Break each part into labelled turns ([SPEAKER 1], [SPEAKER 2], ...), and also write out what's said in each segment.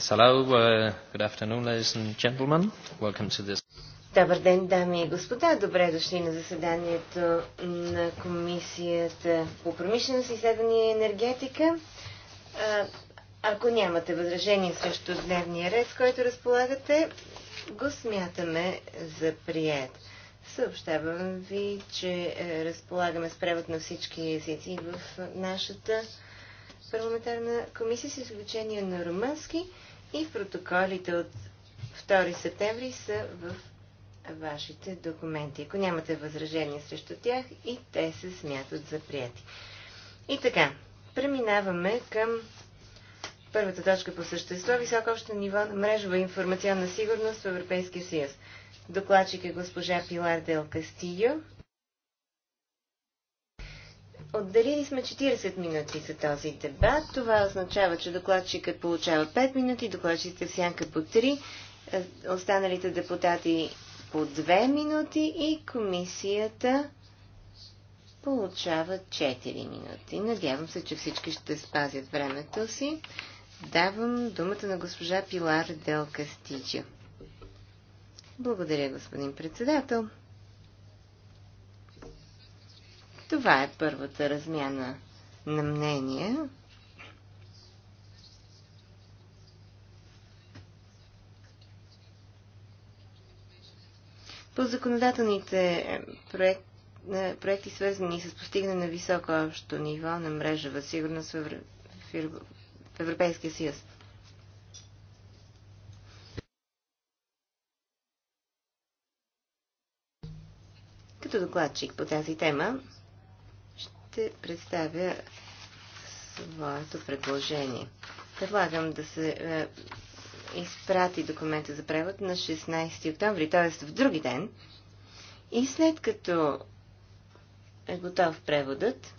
[SPEAKER 1] Yes, hello. Uh, good afternoon, ladies and gentlemen. Welcome to this.
[SPEAKER 2] Добър ден, дами и господа. Добре дошли на заседанието на Комисията по промишленост, изследвания и енергетика. А, ако нямате възражение срещу дневния ред, с който разполагате, го смятаме за прият. Съобщавам ви, че е, разполагаме с превод на всички езици в нашата парламентарна комисия, с изключение на румънски и протоколите от 2 септември са в вашите документи. Ако нямате възражения срещу тях, и те се смятат за прияти. И така, преминаваме към първата точка по същество високо общо ниво на мрежова информационна сигурност в Европейския съюз. Докладчик е госпожа Пилар Дел Кастио. Отделили сме 40 минути за този дебат. Това означава, че докладчикът получава 5 минути, докладчиците в сянка по 3, е, останалите депутати по 2 минути и комисията получава 4 минути. Надявам се, че всички ще спазят времето си. Давам думата на госпожа Пилар Дел Кастичо. Благодаря, господин председател. Това е първата размяна на мнения. По законодателните проект, проекти, свързани с постигане на високо общо ниво на мрежава сигурност в Европейския съюз. Като докладчик по тази тема, ще представя своето предложение. Предлагам да се е, изпрати документа за превод на 16 октомври, т.е. в други ден. И след като е готов преводът,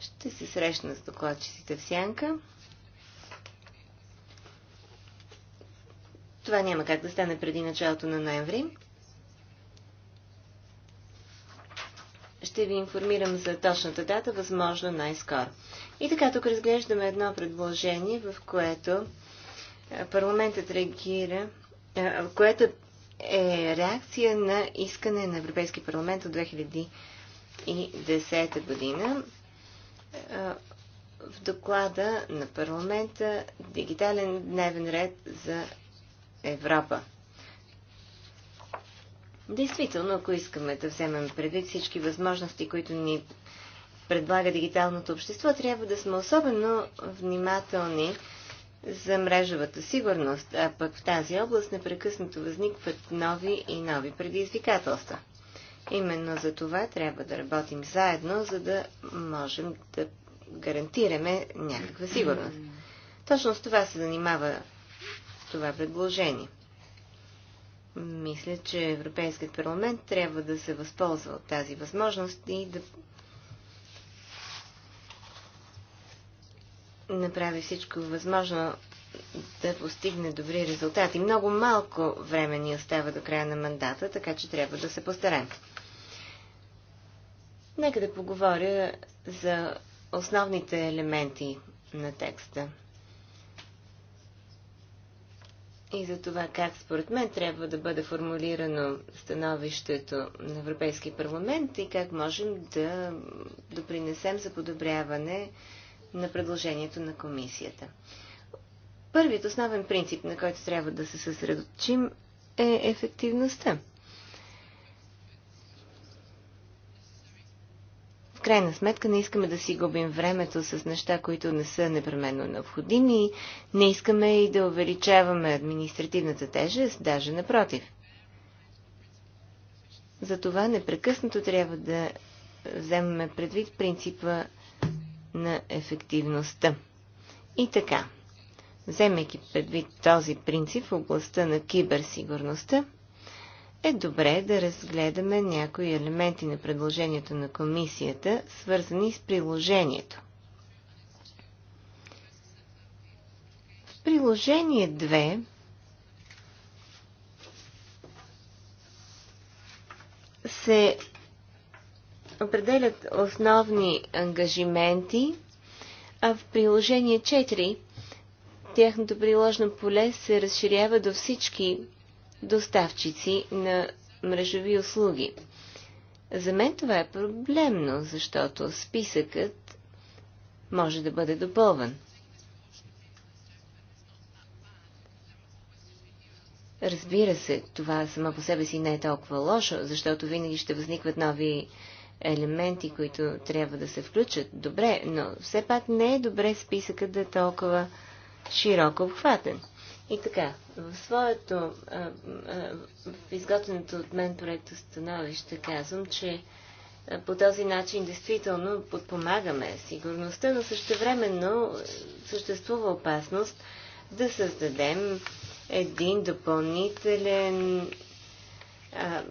[SPEAKER 2] ще се срещна с докладчиците в сянка. Това няма как да стане преди началото на ноември. ще ви информирам за точната дата, възможно най-скоро. И така, тук разглеждаме едно предложение, в което е, парламентът реагира, е, което е реакция на искане на Европейски парламент от 2010 година. Е, в доклада на парламента Дигитален дневен ред за Европа. Действително, ако искаме да вземем предвид всички възможности, които ни предлага дигиталното общество, трябва да сме особено внимателни за мрежовата сигурност, а пък в тази област непрекъснато възникват нови и нови предизвикателства. Именно за това трябва да работим заедно, за да можем да гарантираме някаква сигурност. Точно с това се занимава това предложение. Мисля, че Европейският парламент трябва да се възползва от тази възможност и да направи всичко възможно да постигне добри резултати. Много малко време ни остава до края на мандата, така че трябва да се постараем. Нека да поговоря за основните елементи на текста и за това как според мен трябва да бъде формулирано становището на Европейски парламент и как можем да допринесем за подобряване на предложението на комисията. Първият основен принцип, на който трябва да се съсредоточим, е ефективността. В крайна сметка не искаме да си губим времето с неща, които не са непременно необходими. Не искаме и да увеличаваме административната тежест, даже напротив. Затова непрекъснато трябва да вземаме предвид принципа на ефективността. И така, вземайки предвид този принцип в областта на киберсигурността, е добре да разгледаме някои елементи на предложението на комисията, свързани с приложението. В приложение 2 се определят основни ангажименти, а в приложение 4 тяхното приложно поле се разширява до всички доставчици на мрежови услуги. За мен това е проблемно, защото списъкът може да бъде допълван. Разбира се, това само по себе си не е толкова лошо, защото винаги ще възникват нови елементи, които трябва да се включат. Добре, но все пак не е добре списъкът да е толкова широко обхватен. И така, в своето, в изготвеното от мен проекто становище казвам, че по този начин действително подпомагаме сигурността, но същевременно съществува опасност да създадем един допълнителен а,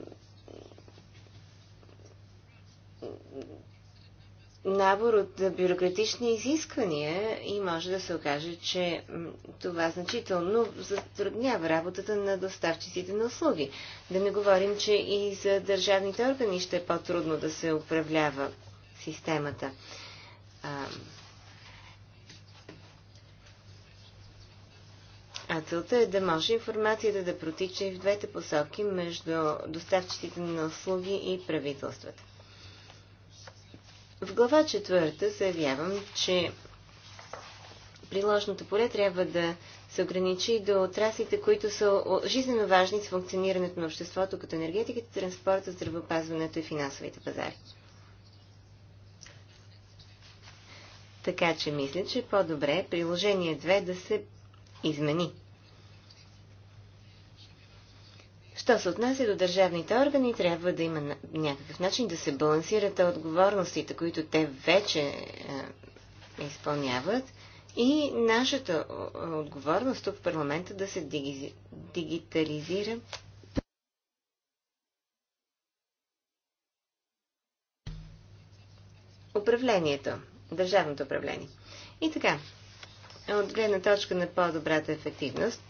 [SPEAKER 2] набор от бюрократични изисквания и може да се окаже, че това значително затруднява работата на доставчиците на услуги. Да не говорим, че и за държавните органи ще е по-трудно да се управлява системата. А, целта е да може информацията да протича и в двете посоки между доставчиците на услуги и правителствата. В глава четвърта заявявам, че приложното поле трябва да се ограничи до отраслите, които са жизненно важни с функционирането на обществото, като енергетиката, транспорта, здравеопазването и финансовите пазари. Така че мисля, че е по-добре приложение 2 да се измени. Що се отнася до държавните органи, трябва да има някакъв начин да се балансират отговорностите, които те вече е, изпълняват и нашата отговорност тук в парламента да се диги... дигитализира управлението, държавното управление. И така, от гледна точка на по-добрата ефективност,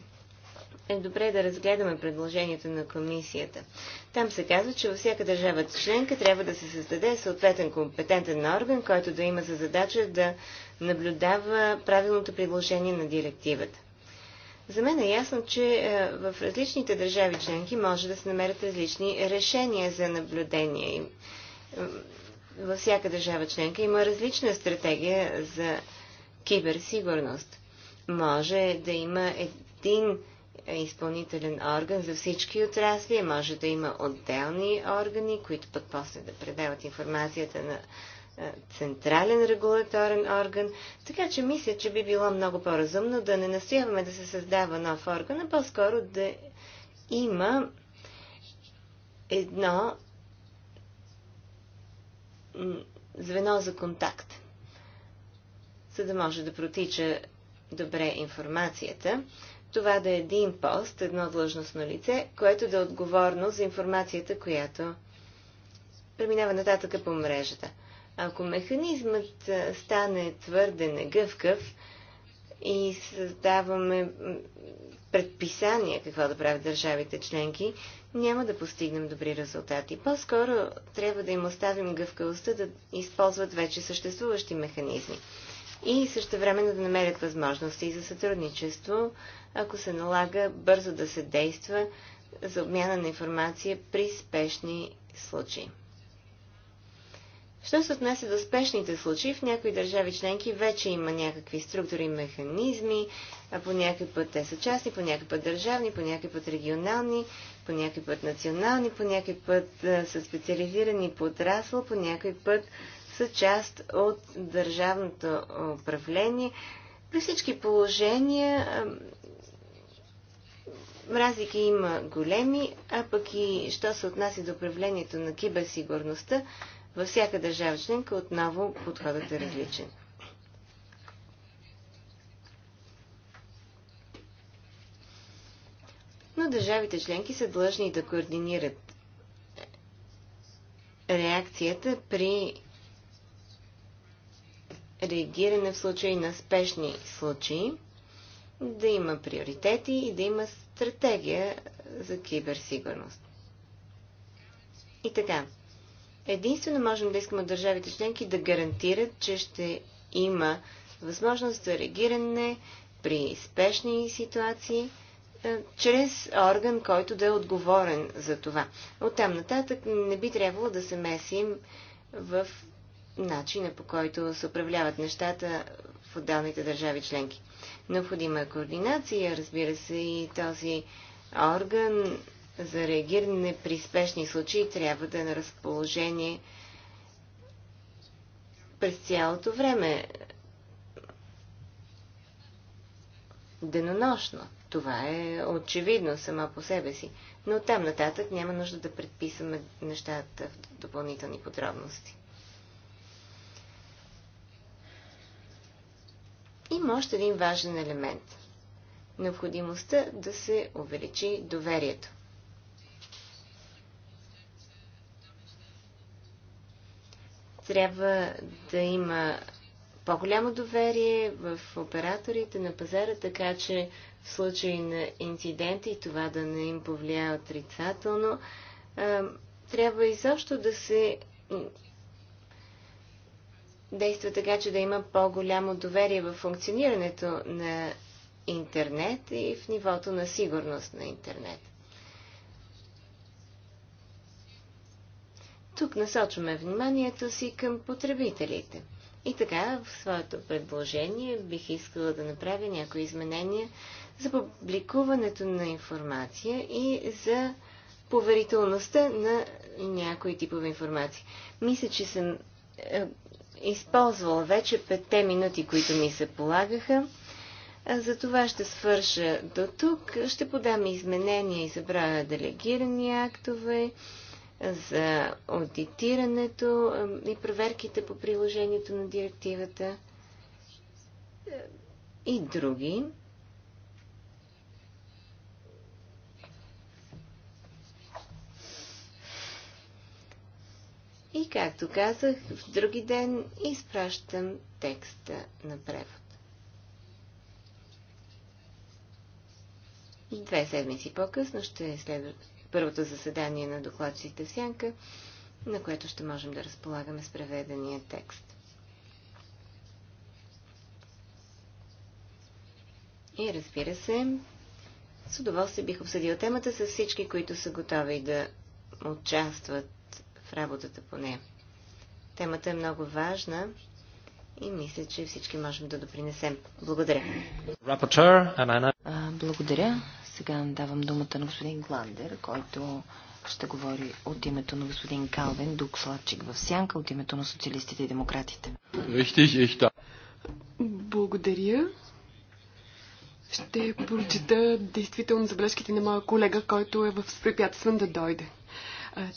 [SPEAKER 2] е добре да разгледаме предложението на комисията. Там се казва, че във всяка държава членка трябва да се създаде съответен компетентен орган, който да има за задача да наблюдава правилното приложение на директивата. За мен е ясно, че е, в различните държави членки може да се намерят различни решения за наблюдение. Е, във всяка държава членка има различна стратегия за киберсигурност. Може да има един изпълнителен орган за всички отрасли. Може да има отделни органи, които пък после да предават информацията на централен регулаторен орган. Така че мисля, че би било много по-разумно да не настояваме да се създава нов орган, а по-скоро да има едно звено за контакт, за да може да протича добре информацията това да е един пост, едно длъжностно лице, което да е отговорно за информацията, която преминава нататък по мрежата. Ако механизмът стане твърде негъвкав и създаваме предписания какво да правят държавите членки, няма да постигнем добри резултати. По-скоро трябва да им оставим гъвкавостта да използват вече съществуващи механизми и също времено да намерят възможности за сътрудничество, ако се налага бързо да се действа за обмяна на информация при спешни случаи. Що се отнася до спешните случаи, в някои държави членки вече има някакви структури и механизми, а по някакъв път те са частни, по някакъв път държавни, по някакъв път регионални, по някакъв път национални, по някакъв път са специализирани по отрасъл, по някакъв път са част от държавното управление. При всички положения разлики има големи, а пък и що се отнася до управлението на киберсигурността, във всяка държава членка отново подходът е различен. Но държавите членки са длъжни да координират реакцията при реагиране в случай на спешни случаи, да има приоритети и да има стратегия за киберсигурност. И така, единствено можем да искаме от държавите членки да гарантират, че ще има възможност за реагиране при спешни ситуации, е, чрез орган, който да е отговорен за това. Оттам нататък не би трябвало да се месим в начина по който се управляват нещата в отделните държави членки. Необходима е координация, разбира се, и този орган за реагиране при спешни случаи трябва да е на разположение през цялото време. Денонощно. Това е очевидно сама по себе си. Но там нататък няма нужда да предписваме нещата в допълнителни подробности. Има още един важен елемент – необходимостта да се увеличи доверието. Трябва да има по-голямо доверие в операторите на пазара, така че в случай на инциденти това да не им повлияе отрицателно. Трябва изобщо да се действа така, че да има по-голямо доверие в функционирането на интернет и в нивото на сигурност на интернет. Тук насочваме вниманието си към потребителите. И така, в своето предложение бих искала да направя някои изменения за публикуването на информация и за поверителността на някои типове информация. Мисля, че съм е, използвала вече петте минути, които ми се полагаха. За това ще свърша до тук. Ще подам изменения и забравя делегирани актове за аудитирането и проверките по приложението на директивата и други. И както казах, в други ден изпращам текста на превод. Две седмици по-късно ще е следва първото заседание на докладчите в Сянка, на което ще можем да разполагаме с преведения текст. И разбира се, с удоволствие бих обсъдил темата с всички, които са готови да участват в работата по нея. Темата е много важна и мисля, че всички можем да допринесем. Благодаря.
[SPEAKER 1] Благодаря. Сега давам думата на господин Гландер, който ще говори от името на господин Калвин, сладчик в Сянка, от името на социалистите и демократите.
[SPEAKER 3] Благодаря. Ще прочита действително забележките на моя колега, който е в да дойде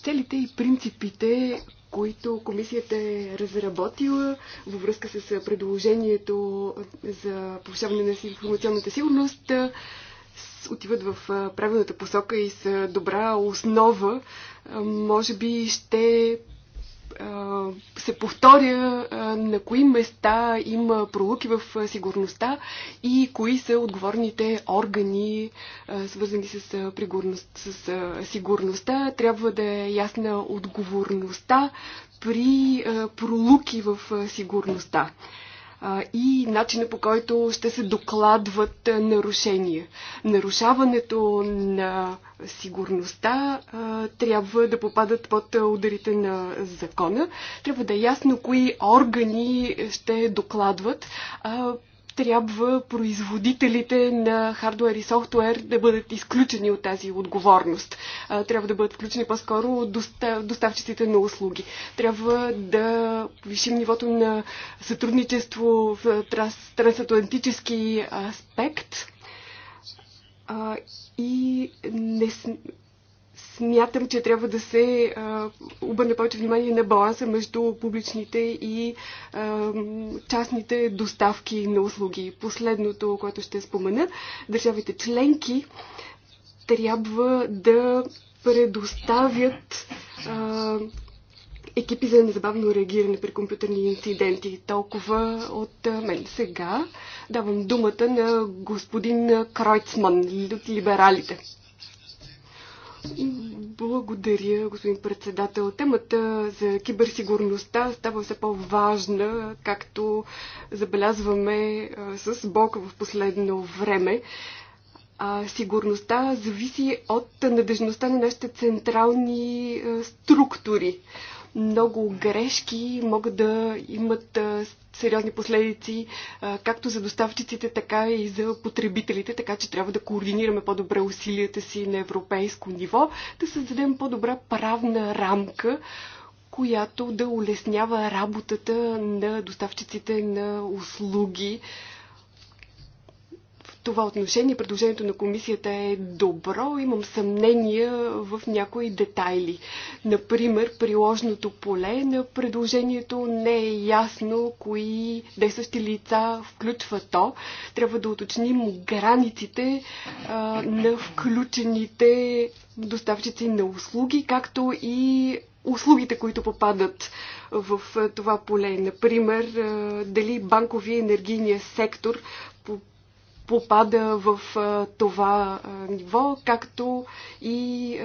[SPEAKER 3] целите и принципите, които комисията е разработила във връзка с предложението за повишаване на информационната сигурност, отиват в правилната посока и с добра основа. Може би ще се повторя на кои места има пролуки в сигурността и кои са отговорните органи, свързани с, с сигурността. Трябва да е ясна отговорността при пролуки в сигурността и начина по който ще се докладват нарушения. Нарушаването на сигурността трябва да попадат под ударите на закона. Трябва да е ясно кои органи ще докладват трябва производителите на хардуер и софтуер да бъдат изключени от тази отговорност. Трябва да бъдат включени по-скоро доставчиците на услуги. Трябва да повишим нивото на сътрудничество в трансатлантически аспект. И не, смятам, че трябва да се а, обърне повече внимание на баланса между публичните и а, частните доставки на услуги. Последното, което ще спомена, държавите членки трябва да предоставят а, екипи за незабавно реагиране при компютърни инциденти. Толкова от мен. Сега давам думата на господин Кройцман от либералите. Благодаря, господин председател. Темата за киберсигурността става все по-важна, както забелязваме с Бог в последно време. А, сигурността зависи от надежността на нашите централни структури много грешки могат да имат сериозни последици както за доставчиците, така и за потребителите, така че трябва да координираме по-добре усилията си на европейско ниво, да създадем по-добра правна рамка, която да улеснява работата на доставчиците на услуги това отношение предложението на комисията е добро. Имам съмнения в някои детайли. Например, приложното поле на предложението не е ясно кои действащи лица включва то. Трябва да уточним границите а, на включените доставчици на услуги, както и услугите, които попадат в това поле. Например, дали банковия енергийния сектор попада в това ниво, както и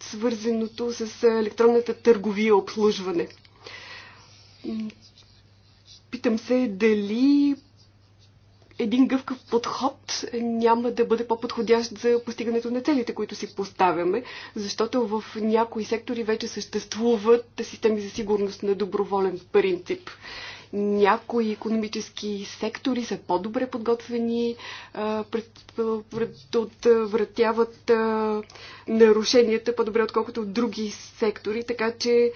[SPEAKER 3] свързаното с електронната търговия обслужване. Питам се дали един гъвкав подход няма да бъде по-подходящ за постигането на целите, които си поставяме, защото в някои сектори вече съществуват системи за сигурност на доброволен принцип. Някои економически сектори са по-добре подготвени, отвратяват нарушенията по-добре, отколкото от други сектори, така че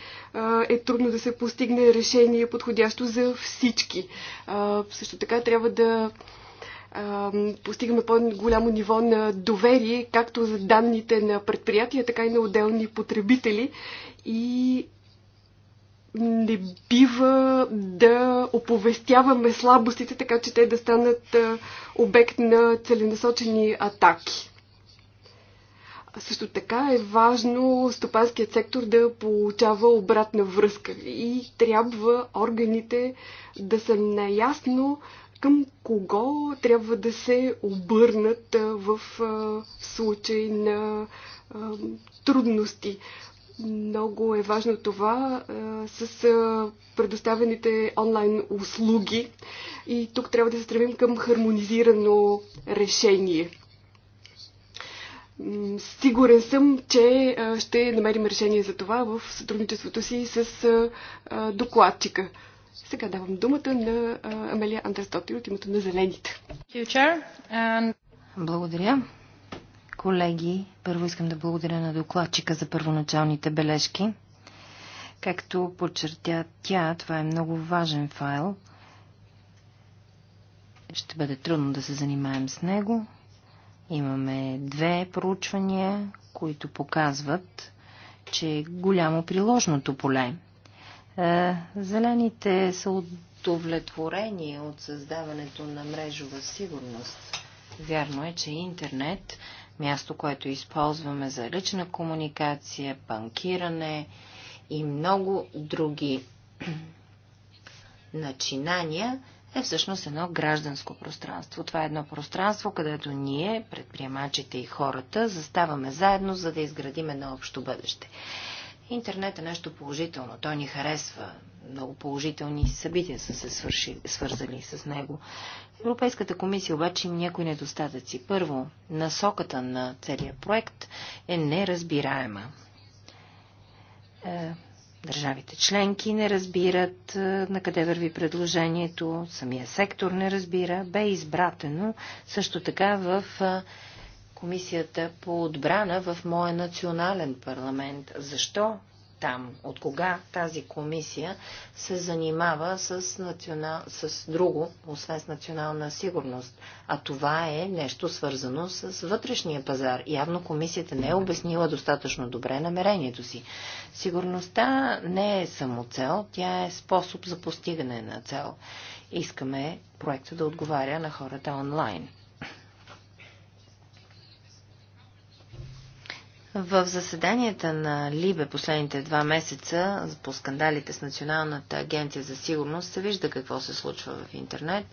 [SPEAKER 3] е трудно да се постигне решение подходящо за всички. Също така трябва да постигаме по-голямо ниво на доверие, както за данните на предприятия, така и на отделни потребители. И не бива да оповестяваме слабостите, така че те да станат обект на целенасочени атаки. Също така е важно стопанският сектор да получава обратна връзка и трябва органите да са наясно към кого трябва да се обърнат в случай на трудности. Много е важно това с предоставените онлайн услуги и тук трябва да се стремим към хармонизирано решение. Сигурен съм, че ще намерим решение за това в сътрудничеството си с докладчика. Сега давам думата на Амелия Андрестотир от името на Зелените.
[SPEAKER 1] Благодаря. Колеги, първо искам да благодаря на докладчика за първоначалните бележки. Както подчертя тя, това е много важен файл. Ще бъде трудно да се занимаем с него. Имаме две проучвания, които показват, че е голямо приложното поле. Е, зелените са удовлетворени от създаването на мрежова сигурност. Вярно е, че интернет място, което използваме за лична комуникация, банкиране и много други начинания, е всъщност едно гражданско пространство. Това е едно пространство, където ние, предприемачите и хората, заставаме заедно, за да изградим едно общо бъдеще. Интернет е нещо положително. Той ни харесва. Много положителни събития са се свърши, свързали с него. Европейската комисия обаче има някои недостатъци. Първо, насоката на целия проект е неразбираема. Е, държавите членки не разбират е, на къде върви предложението, самия сектор не разбира. Бе избратено също така в е, Комисията по отбрана в моя национален парламент. Защо там? От кога тази комисия се занимава с, национал... с друго, освен с национална сигурност? А това е нещо свързано с вътрешния пазар. Явно комисията не е обяснила достатъчно добре намерението си. Сигурността не е само цел, тя е способ за постигане на цел. Искаме проекта да отговаря на хората онлайн. В заседанията на Либе последните два месеца по скандалите с Националната агенция за сигурност се вижда какво се случва в интернет.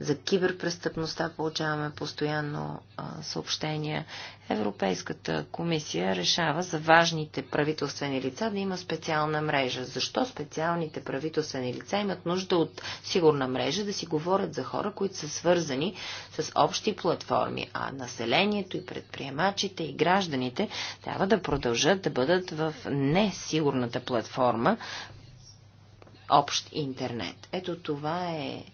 [SPEAKER 1] За киберпрестъпността получаваме постоянно а, съобщения Европейската комисия решава за важните правителствени лица да има специална мрежа. Защо специалните правителствени лица имат нужда от сигурна мрежа да си говорят за хора, които са свързани с общи платформи, а населението и предприемачите и гражданите трябва да продължат да бъдат в несигурната платформа общ интернет. Ето това е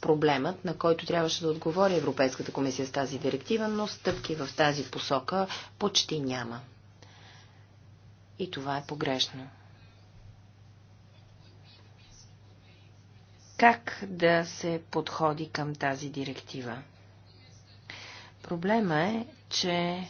[SPEAKER 1] проблемът, на който трябваше да отговори Европейската комисия с тази директива, но стъпки в тази посока почти няма. И това е погрешно. Как да се подходи към тази директива? Проблема е, че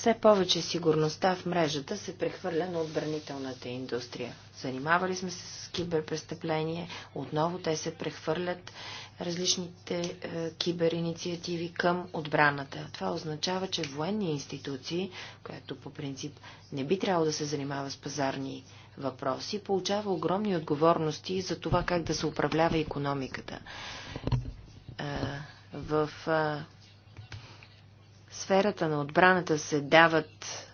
[SPEAKER 1] Все повече сигурността в мрежата се прехвърля на отбранителната индустрия. Занимавали сме се с киберпрестъпление, отново те се прехвърлят различните е, киберинициативи към отбраната. Това означава, че военни институции, която по принцип не би трябвало да се занимава с пазарни въпроси, получава огромни отговорности за това как да се управлява економиката. Е, в е, сферата на отбраната се дават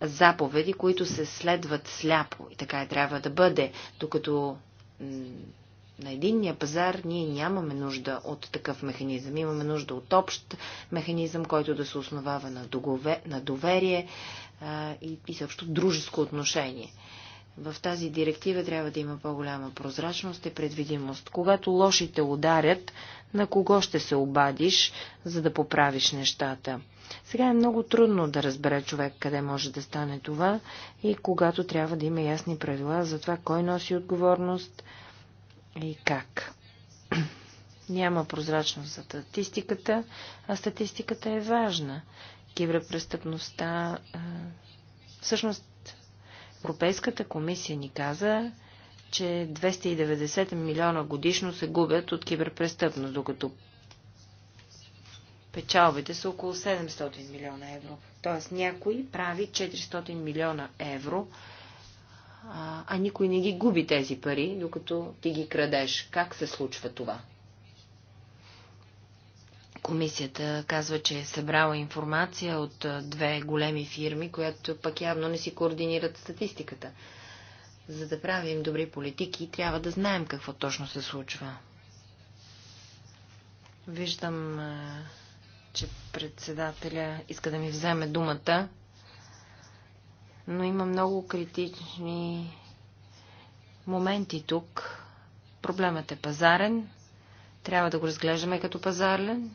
[SPEAKER 1] заповеди, които се следват сляпо. И така и трябва да бъде, докато на единния пазар ние нямаме нужда от такъв механизъм. Имаме нужда от общ механизъм, който да се основава на, догове, на доверие а, и, и също дружеско отношение. В тази директива трябва да има по-голяма прозрачност и предвидимост. Когато лошите ударят, на кого ще се обадиш, за да поправиш нещата? Сега е много трудно да разбере човек къде може да стане това и когато трябва да има ясни правила за това кой носи отговорност и как. Няма прозрачност за статистиката, а статистиката е важна. Киберпрестъпността. Всъщност, Европейската комисия ни каза, че 290 милиона годишно се губят от киберпрестъпност, докато печалбите са около 700 милиона евро. Тоест някой прави 400 милиона евро, а, а никой не ги губи тези пари, докато ти ги крадеш. Как се случва това? Комисията казва, че е събрала информация от две големи фирми, която пък явно не си координират статистиката. За да правим добри политики, трябва да знаем какво точно се случва. Виждам, че председателя иска да ми вземе думата, но има много критични моменти тук. Проблемът е пазарен. Трябва да го разглеждаме като пазарен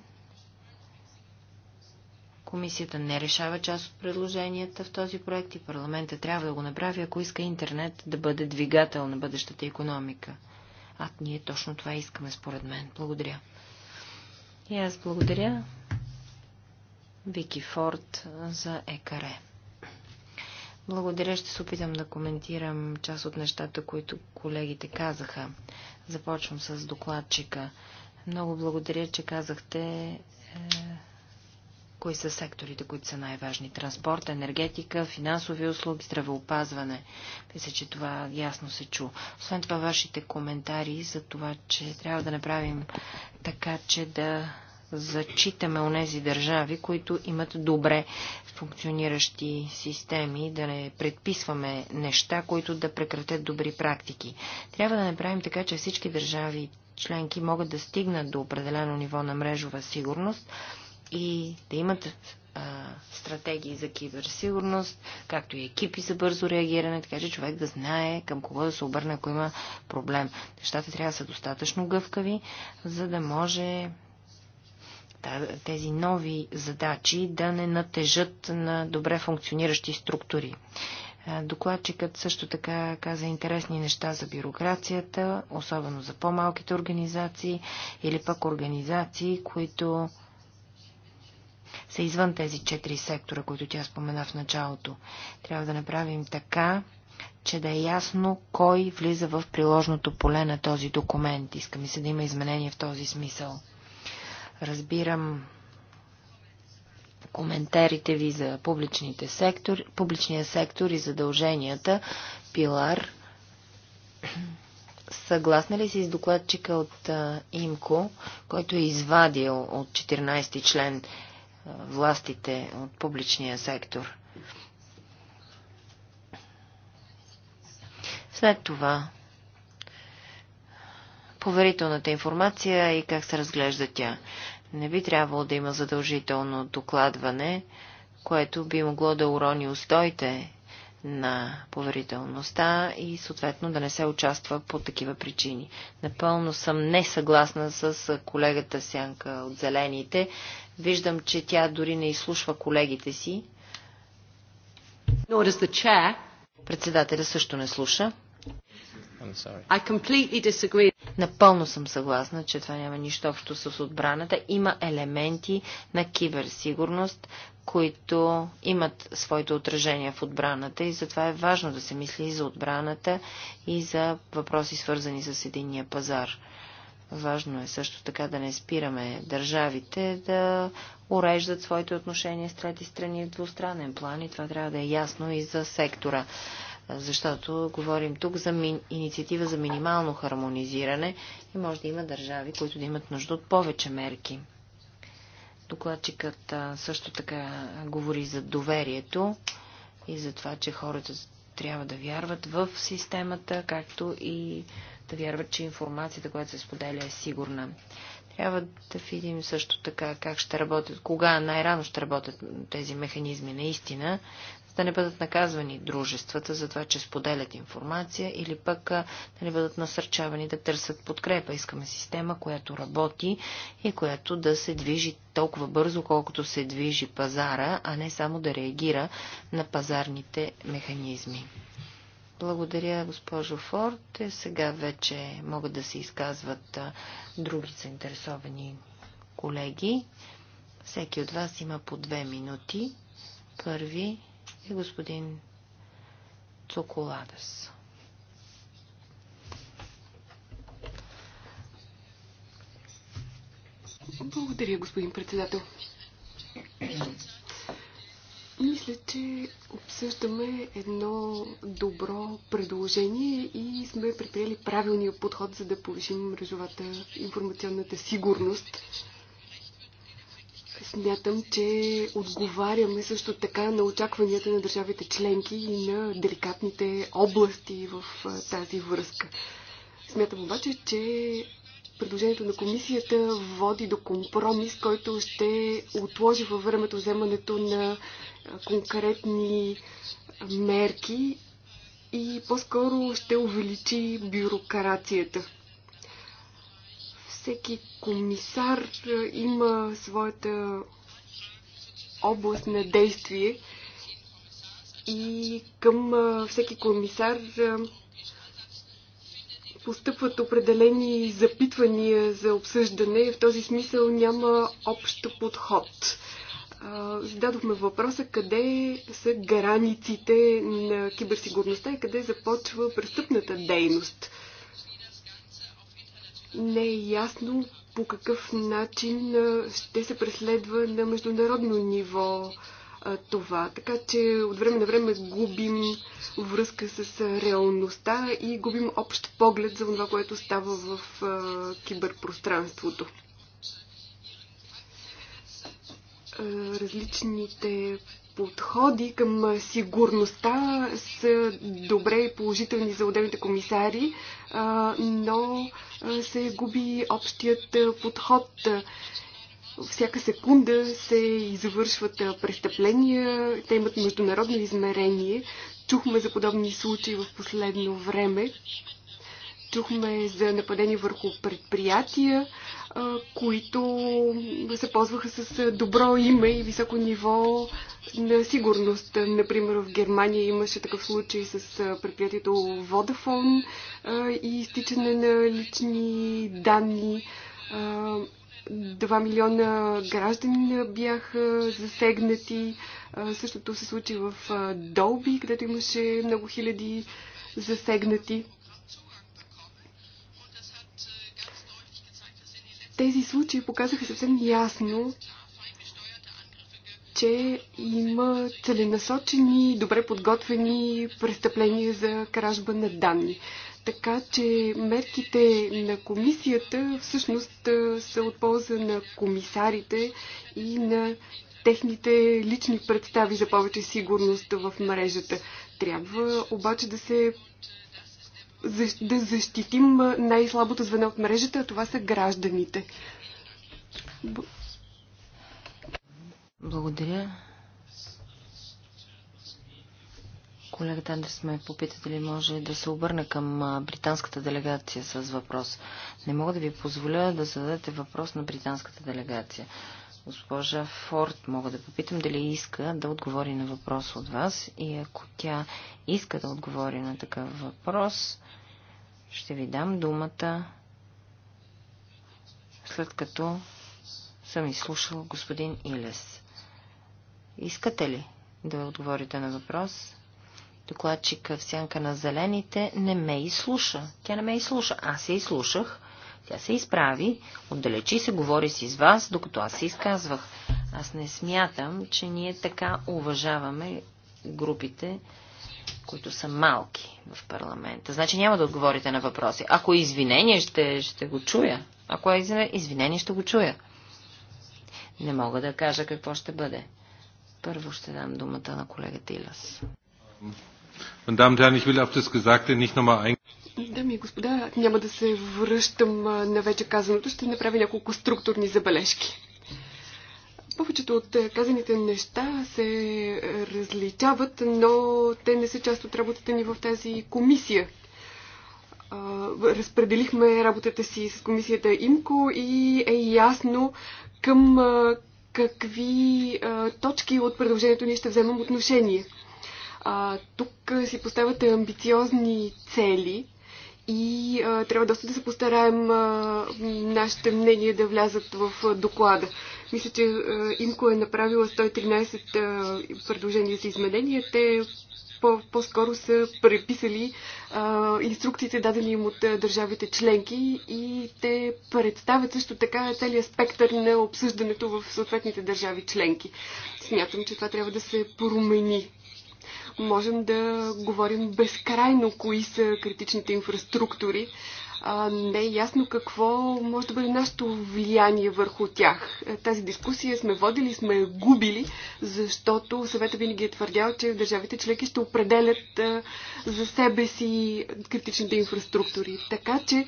[SPEAKER 1] Комисията не решава част от предложенията в този проект и парламента трябва да го направи, ако иска интернет да бъде двигател на бъдещата економика. А ние точно това искаме, според мен. Благодаря. И аз благодаря Вики Форд за ЕКАРЕ. Благодаря, ще се опитам да коментирам част от нещата, които колегите казаха. Започвам с докладчика. Много благодаря, че казахте е, Кои са секторите, които са най-важни? Транспорт, енергетика, финансови услуги, здравеопазване. Мисля, че това ясно се чу. Освен това, вашите коментари за това, че трябва да направим така, че да зачитаме у нези държави, които имат добре функциониращи системи, да не предписваме неща, които да прекратят добри практики. Трябва да направим така, че всички държави членки могат да стигнат до определено ниво на мрежова сигурност, и да имат а, стратегии за киберсигурност, както и екипи за бързо реагиране, така че човек да знае към кого да се обърне, ако има проблем. Нещата трябва да са достатъчно гъвкави, за да може тези нови задачи да не натежат на добре функциониращи структури. Докладчикът също така каза интересни неща за бюрокрацията, особено за по-малките организации или пък организации, които са извън тези четири сектора, които тя спомена в началото. Трябва да направим така, че да е ясно кой влиза в приложното поле на този документ. Иска ми се да има изменение в този смисъл. Разбирам коментарите ви за публичните сектор, публичния сектор и задълженията. Пилар, съгласна ли си с докладчика от а, ИМКО, който е извадил от 14 ти член властите от публичния сектор. След това поверителната информация и как се разглежда тя. Не би трябвало да има задължително докладване, което би могло да урони устоите на поверителността и съответно да не се участва по такива причини. Напълно съм несъгласна с колегата Сянка от Зелените Виждам, че тя дори не изслушва колегите си. Председателя също не слуша. Напълно съм съгласна, че това няма нищо общо с отбраната. Има елементи на киберсигурност, които имат своите отражения в отбраната и затова е важно да се мисли и за отбраната и за въпроси свързани с единния пазар. Важно е също така да не спираме държавите да уреждат своите отношения с трети страни в двустранен план и това трябва да е ясно и за сектора. Защото говорим тук за ми... инициатива за минимално хармонизиране и може да има държави, които да имат нужда от повече мерки. Докладчикът също така говори за доверието и за това, че хората трябва да вярват в системата, както и да вярват, че информацията, която се споделя, е сигурна. Трябва да видим също така как ще работят, кога най-рано ще работят тези механизми наистина, за да не бъдат наказвани дружествата за това, че споделят информация или пък да не бъдат насърчавани да търсят подкрепа. Искаме система, която работи и която да се движи толкова бързо, колкото се движи пазара, а не само да реагира на пазарните механизми. Благодаря, госпожо Форд. Е, сега вече могат да се изказват други заинтересовани колеги. Всеки от вас има по две минути. Първи е господин
[SPEAKER 3] Цоколадес. Благодаря, господин председател. Мисля, че обсъждаме едно добро предложение и сме предприели правилния подход, за да повишим мрежовата информационната сигурност. Смятам, че отговаряме също така на очакванията на държавите членки и на деликатните области в тази връзка. Смятам обаче, че предложението на комисията води до компромис, който ще отложи във времето вземането на конкретни мерки и по-скоро ще увеличи бюрокрацията. Всеки комисар има своята област на действие и към всеки комисар постъпват определени запитвания за обсъждане. В този смисъл няма общ подход. Зададохме въпроса къде са границите на киберсигурността и къде започва престъпната дейност. Не е ясно по какъв начин ще се преследва на международно ниво това. Така че от време на време губим връзка с реалността и губим общ поглед за това, което става в а, киберпространството. А, различните подходи към сигурността са добре и положителни за отделните комисари, но се губи общият подход всяка секунда се извършват престъпления, те имат международно измерение. Чухме за подобни случаи в последно време. Чухме за нападения върху предприятия, които се ползваха с добро име и високо ниво на сигурност. Например, в Германия имаше такъв случай с предприятието Vodafone и изтичане на лични данни Два милиона граждани бяха засегнати. Същото се случи в Долби, където имаше много хиляди засегнати. Тези случаи показаха съвсем ясно, че има целенасочени, добре подготвени престъпления за кражба на данни. Така че мерките на комисията всъщност са от полза на комисарите и на техните лични представи за повече сигурност в мрежата. Трябва обаче да се да защитим най-слабото звено от мрежата, а това са гражданите.
[SPEAKER 1] Благодаря. Колегата Андрес ме попита дали може да се обърне към британската делегация с въпрос. Не мога да ви позволя да зададете въпрос на британската делегация. Госпожа Форд, мога да попитам дали иска да отговори на въпрос от вас и ако тя иска да отговори на такъв въпрос, ще ви дам думата след като съм изслушал господин Илес. Искате ли да отговорите на въпрос? докладчика в сянка на зелените не ме изслуша. Тя не ме изслуша. Аз се изслушах. Тя се изправи, отдалечи се, говори си с вас, докато аз се изказвах. Аз не смятам, че ние така уважаваме групите, които са малки в парламента. Значи няма да отговорите на въпроси. Ако е извинение, ще, ще го чуя. Ако е извинение, ще го чуя. Не мога да кажа какво ще бъде. Първо ще дам думата на колегата Илас. Дами
[SPEAKER 3] и господа, няма да се връщам на вече казаното, ще направя няколко структурни забележки. Повечето от казаните неща се различават, но те не са част от работата ни в тази комисия. Разпределихме работата си с комисията ИМКО и е ясно към какви точки от предложението ни ще вземам отношение. А, тук си поставяте амбициозни цели и а, трябва доста да се постараем а, нашите мнения да влязат в а, доклада. Мисля, че а, Имко е направила 113 а, предложения за изменения. Те по-скоро по са преписали а, инструкциите, дадени им от а, държавите членки и те представят също така целият спектър на обсъждането в съответните държави членки. Смятам, че това трябва да се промени Можем да говорим безкрайно кои са критичните инфраструктури. А, не е ясно какво може да бъде нашето влияние върху тях. Тази дискусия сме водили, сме губили, защото съвета винаги е твърдял, че държавите членки ще определят а, за себе си критичните инфраструктури. Така че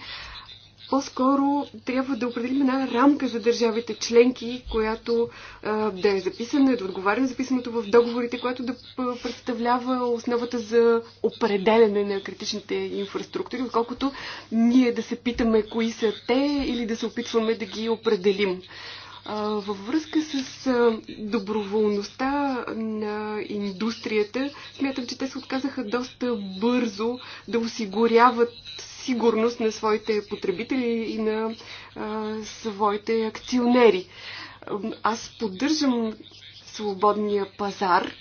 [SPEAKER 3] по-скоро трябва да определим една рамка за държавите членки, която а, да е записана, да отговаря на записаното в договорите, която да представлява основата за определене на критичните инфраструктури, отколкото ние да се питаме кои са те или да се опитваме да ги определим. Във връзка с доброволността на индустрията, смятам, че те се отказаха доста бързо да осигуряват сигурност на своите потребители и на а, своите акционери. Аз поддържам свободния пазар,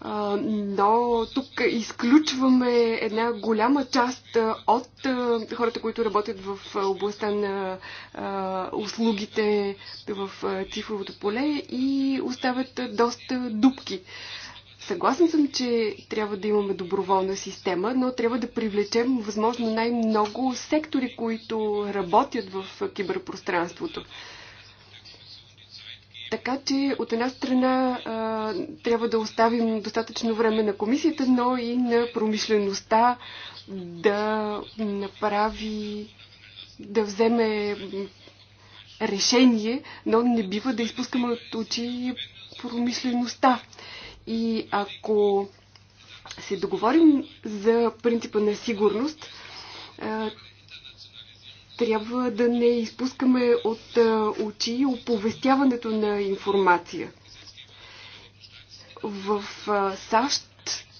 [SPEAKER 3] а, но тук изключваме една голяма част от а, хората, които работят в областта на а, услугите в цифровото поле и оставят доста дупки. А, Съгласен съм, че трябва да имаме доброволна система, но трябва да привлечем възможно най-много сектори, които работят в киберпространството. Така че от една страна трябва да оставим достатъчно време на комисията, но и на промишлеността да направи, да вземе решение, но не бива да изпускаме от очи промишлеността. И ако се договорим за принципа на сигурност, е, трябва да не изпускаме от е, очи оповестяването на информация. В е, САЩ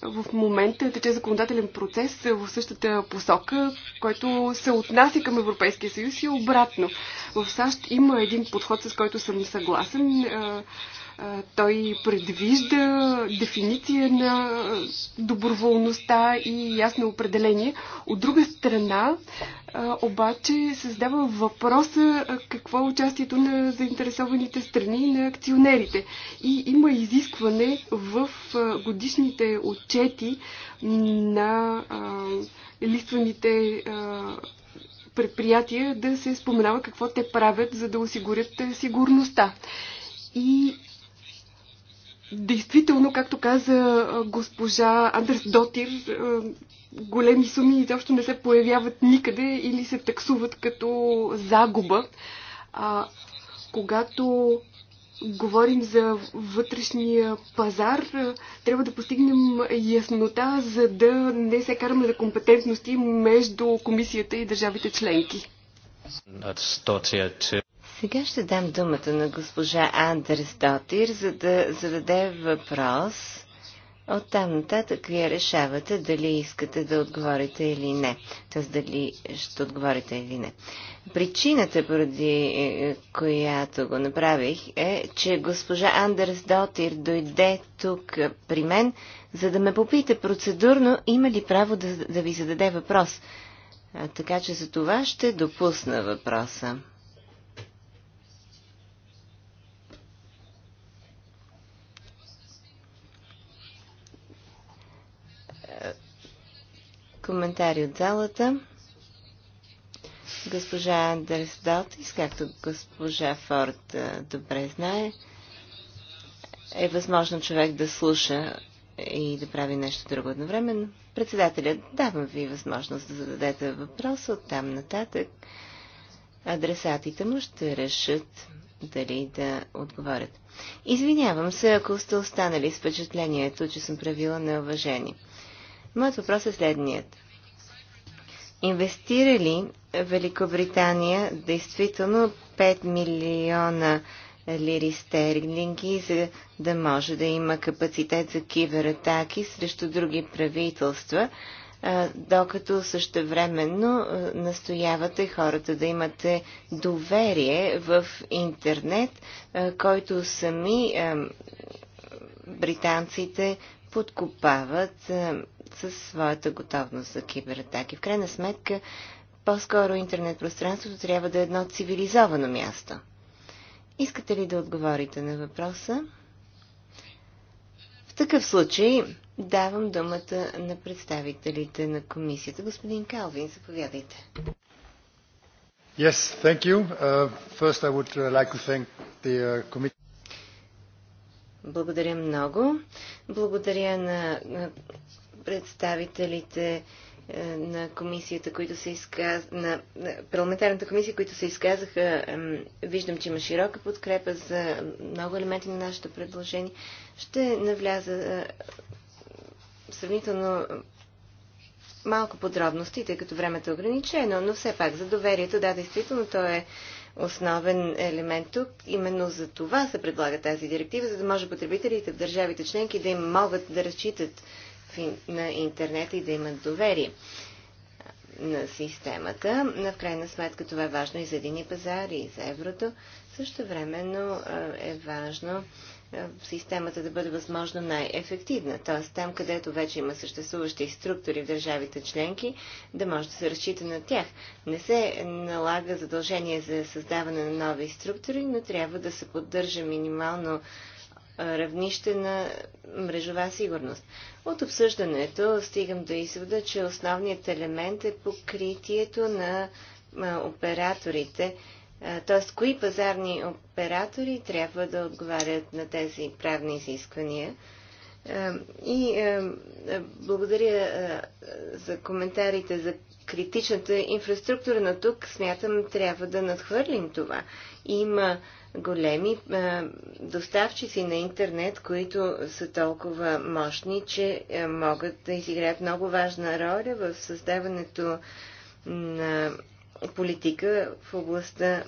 [SPEAKER 3] в момента тече законодателен процес в същата посока, който се отнася към Европейския съюз и обратно. В САЩ има един подход, с който съм съгласен той предвижда дефиниция на доброволността и ясно определение. От друга страна, обаче създава въпроса какво е участието на заинтересованите страни и на акционерите. И има изискване в годишните отчети на листваните предприятия да се споменава какво те правят, за да осигурят сигурността. И действително, както каза госпожа Андрес Дотир, големи суми изобщо не се появяват никъде или се таксуват като загуба. А, когато говорим за вътрешния пазар, трябва да постигнем яснота, за да не се караме за компетентности между комисията и държавите членки.
[SPEAKER 2] Сега ще дам думата на госпожа Андрес Дотир, за да зададе въпрос. От там нататък вие решавате дали искате да отговорите или не. Т.е. дали ще отговорите или не. Причината, поради е, която го направих, е, че госпожа Андерс Дотир дойде тук е, при мен, за да ме попита процедурно има ли право да, да ви зададе въпрос. А, така че за това ще допусна въпроса. Коментари от залата. Госпожа Андерс Далтис, както госпожа Форд добре знае, е възможно човек да слуша и да прави нещо друго едновременно. Председателят, давам ви възможност да зададете въпроса от там нататък. Адресатите му ще решат дали да отговорят. Извинявам се, ако сте останали с впечатлението, че съм правила неуважение. Моят въпрос е следният. Инвестира ли Великобритания действително 5 милиона лири стерлинги, за да може да има капацитет за кибератаки срещу други правителства, докато същевременно настоявате хората да имате доверие в интернет, който сами британците подкопават със своята готовност за кибератаки. В крайна сметка, по-скоро интернет пространството трябва да е едно цивилизовано място. Искате ли да отговорите на въпроса? В такъв случай давам думата на представителите на комисията. Господин Калвин, заповядайте.
[SPEAKER 1] Yes, thank you. Uh, first I would uh, like to thank the uh, committee.
[SPEAKER 2] Благодаря много. Благодаря на представителите е, на комисията, които се изказ... на парламентарната комисия, които се изказаха. Виждам, че има широка подкрепа за много елементи на нашето предложение. Ще навляза е, сравнително е, малко подробности, тъй като времето е ограничено, но все пак за доверието, да, действително то е основен елемент тук. Именно за това се предлага тази директива, за да може потребителите в държавите членки да им могат да разчитат на интернета и да имат доверие на системата. На в крайна сметка това е важно и за едини пазар, и за еврото. Също времено е, е важно е, системата да бъде възможно най-ефективна. Т.е. там, където вече има съществуващи структури в държавите членки, да може да се разчита на тях. Не се налага задължение за създаване на нови структури, но трябва да се поддържа минимално е, равнище на мрежова сигурност. От обсъждането стигам до извода, че основният елемент е покритието на е, операторите т.е. кои пазарни оператори трябва да отговарят на тези правни изисквания. И благодаря за коментарите за критичната инфраструктура, но тук смятам трябва да надхвърлим това. Има големи доставчици на интернет, които са толкова мощни, че могат да изиграят много важна роля в създаването на политика в областта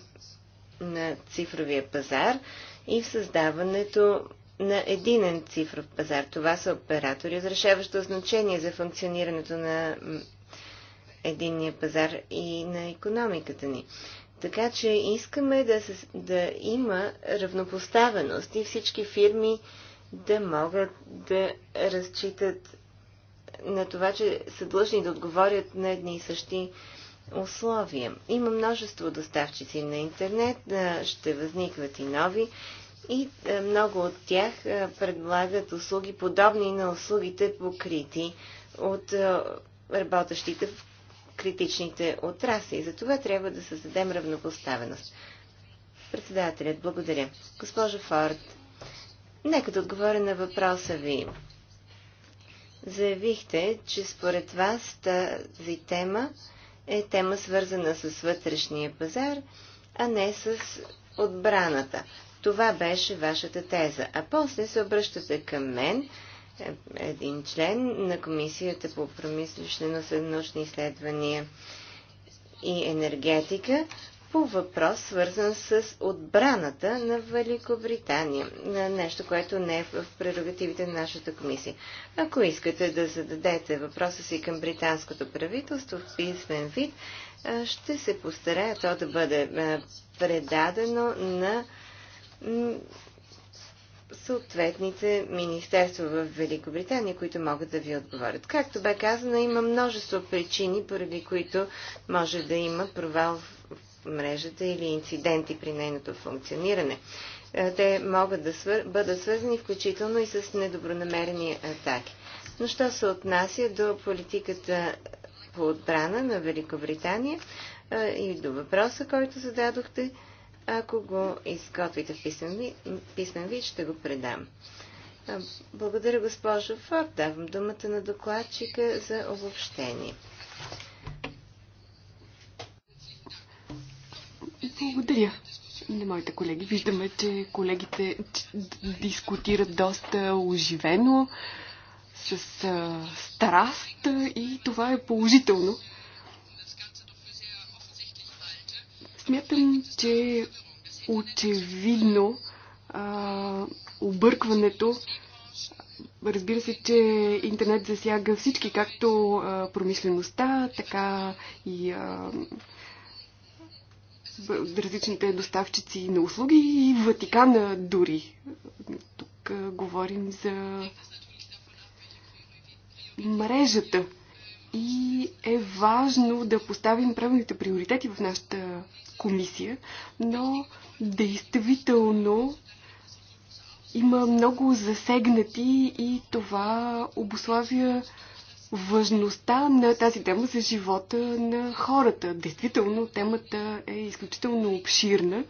[SPEAKER 2] на цифровия пазар и в създаването на единен цифров пазар. Това са оператори разрешаващо значение за функционирането на единния пазар и на економиката ни. Така че искаме да, се, да има равнопоставеност и всички фирми да могат да разчитат на това, че са длъжни да отговорят на едни и същи условия. Има множество доставчици на интернет, ще възникват и нови и много от тях предлагат услуги подобни на услугите покрити от работещите в критичните отрасли. За това трябва да създадем равнопоставеност. Председателят, благодаря. Госпожо Форд, нека да отговоря на въпроса ви. Заявихте, че според вас тази тема е тема свързана с вътрешния пазар, а не с отбраната. Това беше вашата теза. А после се обръщате към мен, един член на Комисията по промишленост, научни изследвания и енергетика, по въпрос, свързан с отбраната на Великобритания. Нещо, което не е в прерогативите на нашата комисия. Ако искате да зададете въпроса си към британското правителство в писмен вид, ще се постарая то да бъде предадено на съответните министерства в Великобритания, които могат да ви отговорят. Както бе казано, има множество причини, поради които може да има провал в мрежата или инциденти при нейното функциониране. Е, те могат да свър... бъдат свързани включително и с недобронамерени атаки. Но що се отнася до политиката по отбрана на Великобритания е, и до въпроса, който зададохте, ако го изготвите в писмен вид, писмен вид ще го предам. Е, благодаря, госпожо Форд. Давам думата на докладчика за обобщение.
[SPEAKER 3] Благодаря на моите колеги. Виждаме, че колегите дискутират доста оживено, с а, страст и това е положително. Смятам, че очевидно а, объркването Разбира се, че интернет засяга всички, както а, промишлеността, така и а, различните доставчици на услуги и Ватикана дори. Тук говорим за мрежата. И е важно да поставим правилните приоритети в нашата комисия, но действително има много засегнати и това обославя важността на тази тема за живота на хората. Действително, темата е изключително обширна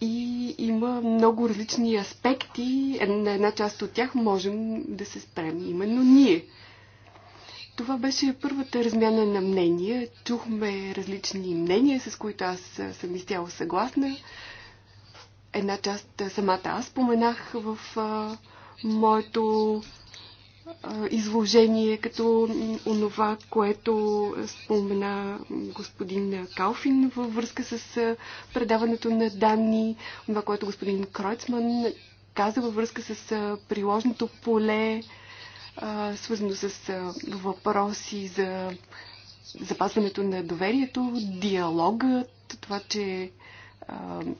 [SPEAKER 3] и има много различни аспекти. На една част от тях можем да се спрем именно ние. Това беше първата размяна на мнения. Чухме различни мнения, с които аз съм изцяло съгласна. Една част самата аз споменах в а, моето изложение като онова, което спомена господин Калфин във връзка с предаването на данни, това, което господин Кройцман каза във връзка с приложното поле, свързано с въпроси за запазването на доверието, диалогът, това, че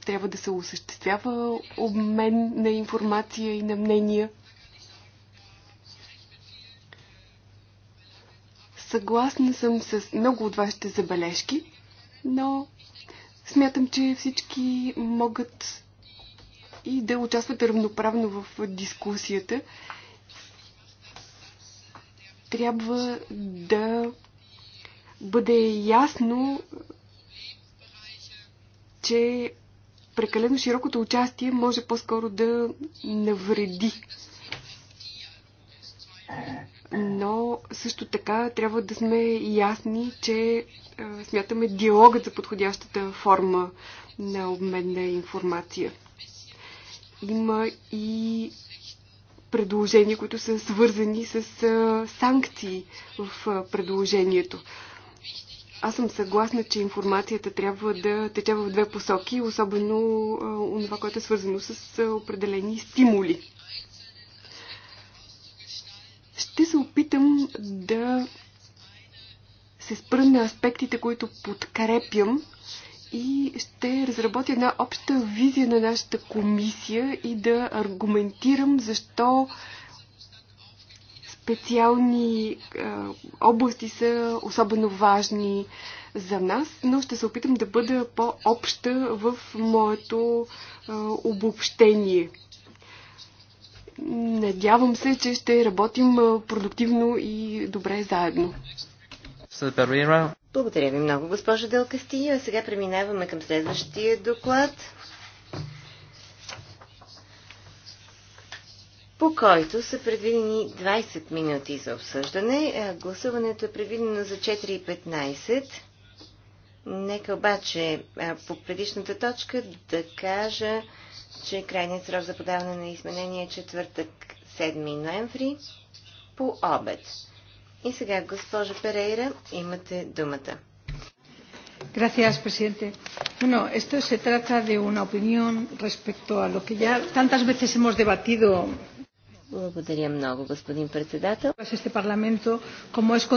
[SPEAKER 3] трябва да се осъществява обмен на информация и на мнения – Съгласна съм с много от вашите забележки, но смятам, че всички могат и да участват равноправно в дискусията. Трябва да бъде ясно, че прекалено широкото участие може по-скоро да навреди но също така трябва да сме ясни, че смятаме диалогът за подходящата форма на обмен на информация. Има и предложения, които са свързани с санкции в предложението. Аз съм съгласна, че информацията трябва да тече в две посоки, особено това, което е свързано с определени стимули. Ще се опитам да се спра на аспектите, които подкрепям и ще разработя една обща визия на нашата комисия и да аргументирам защо специални е, области са особено важни за нас, но ще се опитам да бъда по-обща в моето е, обобщение. Надявам се, че ще работим продуктивно и добре заедно. Благодаря ви много, госпожа
[SPEAKER 2] Дел А сега преминаваме към следващия доклад, по който са предвидени 20 минути за обсъждане. Гласуването е предвидено за 4.15. Нека обаче по предишната точка да кажа, че крайният срок за подаване на изменение е четвъртък 7 ноември по обед. И сега, госпожа Перейра, имате думата.
[SPEAKER 1] Gracias, presidente. Bueno, esto se trata de una opinión respecto a lo que ya tantas veces hemos debatido.
[SPEAKER 2] Благодаря много, господин председател. Este parlamento, como es...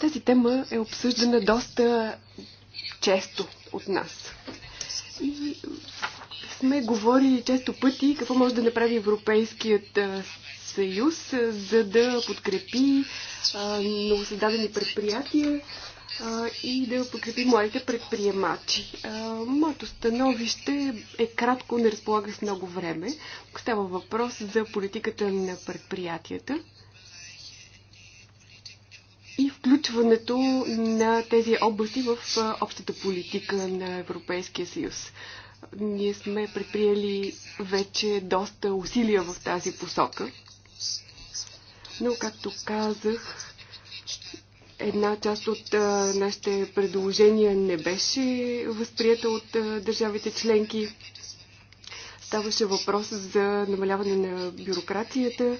[SPEAKER 3] Тази тема е обсъждана доста често от нас. И сме говорили често пъти какво може да направи Европейският съюз, за да подкрепи новосъздадени предприятия и да подкрепи младите предприемачи. Моето становище е кратко, не разполага с много време. Става въпрос за политиката на предприятията и включването на тези области в общата политика на Европейския съюз. Ние сме предприели вече доста усилия в тази посока. Но, както казах, една част от нашите предложения не беше възприята от държавите членки. Ставаше въпрос за намаляване на бюрокрацията,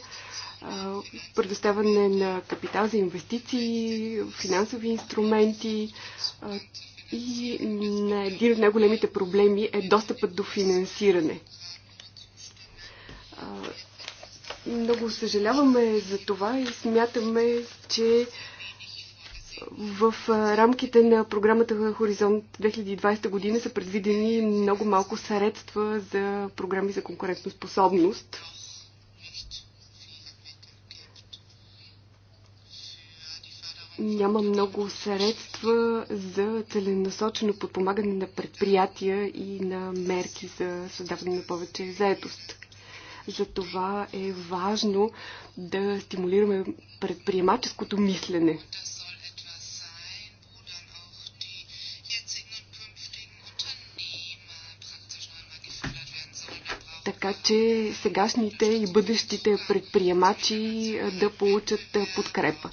[SPEAKER 3] предоставяне на капитал за инвестиции, финансови инструменти и на един от най-големите проблеми е достъпът до финансиране. Много съжаляваме за това и смятаме, че в рамките на програмата Хоризонт 2020 година са предвидени много малко средства за програми за конкурентоспособност. способност. няма много средства за целенасочено подпомагане на предприятия и на мерки за създаване на повече За Затова е важно да стимулираме предприемаческото мислене. така че сегашните и бъдещите предприемачи да получат подкрепа.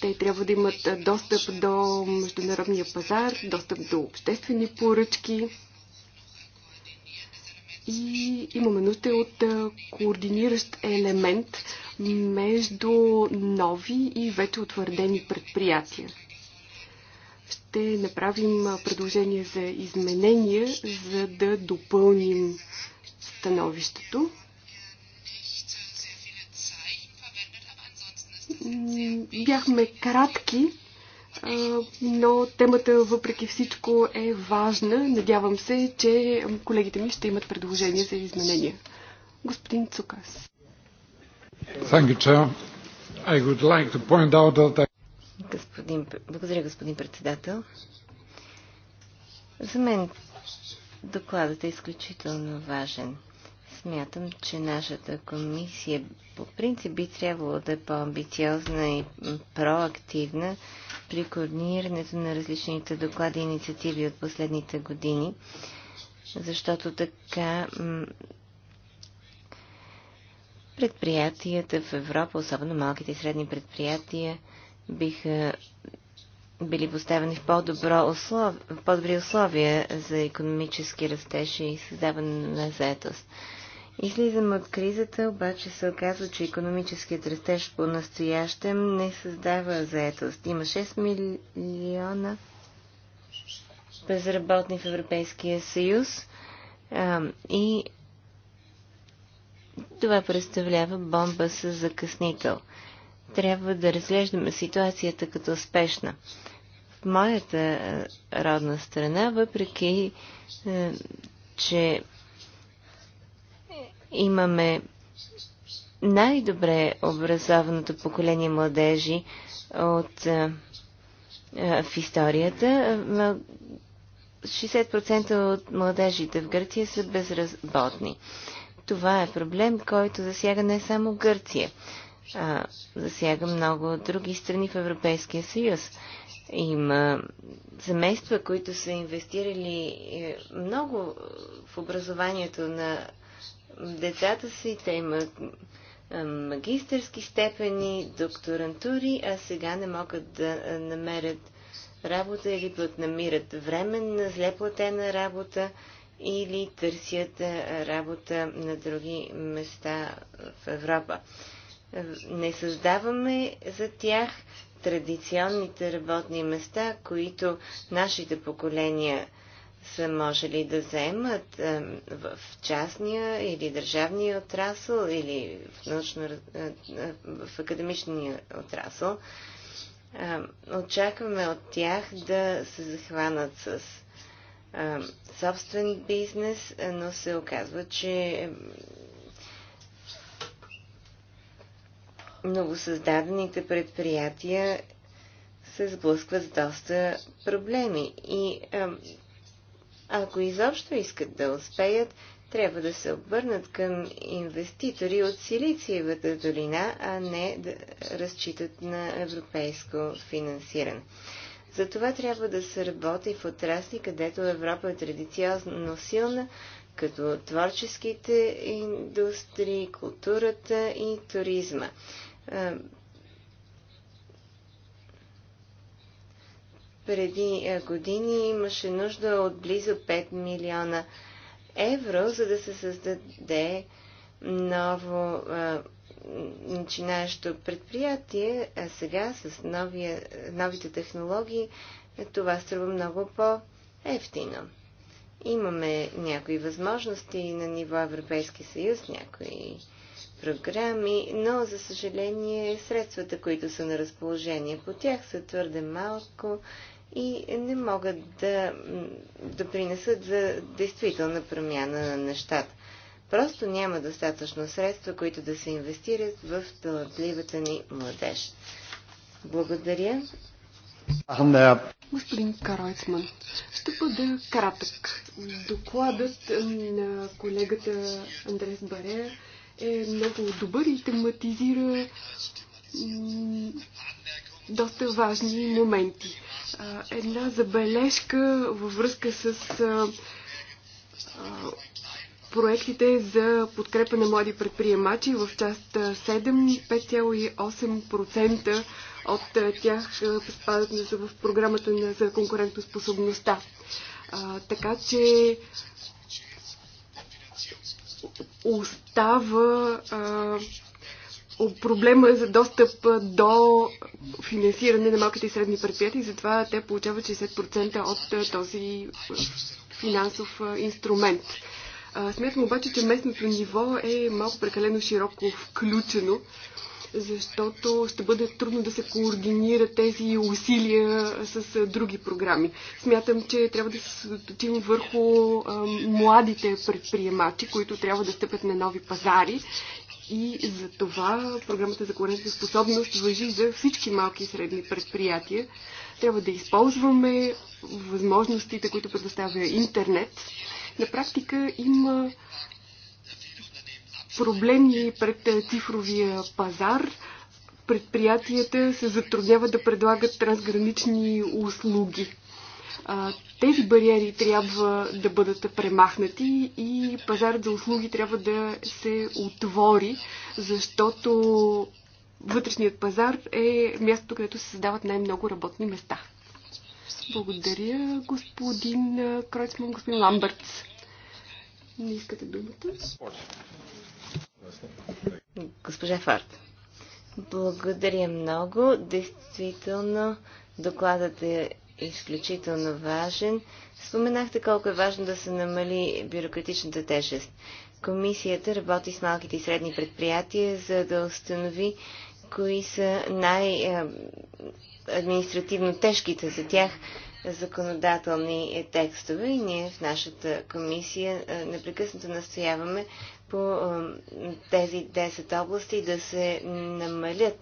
[SPEAKER 3] Те трябва да имат достъп до международния пазар, достъп до обществени поръчки. И имаме нужда от координиращ елемент между нови и вече утвърдени предприятия. Ще направим предложение за изменения, за да допълним становището. бяхме кратки, но темата въпреки всичко е важна. Надявам се, че колегите ми ще имат предложения за изменения. Господин Цукас.
[SPEAKER 2] Господин, благодаря, господин председател. За мен докладът е изключително важен. Смятам, че нашата комисия по принцип би трябвало да е по-амбициозна и проактивна при координирането на различните доклади и инициативи от последните години, защото така предприятията в Европа, особено малките и средни предприятия, биха били поставени в по-добро услов... по-добри условия за економически растеж и създаване на заетост. Излизаме от кризата, обаче се оказва, че економическият растеж по-настоящем не създава заетост. Има 6 милиона безработни в Европейския съюз а, и това представлява бомба с закъснител. Трябва да разглеждаме ситуацията като спешна. В моята родна страна, въпреки че имаме най-добре образованото поколение младежи от, а, е, е, в историята. 60% е, от младежите в Гърция са безработни. Това е проблем, който засяга не само Гърция, а засяга много други страни в Европейския съюз. Има семейства, които са инвестирали много в образованието на децата си, те имат магистърски степени, докторантури, а сега не могат да намерят работа или да намират временна, на злеплатена работа или търсят работа на други места в Европа. Не създаваме за тях традиционните работни места, които нашите поколения са можели да вземат е, в частния или държавния отрасъл или в, научно, е, е, в академичния отрасъл. Очакваме от тях да се захванат с собствен бизнес, но се оказва, че новосъздадените предприятия се сблъскват с доста проблеми. И ако изобщо искат да успеят, трябва да се обърнат към инвеститори от Силициевата долина, а не да разчитат на европейско финансиране. За това трябва да се работи в отрасли, където Европа е традиционно силна, като творческите индустрии, културата и туризма. преди е, години имаше нужда от близо 5 милиона евро, за да се създаде ново е, начинаещо предприятие, а сега с новия, новите технологии е, това струва много по-ефтино. Имаме някои възможности на ниво Европейски съюз, някои програми, но за съжаление средствата, които са на разположение по тях са твърде малко и не могат да допринесат да за действителна промяна на нещата. Просто няма достатъчно средства, които да се инвестират в талантливата ни младеж. Благодаря.
[SPEAKER 3] Господин Каройцман, ще бъда кратък. Докладът на колегата Андрес Баре е много добър и тематизира доста важни моменти. Една забележка във връзка с проектите за подкрепа на млади предприемачи в част 7, 5,8% от тях спадат в програмата за конкурентоспособността. така че остава а, проблема за достъп до финансиране на малките и средни предприятия и затова те получават 60% от този финансов инструмент. Смятам обаче, че местното ниво е малко прекалено широко включено защото ще бъде трудно да се координират тези усилия с други програми. Смятам, че трябва да се съсредоточим върху младите предприемачи, които трябва да стъпят на нови пазари и за това програмата за способност въжи за всички малки и средни предприятия. Трябва да използваме възможностите, които предоставя интернет. На практика има проблеми пред е, цифровия пазар. Предприятията се затрудняват да предлагат трансгранични услуги. Тези бариери трябва да бъдат премахнати и пазарът за услуги трябва да се отвори, защото вътрешният пазар е мястото, където се създават най-много работни места. Благодаря, господин Кройцман, господин Ламбъртс. Не искате думата?
[SPEAKER 2] Госпожа Фарт. Благодаря много. Действително, докладът е изключително важен. Споменахте колко е важно да се намали бюрократичната тежест. Комисията работи с малките и средни предприятия, за да установи кои са най-административно е, тежките за тях законодателни текстове и ние в нашата комисия е, непрекъснато настояваме по тези 10 области да се намалят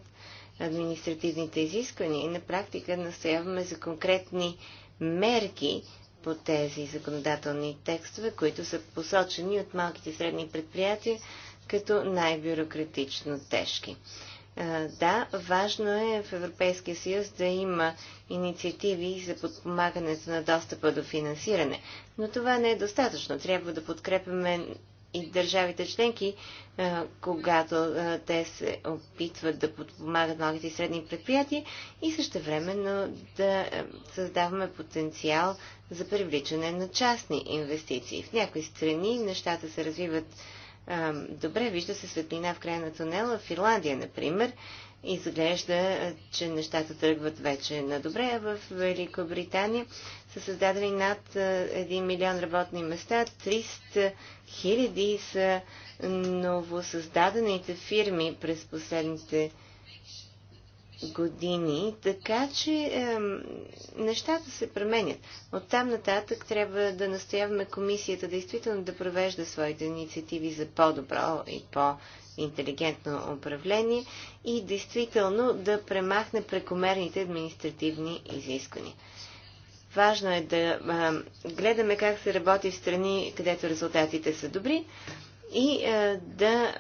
[SPEAKER 2] административните изисквания и на практика настояваме за конкретни мерки по тези законодателни текстове, които са посочени от малките и средни предприятия като най-бюрократично тежки. Да, важно е в Европейския съюз да има инициативи за подпомагането на достъпа до финансиране, но това не е достатъчно. Трябва да подкрепяме и държавите членки, е, когато е, те се опитват да подпомагат малките и средни предприятия и също времено да е, създаваме потенциал за привличане на частни инвестиции. В някои страни нещата се развиват добре, вижда се светлина в края на тунела. В Ирландия, например, изглежда, че нещата тръгват вече на добре. в Великобритания са създадени над 1 милион работни места, 300 хиляди са новосъздадените фирми през последните години, така че е, нещата се променят. От там нататък трябва да настояваме комисията действително да провежда своите инициативи за по-добро и по- интелигентно управление и действително да премахне прекомерните административни изисквания. Важно е да а, гледаме как се работи в страни, където резултатите са добри и а, да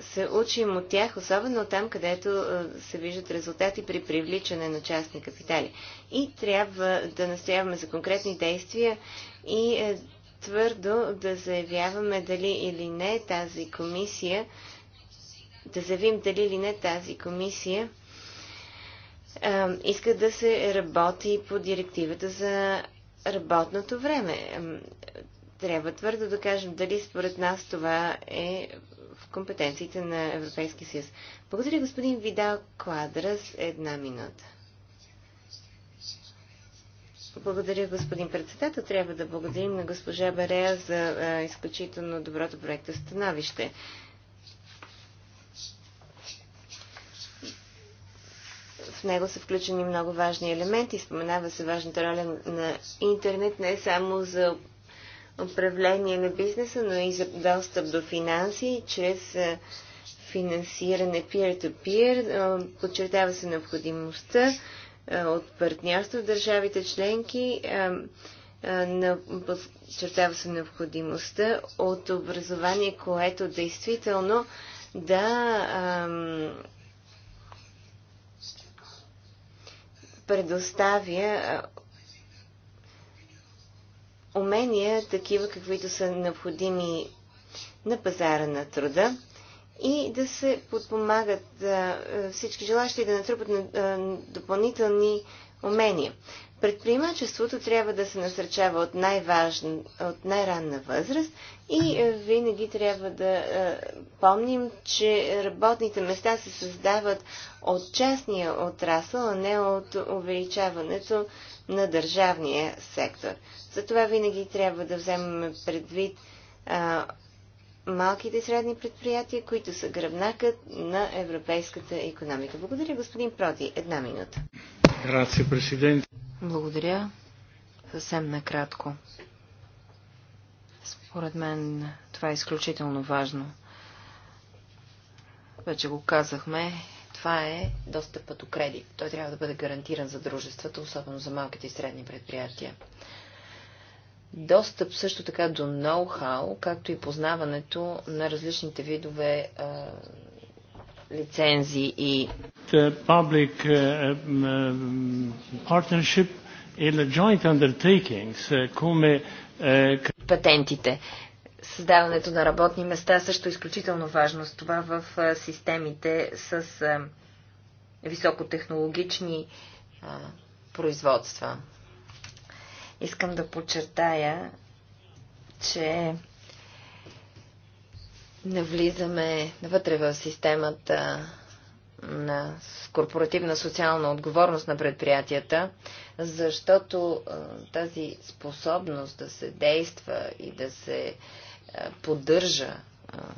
[SPEAKER 2] се учим от тях, особено там, където а, се виждат резултати при привличане на частни капитали. И трябва да настояваме за конкретни действия и а, твърдо да заявяваме дали или не тази комисия да заявим дали или не тази комисия а, иска да се работи по директивата за работното време. Трябва твърдо да кажем дали според нас това е в компетенциите на Европейския съюз. Благодаря господин Видал Квадрас. Една минута. Благодаря, господин председател. Трябва да благодарим на госпожа Барея за а, изключително доброто проекта становище. него са включени много важни елементи. Споменава се важната роля на интернет не само за управление на бизнеса, но и за достъп до финанси чрез финансиране peer-to-peer. -peer. Подчертава се необходимостта от партньорство в държавите членки. Подчертава се необходимостта от образование, което действително да предоставя умения, такива каквито са необходими на пазара на труда и да се подпомагат всички желащи да натрупат допълнителни умения. Предприемачеството трябва да се насърчава от, най-важен, от най-ранна възраст и е, винаги трябва да е, помним, че работните места се създават от частния отрасъл, а не от увеличаването на държавния сектор. Затова винаги трябва да вземем предвид а, малките и средни предприятия, които са гръбнакът на европейската економика. Благодаря, господин Проти. Една минута.
[SPEAKER 1] Грация, президент. Благодаря. Съвсем накратко. Според мен това е изключително важно. Вече го казахме. Това е достъпът до кредит. Той трябва да бъде гарантиран за дружествата, особено за малките и средни предприятия. Достъп също така до ноу-хау, както и познаването на различните видове а, лицензии и public uh, um, um, partnership или joint undertakings, uh, come uh, патентите. Създаването на работни места също е изключително важно с това в системите с високотехнологични производства. Искам да подчертая, че навлизаме вътре в системата на корпоративна социална отговорност на предприятията, защото тази способност да се действа и да се поддържа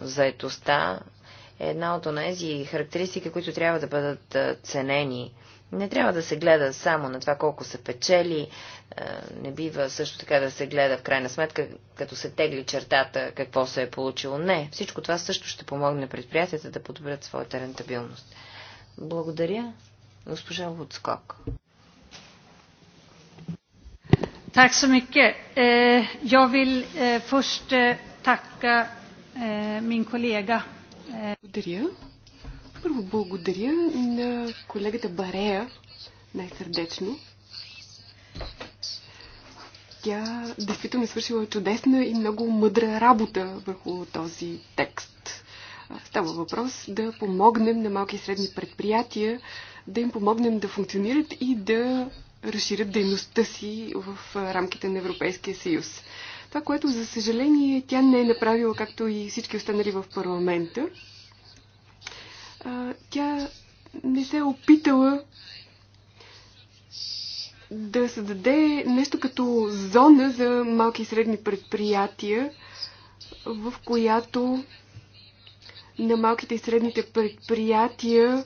[SPEAKER 1] заетостта е една от онези характеристики, които трябва да бъдат ценени не трябва да се гледа само на това колко се печели, е, не бива също така да се гледа в крайна сметка, като се тегли чертата, какво се е получило. Не, всичко това също ще помогне предприятията да подобрят своята рентабилност. Благодаря, госпожа Луцкок. Так са мике. Я
[SPEAKER 3] вил först така мин колега. Благодаря. Първо благодаря на колегата Барея най-сърдечно. Тя действително е свършила чудесна и много мъдра работа върху този текст. Става въпрос да помогнем на малки и средни предприятия, да им помогнем да функционират и да разширят дейността си в рамките на Европейския съюз. Това, което за съжаление тя не е направила, както и всички останали в парламента, а, тя не се е опитала да създаде нещо като зона за малки и средни предприятия, в която на малките и средните предприятия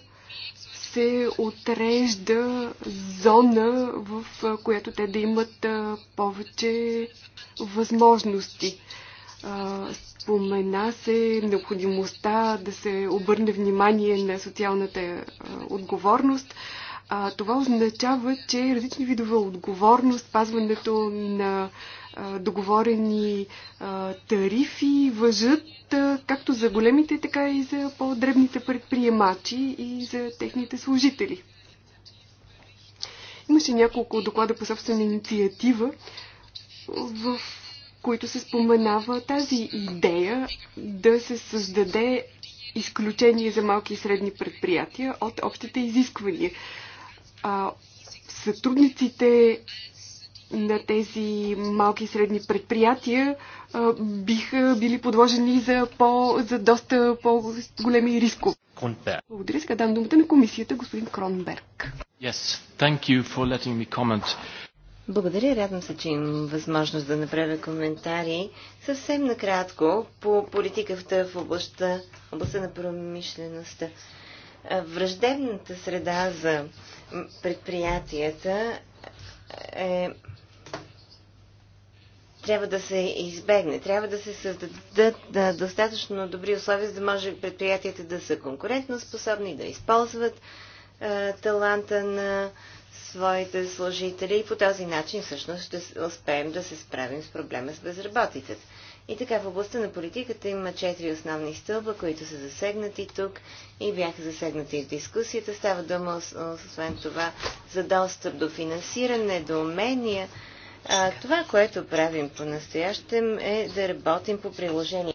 [SPEAKER 3] се отрежда зона, в която те да имат повече възможности. Спомена се необходимостта да се обърне внимание на социалната е, отговорност. А, това означава, че различни видове отговорност, пазването на а, договорени а, тарифи въжат а, както за големите, така и за по-дребните предприемачи и за техните служители. Имаше няколко доклада по собствена инициатива, в които се споменава тази идея да се създаде изключение за малки и средни предприятия от общите изисквания. А, сътрудниците на тези малки и средни предприятия а, биха били подложени за, по, за доста по-големи рискове. Благодаря. Сега дам думата на комисията господин Кронберг.
[SPEAKER 1] Yes, thank
[SPEAKER 2] you for letting me comment. Благодаря, радвам се, че имам възможност да направя коментари съвсем накратко по политиката в областта, областта на промишлеността. Враждебната среда за предприятията е трябва да се избегне. Трябва да се създадат да, достатъчно добри условия, за да може предприятията да са конкурентно способни, да използват е, таланта на своите служители и по този начин всъщност ще успеем да се справим с проблема с безработицата. И така в областта на политиката има четири основни стълба, които са засегнати тук и бяха засегнати в дискусията. Става дума, освен това, за достъп до финансиране, до умения. А, това, което правим по-настоящем е да работим по приложение.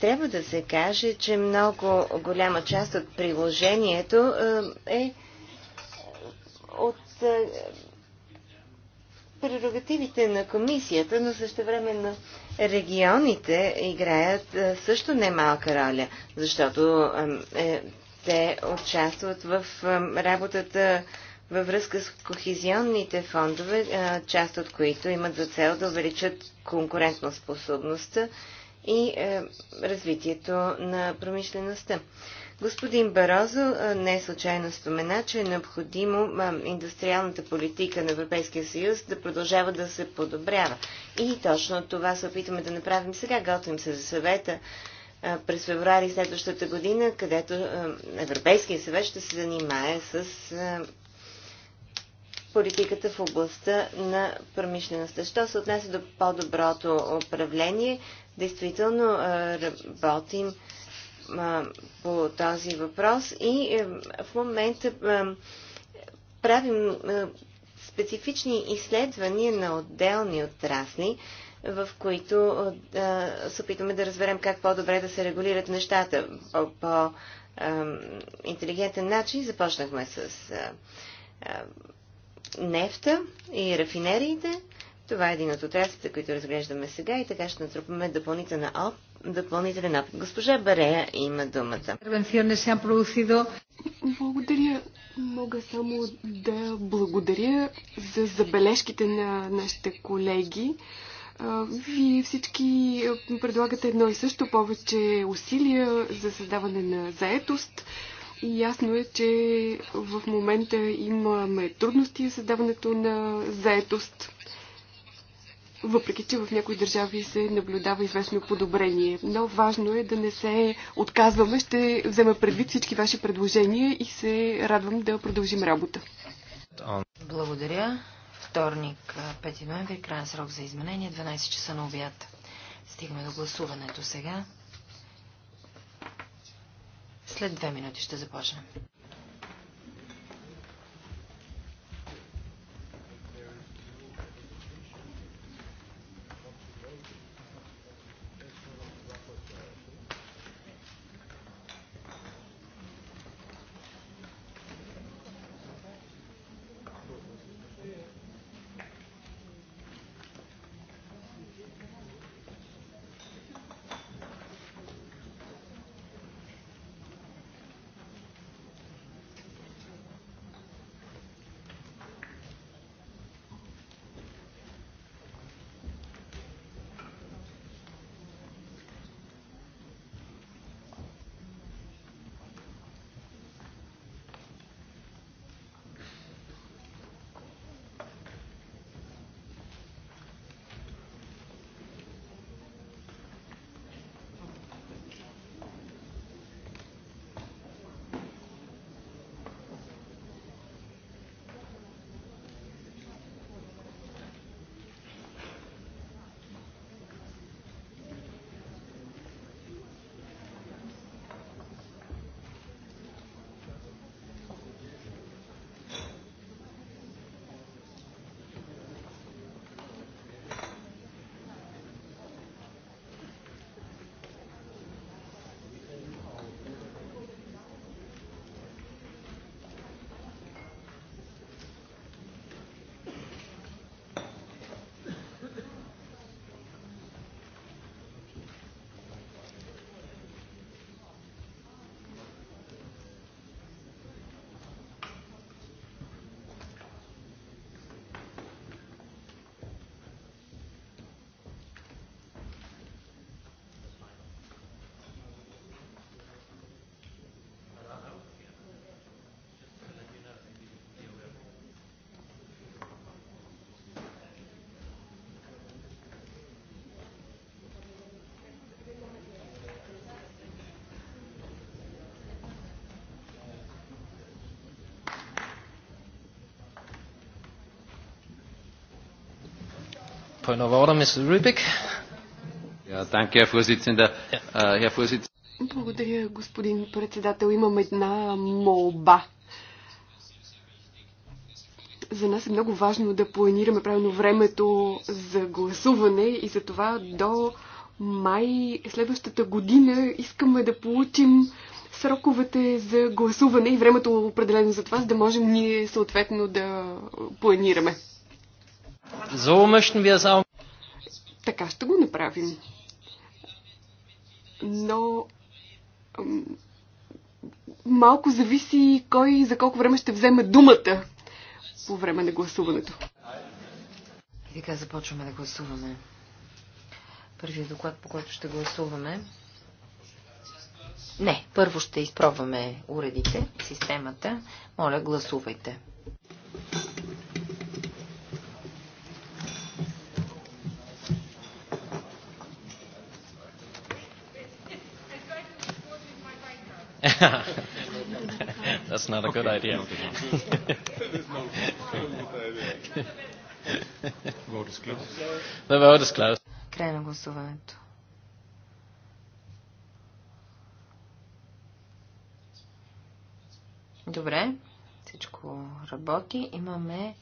[SPEAKER 2] Трябва да се каже, че много голяма част от приложението е от е, прерогативите на комисията, но време на регионите играят е, също немалка роля, защото е, те участват в работата във връзка с Кохизионните фондове, част от които имат за цел да увеличат конкурентоспособността и развитието на промишлеността. Господин Барозо не случайно спомена, че е необходимо индустриалната политика на Европейския съюз да продължава да се подобрява. И точно това се опитваме да направим сега. Готвим се за съвета през феврари следващата година, където Европейския съвет ще се занимае с политиката в областта на промишлеността. Що се отнася до по-доброто управление, действително работим по този въпрос и е, в момента е, правим е, специфични изследвания на отделни отрасли, в които се опитваме да разберем как по-добре да се регулират нещата по, интелигентен начин. Започнахме с нефта и рафинериите. Това е един от отрасите, които разглеждаме сега и така ще натрупаме допълнителен оп... Допълнителен опит. Госпожа Барея има думата.
[SPEAKER 3] Благодаря. Мога само да благодаря за забележките на нашите колеги. Вие всички предлагате едно и също повече усилия за създаване на заетост. И ясно е, че в момента имаме трудности в създаването на заетост въпреки че в някои държави се наблюдава известно подобрение. Но важно е да не се отказваме. Ще взема предвид всички ваши предложения и се радвам да продължим работа. Благодаря.
[SPEAKER 1] Вторник, 5 ноември, крайен срок за изменение, 12 часа на обяд. Стигаме до гласуването сега. След две минути ще започнем. Point of order, Mr. Rubik.
[SPEAKER 2] Ja, danke, Herr Vorsitzender. Ja. Uh, Herr Vorsitzender.
[SPEAKER 3] Благодаря, господин председател. Имам една молба. За нас е много важно да планираме правилно времето за гласуване и за това до май следващата година искаме да получим сроковете за гласуване и времето определено за това, за да можем ние съответно да планираме. So möchten wir es auch. Така ще го направим. Но малко зависи кой за колко време ще вземе думата по време на гласуването.
[SPEAKER 1] И така започваме да гласуваме. Първият доклад, по който ще гласуваме. Не, първо ще изпробваме уредите, системата. Моля, гласувайте.
[SPEAKER 3] That's not a good idea. The vote is closed.
[SPEAKER 1] Край на гласуването. Добре, всичко работи. Имаме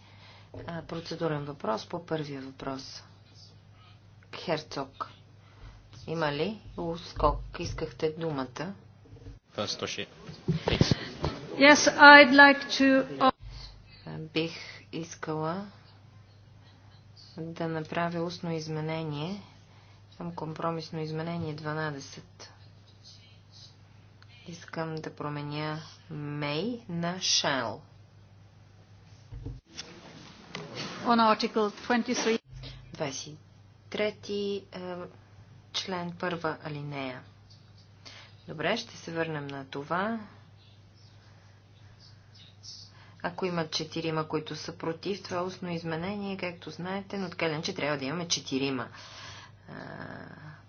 [SPEAKER 1] процедурен въпрос по първия въпрос. Херцог. Има ли? Ускок, искахте думата. First, Toshi. Please. Yes, I'd like to... Бих искала да направя устно изменение към компромисно изменение 12. Искам да променя may на shall. On article 23. 23 е, член първа алинея. Добре, ще се върнем на това. Ако има четирима, които са против това устно изменение, както знаете, но така че трябва да имаме четирима.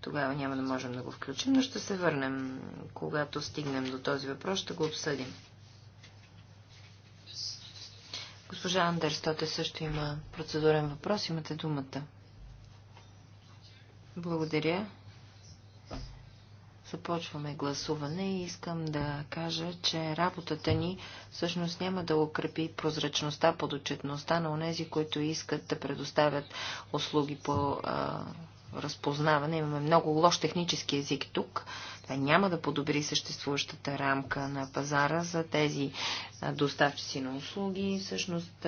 [SPEAKER 1] Тогава няма да можем да го включим, но ще се върнем, когато стигнем до този въпрос, ще го обсъдим. Госпожа Андерстоте също има процедурен въпрос. Имате думата. Благодаря. Започваме гласуване и искам да кажа, че работата ни всъщност няма да укрепи прозрачността, подочетността на онези, които искат да предоставят услуги по а, разпознаване. Имаме много лош технически език тук. Това няма да подобри съществуващата рамка на пазара за тези доставчици на услуги. Всъщност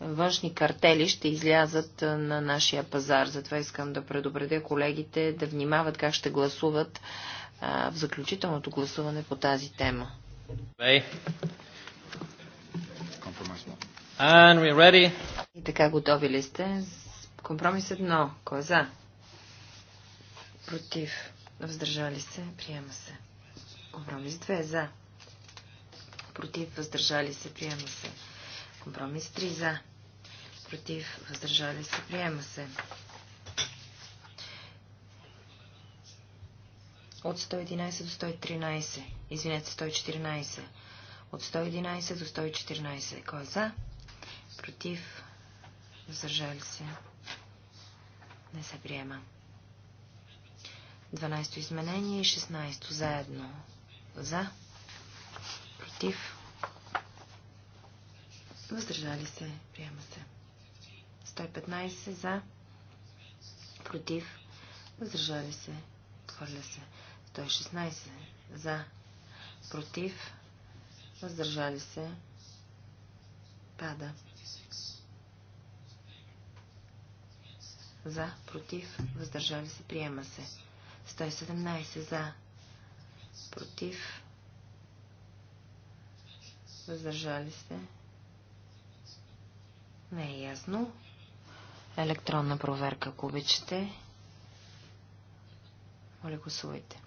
[SPEAKER 1] външни картели ще излязат на нашия пазар. Затова искам да предупредя колегите да внимават как ще гласуват в заключителното гласуване по тази тема. И така готови ли сте? Компромис едно. Кой е за? Против. Въздържали се. Приема се. Компромис 2. Е за. Против. Въздържали се. Приема се. Компромис 3. За против, въздържали се, приема се. От 111 до 113, извинете, 114. От 111 до 114. Кой е за? Против, въздържали се. Не се приема. 12 изменение и 16 заедно. За, против, въздържали се, приема се. 115 за, против, въздържали се, отхвърля се. 116 за, против, въздържали се, пада. За, против, въздържали се, приема се. 117 за, против, въздържали се. Не е ясно електронна проверка, ако обичате. Моля, гласувайте.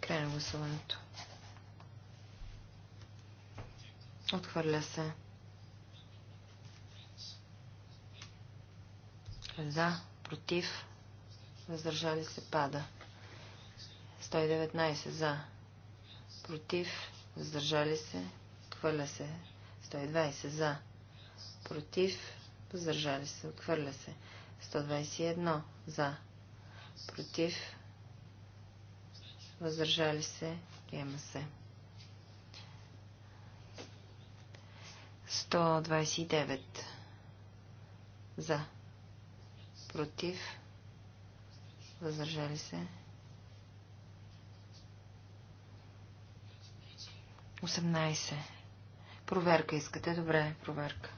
[SPEAKER 1] Край на гласуването. Отхвърля се. За, против, въздържали се, пада. 119 за. Против. Въздържали се. Отхвърля се. 120 за. Против. Въздържали се. Отхвърля се. 121 за. Против. Въздържали се. Приема се. 129 за. Против. Въздържали се. 18. Проверка искате? Добре, проверка.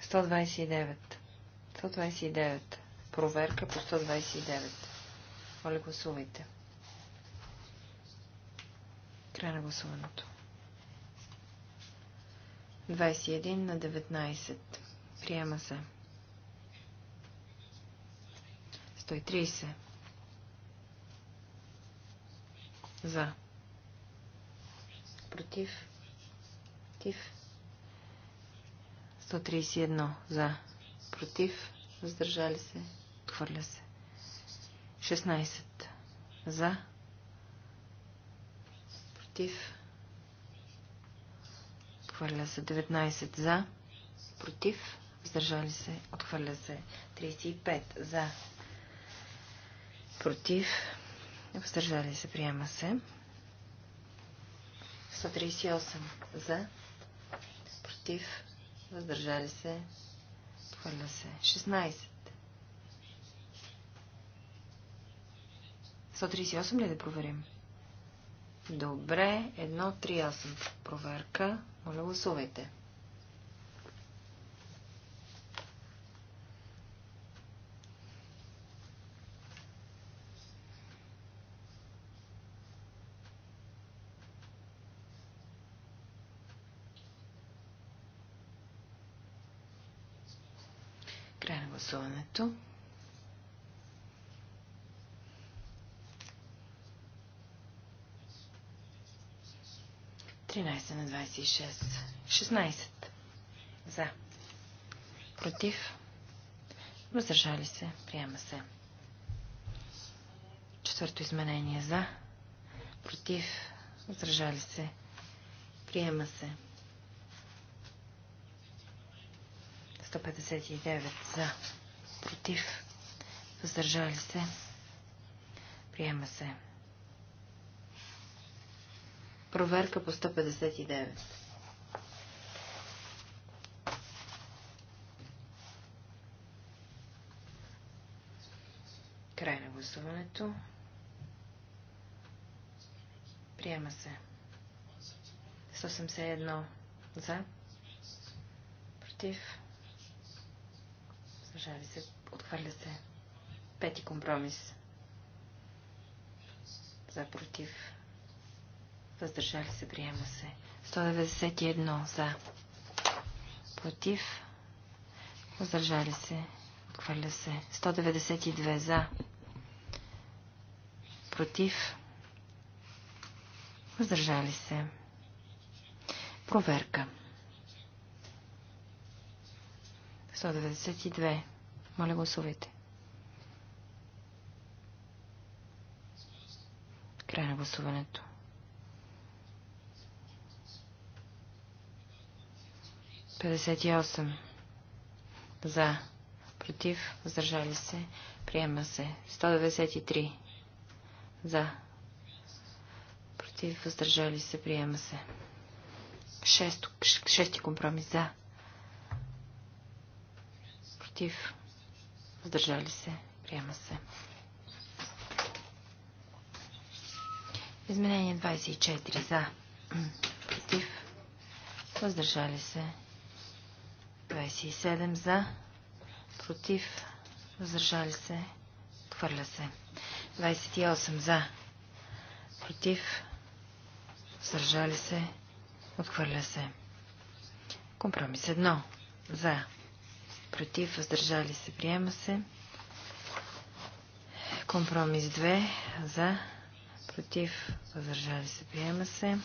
[SPEAKER 1] Сто двадесет и Проверка по 129. Моля, гласувайте. Край на гласуването. 21 на 19. Приема се. 130. За. Против. Против. 131. За. Против. Въздържали се. Отхвърля се. 16. За. Против. Отхвърля се. 19. За. Против. Въздържали се. Отхвърля се. 35. За против, въздържали се, приема се. 138 за, против, въздържали се, хвърля се. 16. 138 ли е да проверим? Добре, 138. Проверка. Моля, гласувайте. 138. гласуването. Тринайсет на 26. 16. За. Против. Въздържали се. Приема се. Четвърто изменение. За. Против. Въздържали се. Приема се. 159 за против, въздържали се, приема се. Проверка по 159. Край на гласуването. Приема се. 181 за. Против. Съжали се. Отхвърля се. Пети компромис. За против. Въздържали се. Приема се. 191 за. Против. Въздържали се. Отхвърля се. 192 за. Против. Въздържали се. Проверка. 192. Моля, гласувайте. Край на гласуването. Петдесет и осем. За. Против. Въздържали се. Приема се. 193. За. Против. Въздържали се. Приема се. Шест, шести компромис. За. Против. Въздържали се. Приема се. Изменение 24. За. Против. Въздържали се. 27. За. Против. Въздържали се. Хвърля се. 28. За. Против. Въздържали се. Отхвърля се. Компромис 1. За против, въздържали се, приема се. Компромис 2 за, против, въздържали се, приема се.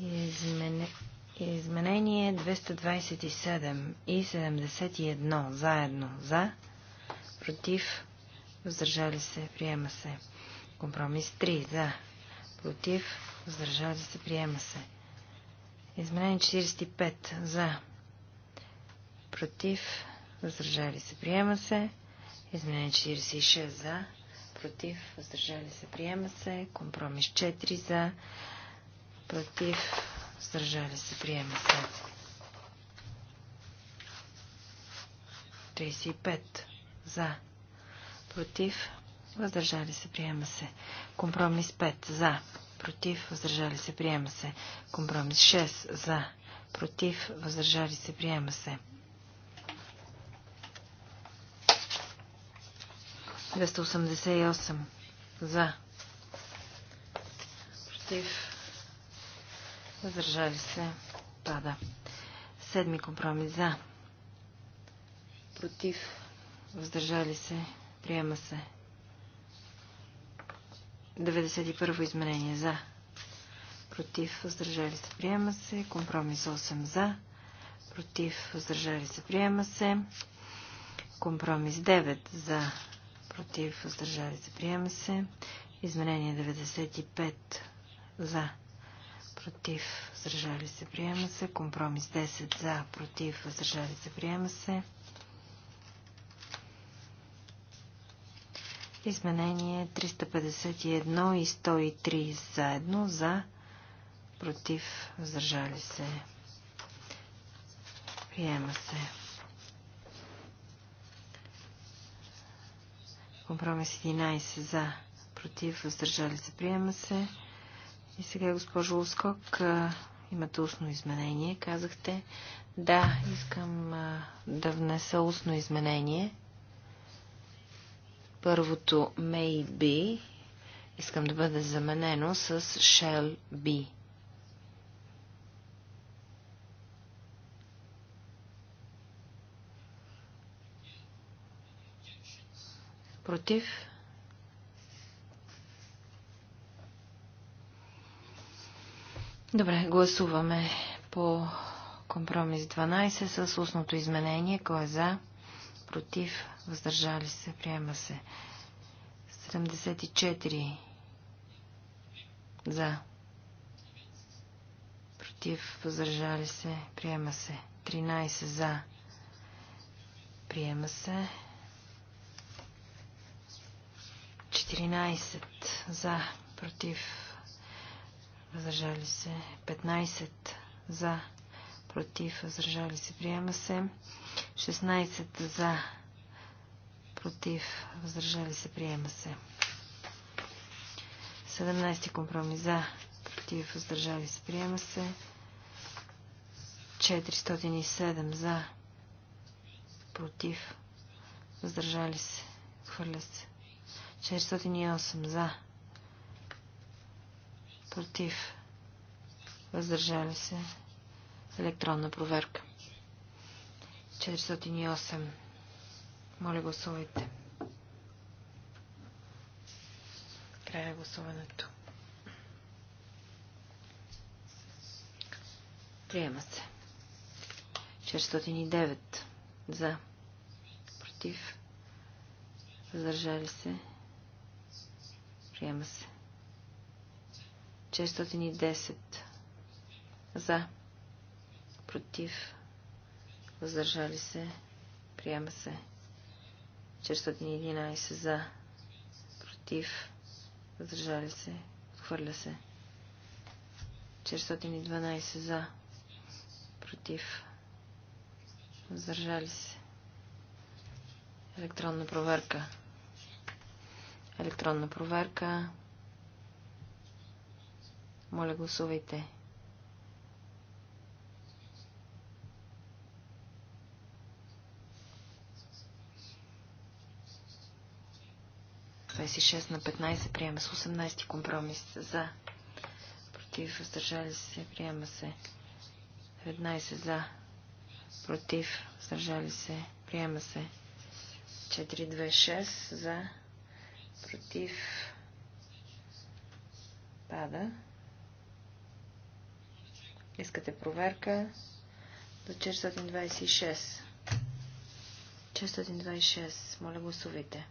[SPEAKER 1] Измене... Изменение 227 и 71 заедно за, против, въздържали се, приема се. Компромис 3 за, против, въздържали се, приема се. Изменение 45 за, против, въздържали се, приема се. Изменение 46 за, против, въздържали се, приема се. Компромис 4 за, против, въздържали се, приема се. 35 за, против, въздържали се, приема се. Компромис 5 за, против, въздържали се, приема се. Компромис 6 за, против, въздържали се, приема се. 288 за. Против. Въздържали се. Пада. Седми компромис за. Против. Въздържали се. Приема се. 91 изменение за. Против. Въздържали се. Приема се. Компромис 8 за. Против. Въздържали се. Приема се. Компромис 9 за против, въздържали се, приема се. Изменение 95 за, против, въздържали се, приема се. Компромис 10 за, против, въздържали се, приема се. Изменение 351 и 103 заедно за, против, въздържали се. Приема се. Компромис 11 за, против, въздържали се, приема се. И сега, госпожо Оскок, имате устно изменение, казахте. Да, искам да внеса устно изменение. Първото may be искам да бъде заменено с shall be. Против. Добре, гласуваме по компромис 12 с устното изменение. Кой е за? Против. Въздържали се. Приема се. 74 за. Против. Въздържали се. Приема се. 13 за. Приема се. 14 за, против, въздържали се 15 за, против, въздържали се, приема се 16 за, против, въздържали се, приема се 17 компромис за, против, въздържали се, приема се 407 за, против, въздържали се, хвърля се 408 за. Против. Въздържали се. Електронна проверка. 408. Моля гласувайте. Края гласуването. Приема се. 409. За. Против. Въздържали се. Приема се. 610. За. Против. Въздържали се. Приема се. 411. За. Против. Въздържали се. Отхвърля се. 412. За. Против. Въздържали се. Електронна проверка. Електронна проверка. Моля, гласувайте. 6 на 15 приема с 18 компромис за. Против, въздържали се, приема се. 19 за. Против, въздържали се, приема се. 4, 2, 6 за против, пада. Искате проверка до 426. 426. Моля гласувайте.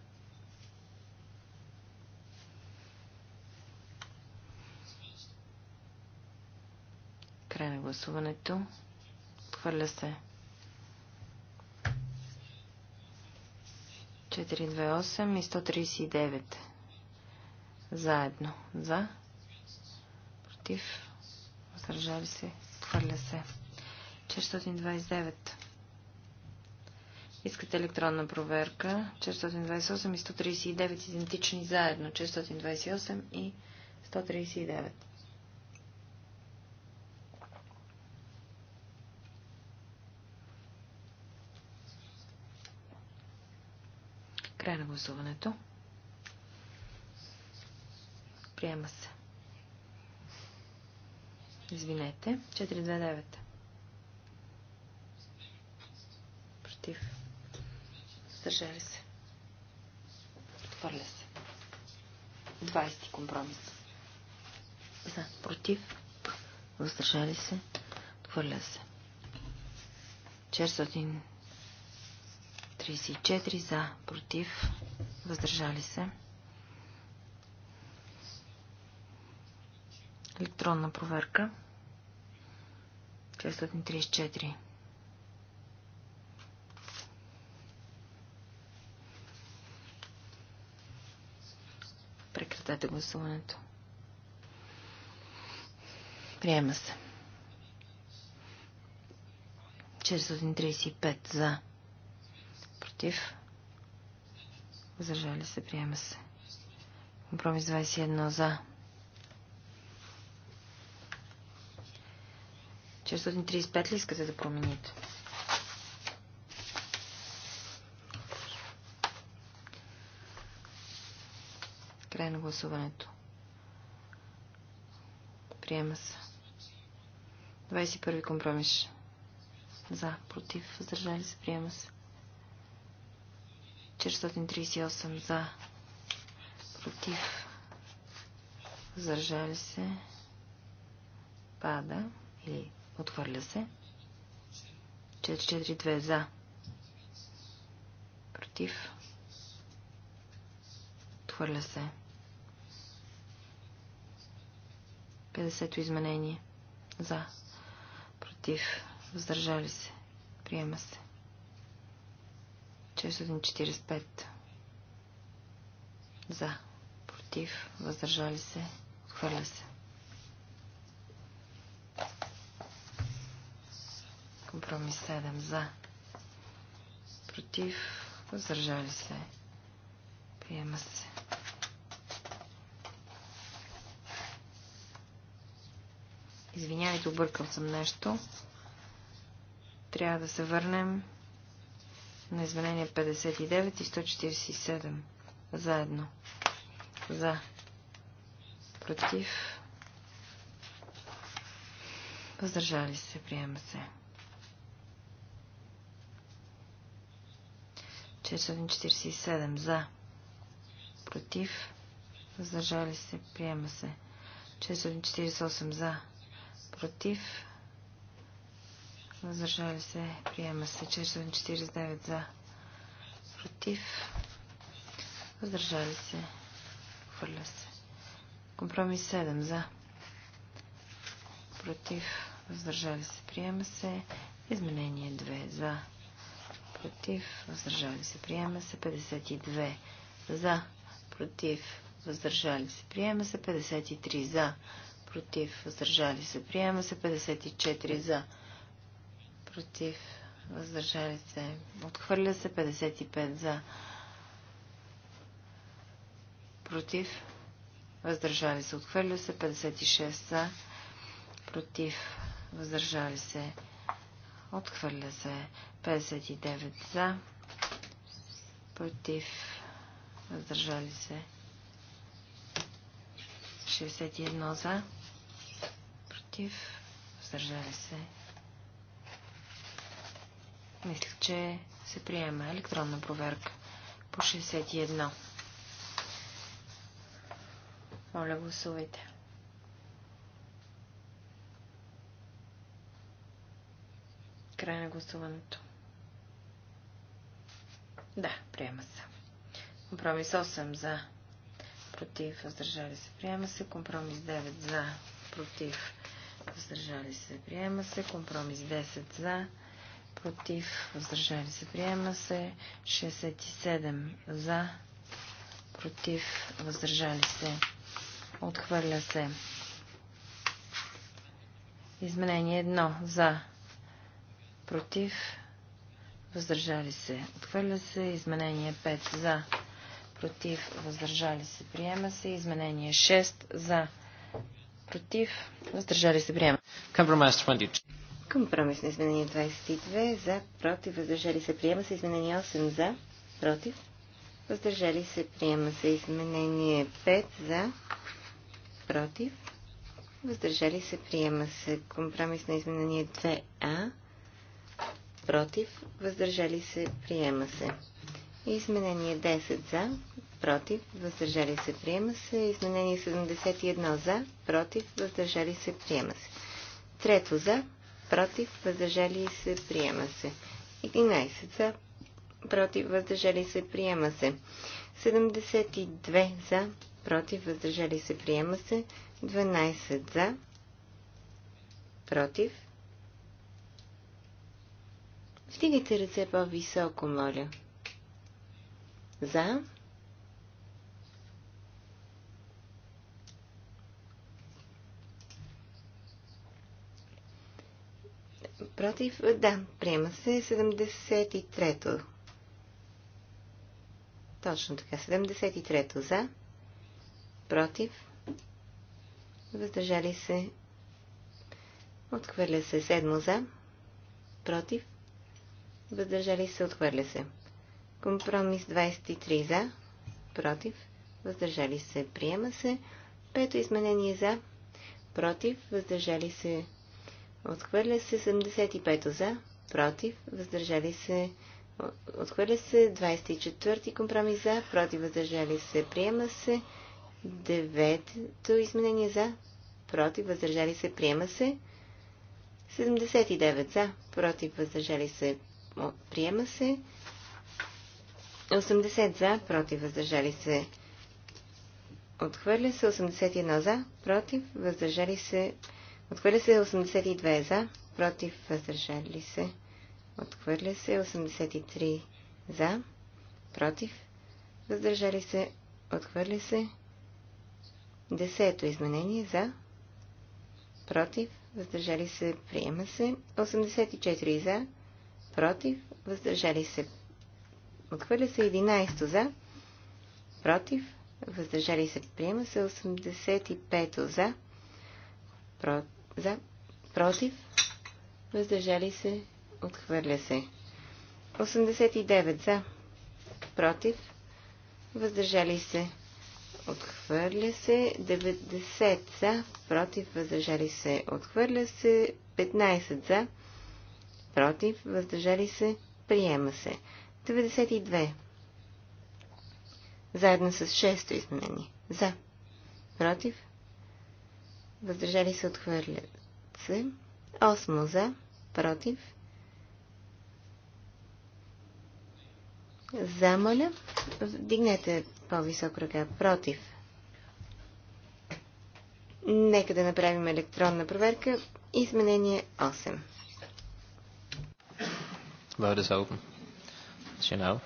[SPEAKER 1] Край на гласуването. Хвърля се. 428 и 139. Заедно. За. Против. Въздържали се. Хвърля се. 429. Искате електронна проверка. 428 и 139 идентични заедно. 428 и 139. Край на гласуването. Приема се. Извинете. 429. Против. Съжали се. Отвърля се. 20 компромис. За. Против. Въздържали се. Отвърля се. 400. 34 за, против, въздържали се. Електронна проверка. 634. Прекратете гласуването. Приема се. 435 за Против. Въздържали се. Приема се. Компромис 21 за. 435 ли искате да промените? Край на гласуването. Приема се. 21 компромис. За, против, въздържали се, приема се. 438 за. Против. Заржали се. Пада. Или отхвърля се. 442 за. Против. Отхвърля се. 50-то изменение. За. Против. Въздържали се. Приема се. 645 за, против, въздържали се, отхвърля се. Компромис 7 за, против, въздържали се, приема се. Извинявайте, объркал съм нещо. Трябва да се върнем на изменение 59 и 147. Заедно. За. Против. Въздържали се. Приема се. 447. За. Против. Въздържали се. Приема се. 448. За. Против въздържали се, приема се 449 за, против, въздържали се, хвърля се. Компромис 7 за, против, въздържали се, приема се, изменение 2 за, против, въздържали се, приема се, 52 за, против, въздържали се, приема се, 53 за, против, въздържали се, приема се, 54 за, против, въздържали се, отхвърля се 55 за, против, въздържали се, отхвърля се 56 за, против, въздържали се, отхвърля се 59 за, против, въздържали се 61 за, против, въздържали се Мислих, че се приема електронна проверка по 61. Моля, гласувайте. Край на гласуването. Да, приема се. Компромис 8 за. Против. Въздържали се. Приема се. Компромис 9 за. Против. Въздържали се. Приема се. Компромис 10 за против, въздържали се, приема се. 67 за, против, въздържали се, отхвърля се. Изменение 1 за, против, въздържали се, отхвърля се. Изменение 5 за, против, въздържали се, приема се. Изменение 6 за, против, въздържали се, приема. се. 22.
[SPEAKER 2] Компромисно изменение 22 за, против, въздържали се, приема се. Изменение 8 за, против, въздържали се, приема се. Изменение 5 за, против, въздържали се, приема се. Компромисно изменение 2а, против, въздържали се, приема се. Изменение 10 за, против, въздържали се, приема се. Изменение 71 за, против, въздържали се, приема се. Трето за, против, въздържали се, приема се. 11 за, против, въздържали се, приема се. 72 за, против, въздържали се, приема се. 12 за, против. Вдигайте ръце по-високо, моля. За. Против? Да, приема се 73-то. Точно така, 73-то за. Против? Въздържали се. Отхвърля се 7 за. Против? Въздържали се, отхвърля се. Компромис 23 за. Против? Въздържали се, приема се. Пето изменение за. Против? Въздържали се, Отхвърля се 75 за, против, въздържали се. Отхвърля се 24 компромис за, против, въздържали се. Приема се 9 изменение за, против, въздържали се. Приема се 79 за, против, въздържали се. Приема се 80 за, против, въздържали се. Отхвърля се 81 за, против, въздържали се. Отхвърля се 82 за, против, въздържали се. Отхвърля се 83 за, против, въздържали се. Отхвърля се. Десето изменение за, против, въздържали се, приема се. 84 за, против, въздържали се. Отхвърля се 11 за, против, въздържали се, приема се. 85 за, против за. Против. Въздържали се. Отхвърля се. 89 за. Против. Въздържали се. Отхвърля се. 90 за. Против. Въздържали се. Отхвърля се. 15 за. Против. Въздържали се. Приема се. 92. Заедно с 6 изменение. За. Против въздържали се, отхвърлят се. Осмо за, против. За, моля, вдигнете по-висок ръка, против. Нека да направим електронна проверка. Изменение 8.
[SPEAKER 1] Vote is open. As you know.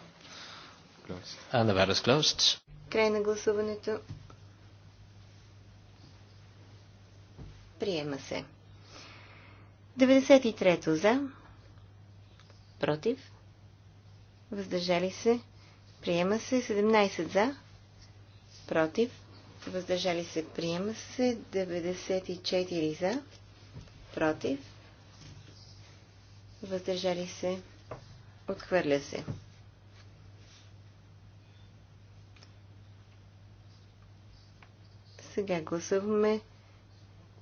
[SPEAKER 1] And the vote is closed.
[SPEAKER 2] Край на гласуването. Приема се. 93-то за. Против. Въздържали се. Приема се. 17 за. Против. Въздържали се. Приема се. 94 за. Против. Въздържали се. Отхвърля се. Сега гласуваме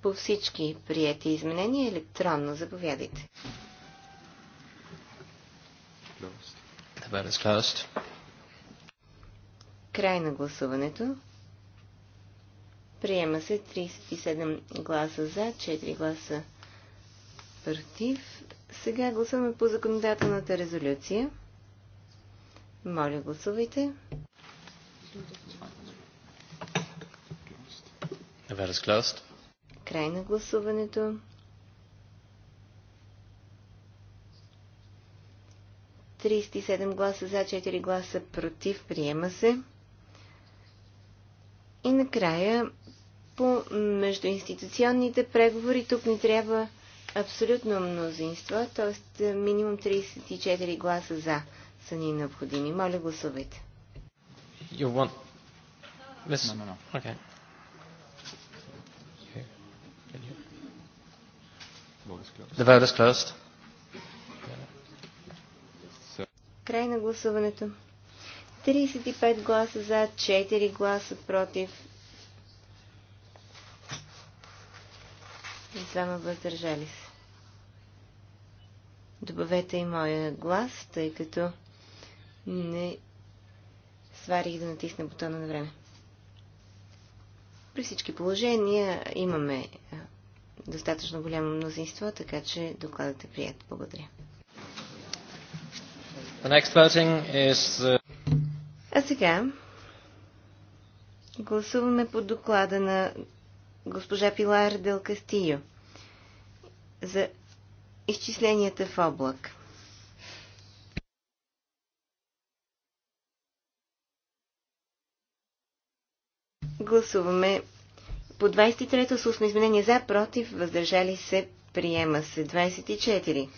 [SPEAKER 2] по всички прияти изменения електронно. Заповядайте. Край на гласуването. Приема се 37 гласа за, 4 гласа против. Сега гласуваме по законодателната резолюция. Моля, гласувайте. Верескласт. Край на гласуването. Тридесет седем гласа за, 4 гласа против. Приема се. И накрая по междуинституционните преговори тук ни трябва абсолютно мнозинство, т.е. минимум 34 гласа за са ни необходими. Моля, гласувайте.
[SPEAKER 1] You want...
[SPEAKER 3] Miss... No, no, no. Okay. The vote is closed.
[SPEAKER 2] Край на гласуването. 35 гласа за, 4 гласа против и двама въздържали се. Добавете и моя глас, тъй като не сварих да натисна бутона на време. При всички положения имаме достатъчно голямо мнозинство, така че докладът е
[SPEAKER 1] прият. Благодаря. The next voting is the... Uh,
[SPEAKER 2] а сега гласуваме по доклада на госпожа Пилар Дел Кастио за изчисленията в облак. Гласуваме по 23-то с устно изменение за, против, въздържали се, приема се. 24.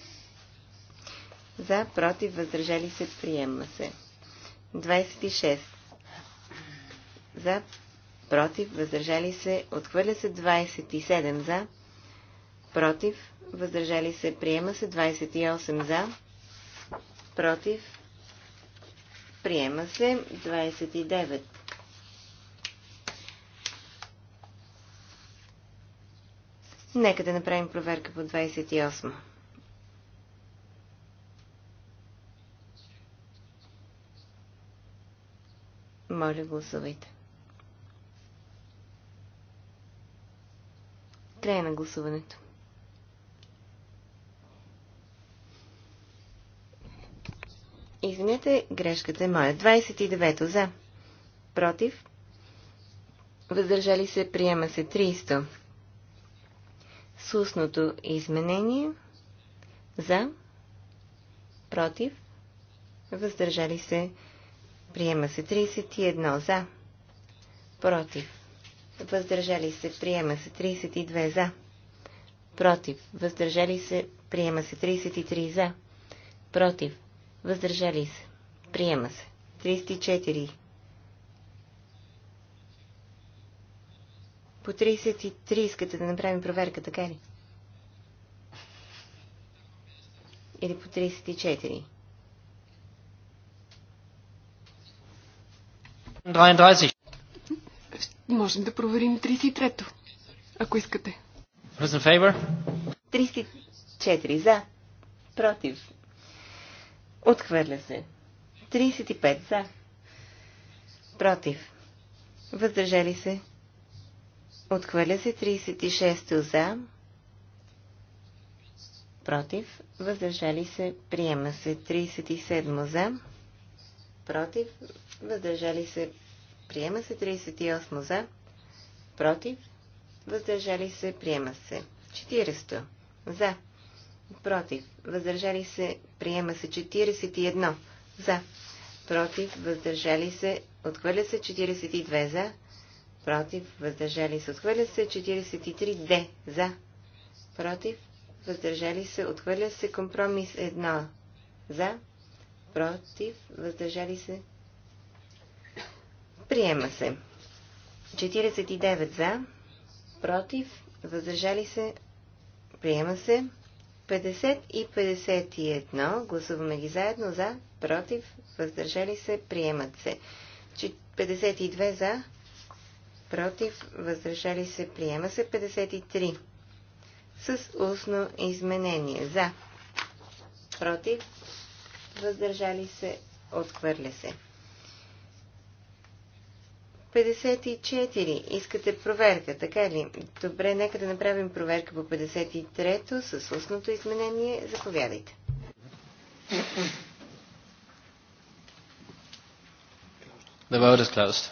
[SPEAKER 2] За, против, въздържали се, приема се. 26. За, против, въздържали се, отхвърля се 27 за, против, въздържали се, приема се 28 за, против, приема се 29 Нека да направим проверка по 28. Моля, гласувайте. Край на гласуването. Извинете, грешката е моя. 29 то за. Против. Въздържали се, приема се 300 с устното изменение. За. Против. Въздържали се. Приема се 31 за. Против. Въздържали се. Приема се 32 за. Против. Въздържали се. Приема се 33 за. Против. Въздържали се. Приема се. 34 По 33 искате да направим проверка, така ли?
[SPEAKER 3] Или по 34?
[SPEAKER 1] 33.
[SPEAKER 3] Можем да проверим 33-то, ако искате. 34 за.
[SPEAKER 2] Против. Отхвърля се. 35 за. Против. Въздържали се. Отхвърля се 36-то за. Против. Въздържали се. Приема се 37 за. Против. Въздържали се. Приема се 38 за. Против. Въздържали се. Приема се. 40 за. Против. Въздържали се. Приема се 41 за. Против. Въздържали се. Отхвърля се 42 за против, въздържали се, отхвърля се, 43 Д, за, против, въздържали се, отхвърля се, компромис 1, за, против, въздържали се, приема се. 49 за, против, въздържали се, приема се. 50 и 51, гласуваме ги заедно за, против, въздържали се, приемат се. 52 за, против, въздържали се, приема се 53. С устно изменение за, против, въздържали се, отхвърля се. 54. Искате проверка, така ли? Добре, нека да направим проверка по 53-то с устното изменение. Заповядайте. The vote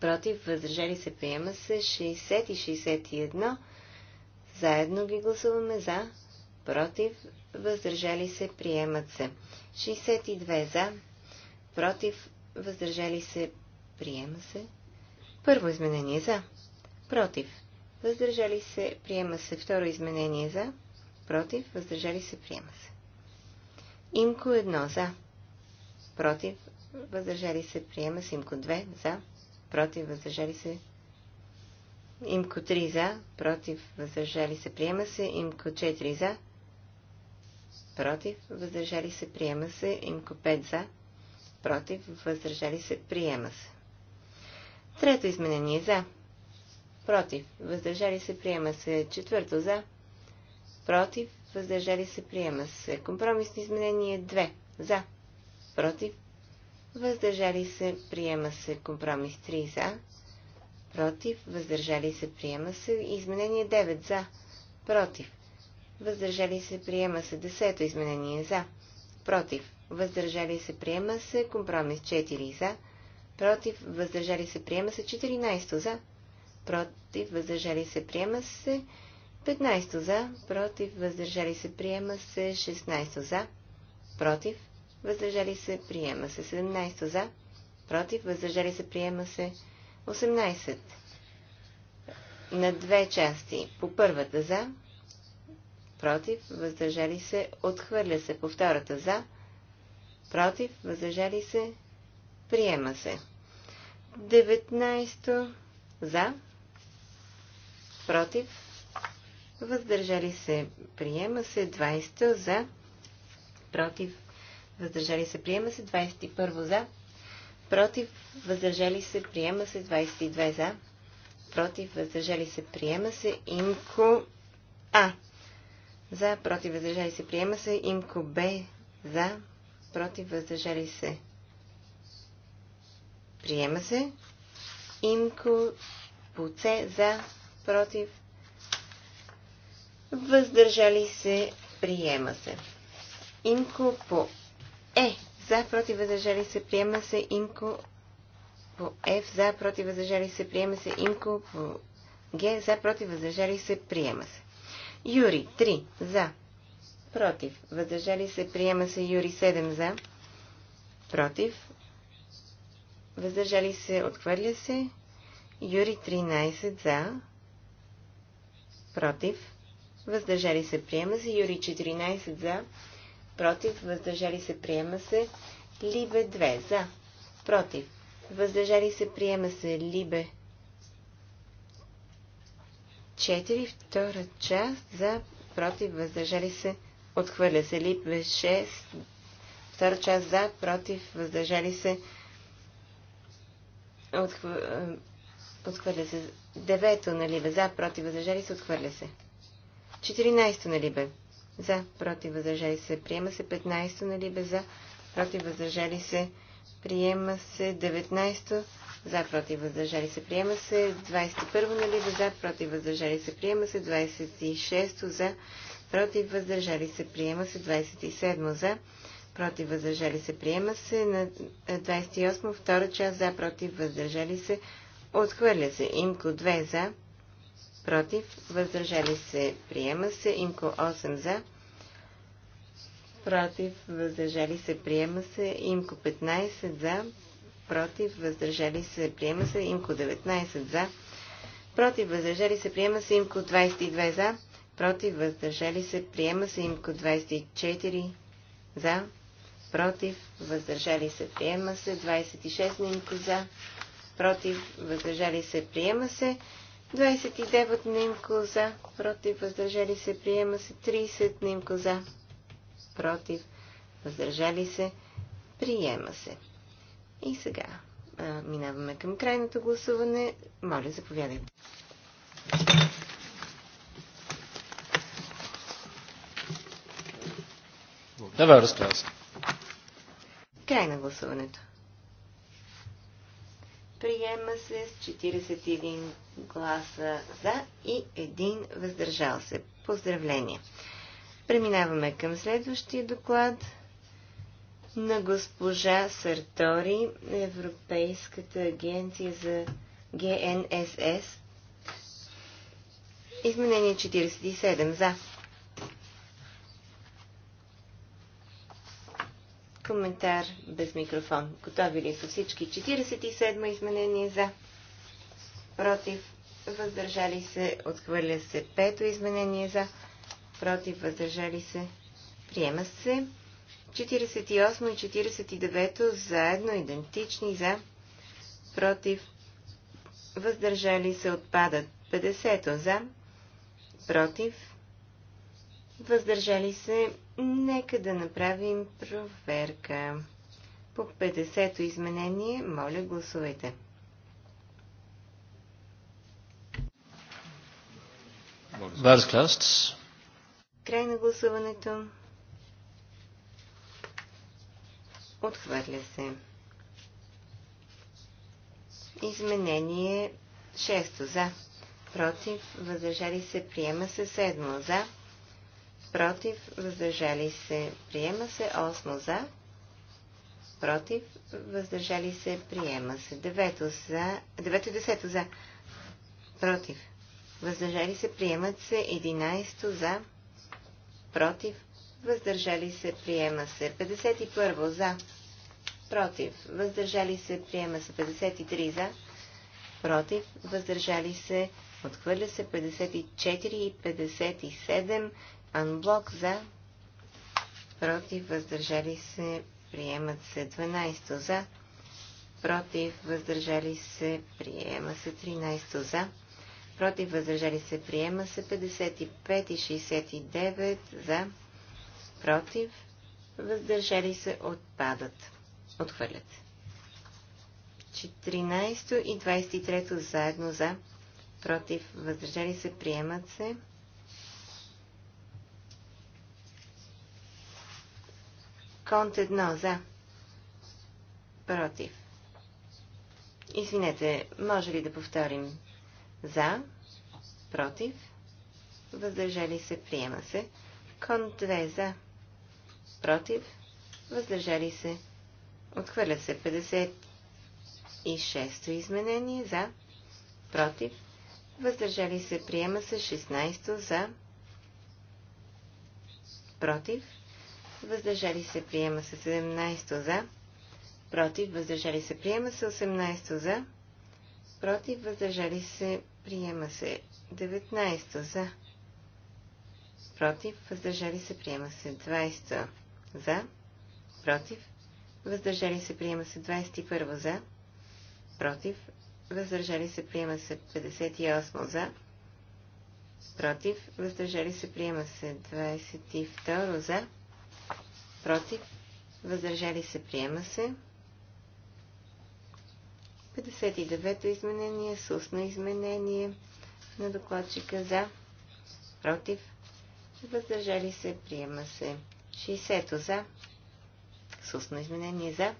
[SPEAKER 2] против, въздържали се, приема се 60 и 61. Заедно ги гласуваме за, против, въздържали се, приемат се. 62 за, против, въздържали се, приема се. Първо изменение за, против, въздържали се, приема се. Второ изменение за, против, въздържали се, приема се. Имко 1 за, против, въздържали се, приема се. Имко 2 за, против, въздържали се. Имко 3 за, против, въздържали се, приема се. Имко 4 за, против, въздържали се, приема се. Имко 5 за, против, въздържали се, приема се. Трето изменение за, против, въздържали се, приема се. Четвърто за, против, въздържали се, приема се. Компромисно изменение 2 за, против, въздържали се, приема се. Компромис 3 за, против, въздържали се, приема се. Изменение 9 за, против, въздържали се, приема се. 10-то изменение за, против, въздържали се, приема се. Компромис 4 за, против, въздържали се, приема се. 14 за, против, въздържали се, приема се. 15 за, против, въздържали се, приема се. 16 за, против, въздържали се, приема се. 17 за, против, въздържали се, приема се. 18 на две части. По първата за, против, въздържали се, отхвърля се. По втората за, против, въздържали се, приема се. 19 за, против, въздържали се, приема се. 20 за, против, въздържали се, приема се 21 за, против, въздържали се, приема се 22 за, против, въздържали се, приема се имко А. За, против, въздържали се, приема се имко Б. За, против, въздържали се, приема се имко по С. За, против, въздържали се, приема се. Имко по е. За, против, въздържали се, приема се Инко по F. За, против, въздържали се, приема се Инко, по Г. За, против, въздържали се, приема се. Юри. 3. За. Против. Въздържали се, приема се. Юри. 7. За. Против. Въздържали се, отхвърля се. Юри 13 за. Против. Въздържали се приема се. Юри 14 за против, въздържали се, приема се. Либе 2 за, против, въздържали се, приема се. Либе 4, втора част за, против, въздържали се, отхвърля се. Либе 6, втора част за, против, въздържали се, отхвърля, отхвърля се. Девето на Либе за, против, въздържали се, отхвърля се. 14 на Либе за, против, въздържали се, приема се 15 нали бе, за, против, въздържали се, приема се 19 за, против, въздържали се, приема се 21 нали бе, за, против, въздържали се, приема се 26 за, против, въздържали се, приема се 27 за, против, въздържали се, приема се на 28 е, втора част за, против, въздържали се, отхвърля се, имко 2 за, против, въздържали се, приема се. Имко 8 за, против, въздържали се, приема се. Имко 15 за, против, въздържали се, приема се. Имко 19 за, против, въздържали се, приема се. Имко 22 за, против, въздържали се, приема се. Имко 24 за, против, въздържали се, приема се. 26 на Имко за, против, въздържали се, приема се. 29 на за, против, въздържали се, приема се 30 на за, против, въздържали се, приема се. И сега а, минаваме към крайното гласуване. Моля, заповядайте. Давай, разправя се. Край на гласуването. Приема се с 41 гласа за и един въздържал се. Поздравления! Преминаваме към следващия доклад на госпожа Сартори, Европейската агенция за ГНСС. Изменение 47 за. Коментар без микрофон. Готови ли са всички? 47 изменение за против, въздържали се, отхвърля се. Пето изменение за, против, въздържали се, приема се. 48 и 49 заедно идентични за, против, въздържали се, отпадат. 50 за, против, въздържали се, нека да направим проверка. По 50-то изменение, моля гласувайте. Край на гласуването. Отхвърля се. Изменение 6 за. Против, въздържали се, приема се 7 за. Против, въздържали се, приема се 8 за. Против, въздържали се, приема се 9 за. 9 10 за. Против, въздържали се, приемат се 11 за, против, въздържали се, приема се 51 за, против, въздържали се, приема се 53 за, против, въздържали се, отхвърля се 54 и 57 анблок за, против, въздържали се, приемат се 12 за, против, въздържали се, приема се 13 за против, въздържали се, приема се 55 и 69 за, против, въздържали се, отпадат, отхвърлят. 14 и 23 заедно за, против, въздържали се, приемат се. Конт 1 за, против. Извинете, може ли да повторим? За, против, въздържали се, приема се. Кон 2 за, против, въздържали се, отхвърля се. 56-то изменение за, против, въздържали се, приема се. 16-то за, против, въздържали се, приема се. 17-то за, против, въздържали се, приема се. 18-то за, против, въздържали се, приема се. 19 за, против, въздържали се, приема се. 20 за, против, въздържали се, приема се. 21 за, против, въздържали се, приема се. 58 за, против, въздържали се, приема се. 22 за, против, въздържали се, приема се. 59-то изменение, сусно изменение на докладчика за, против, въздържали се, приема се. 60-то за, сусно изменение за,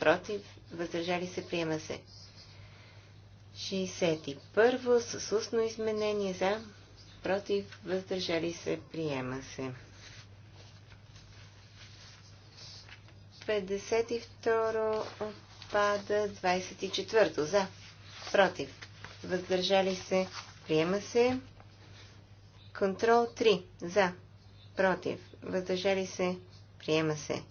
[SPEAKER 2] против, въздържали се, приема се. 61-во с устно изменение за, против, въздържали се, приема се. 52-ро Отпада 24-то. За. Против. Въздържали се. Приема се. Контрол 3. За. Против. Въздържали се. Приема се.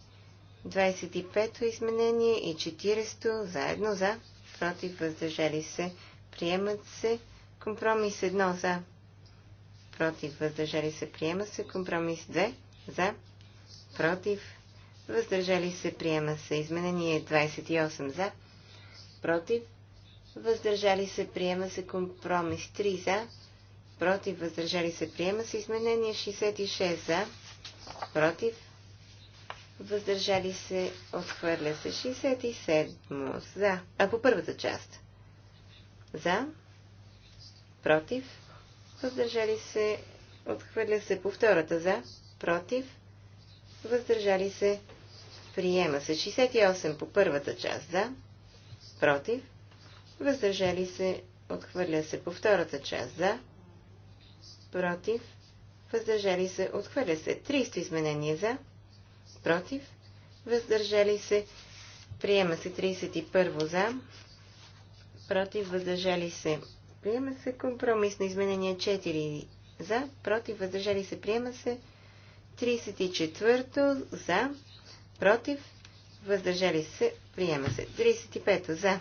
[SPEAKER 2] 25-то изменение и 40-то заедно за. Против. Въздържали се. Приемат се. Компромис 1 за. Против. Въздържали се. Приема се. Компромис 2 за. Против въздържали се, приема се. Изменение 28 за, против, въздържали се, приема се. Компромис 3 за, против, въздържали се, приема се. Изменение 66 за, против, въздържали се, отхвърля се. 67 за, а по първата част. За, против, въздържали се, отхвърля се по втората за, против, въздържали се, Приема се 68 по първата част за, против, въздържали се, отхвърля се по втората част за, против, въздържали се, отхвърля се 300 изменения за, против, въздържали се, приема се 31 за, против, въздържали се, приема се компромис на изменения 4 за, против, въздържали се, приема се 34 за, против, въздържали се, приема се. 35 за,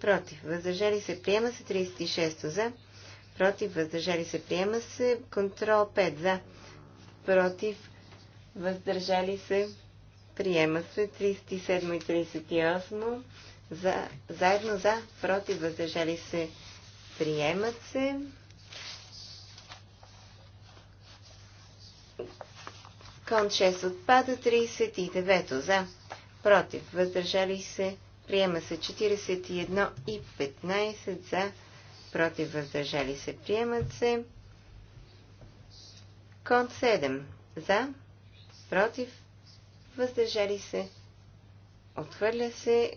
[SPEAKER 2] против, въздържали се, приема се. 36 за, против, въздържали се, приема се. Контрол 5 за, против, въздържали се, приема се. 37 и 38 за, заедно за, против, въздържали се, приемат се. Кон 6 отпада, 39 за, против, въздържали се, приема се 41 и 15 за, против, въздържали се, приемат се. Кон 7 за, против, въздържали се, отхвърля се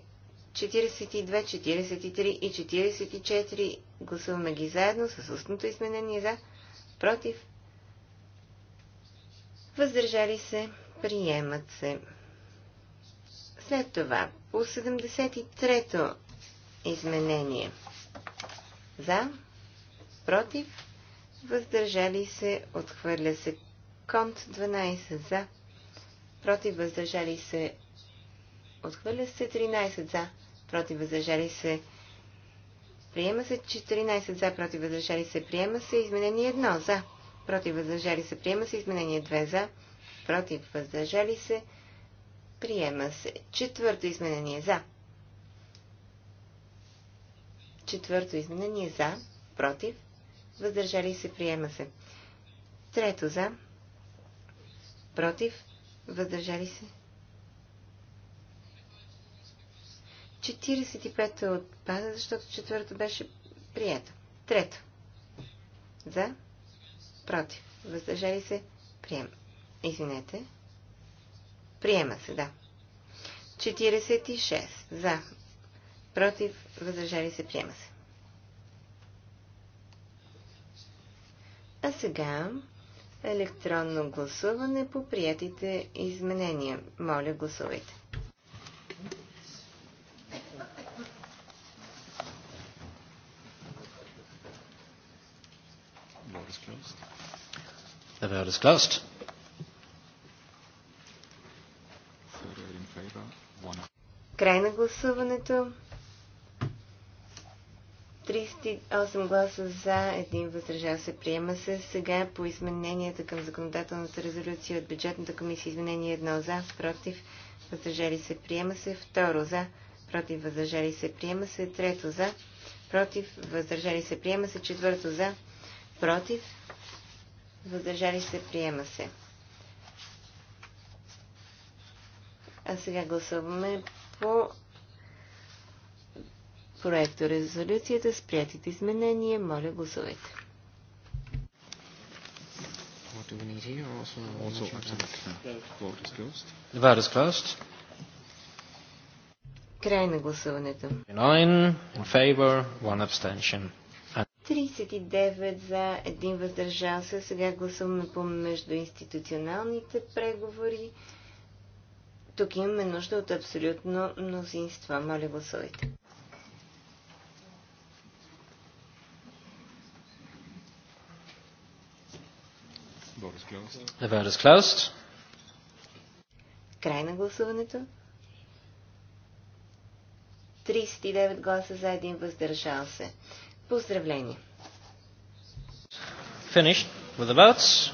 [SPEAKER 2] 42, 43 и 44. Гласуваме ги заедно с устното изменение за, против, въздържали се, приемат се. След това, по 73-то изменение. За, против, въздържали се, отхвърля се. Конт 12 за, против, въздържали се, отхвърля се 13 за, против, въздържали се, приема се 14 за, против, въздържали се, приема се, изменение 1 за, против въздържали се, приема се. Изменение 2 за, против въздържали се, приема се. Четвърто изменение за. Четвърто изменение за, против, въздържали се, приема се. Трето за, против, въздържали се. 45-то отпада, защото четвърто беше прието. Трето. За, против, въздържали се, приема. Извинете. Приема се, да. 46 за, против, въздържали се, приема се. А сега електронно гласуване по приятите изменения. Моля, гласувайте.
[SPEAKER 3] Vote
[SPEAKER 1] The vote is closed.
[SPEAKER 2] Край на гласуването. 38 гласа за, един възражал се приема се. Сега по измененията към законодателната резолюция от бюджетната комисия изменение 1 за, против, възражали се, приема се. Второ за, против, възражали се, приема се. Трето за, против, възражали се, приема се. Четвърто за, против, въздържали се, приема се. А сега гласуваме по проекто резолюцията с приятите изменения. Моля, гласувайте. Край на гласуването.
[SPEAKER 1] 9 in favor, abstention.
[SPEAKER 2] 39 за, един въздържал се. Сега гласуваме по междуинституционалните преговори. Тук имаме нужда от абсолютно мнозинство. Моля, гласувайте. The vote is closed. Край на гласуването. 39 гласа за един въздържал се. Поздравление!
[SPEAKER 1] Finished with the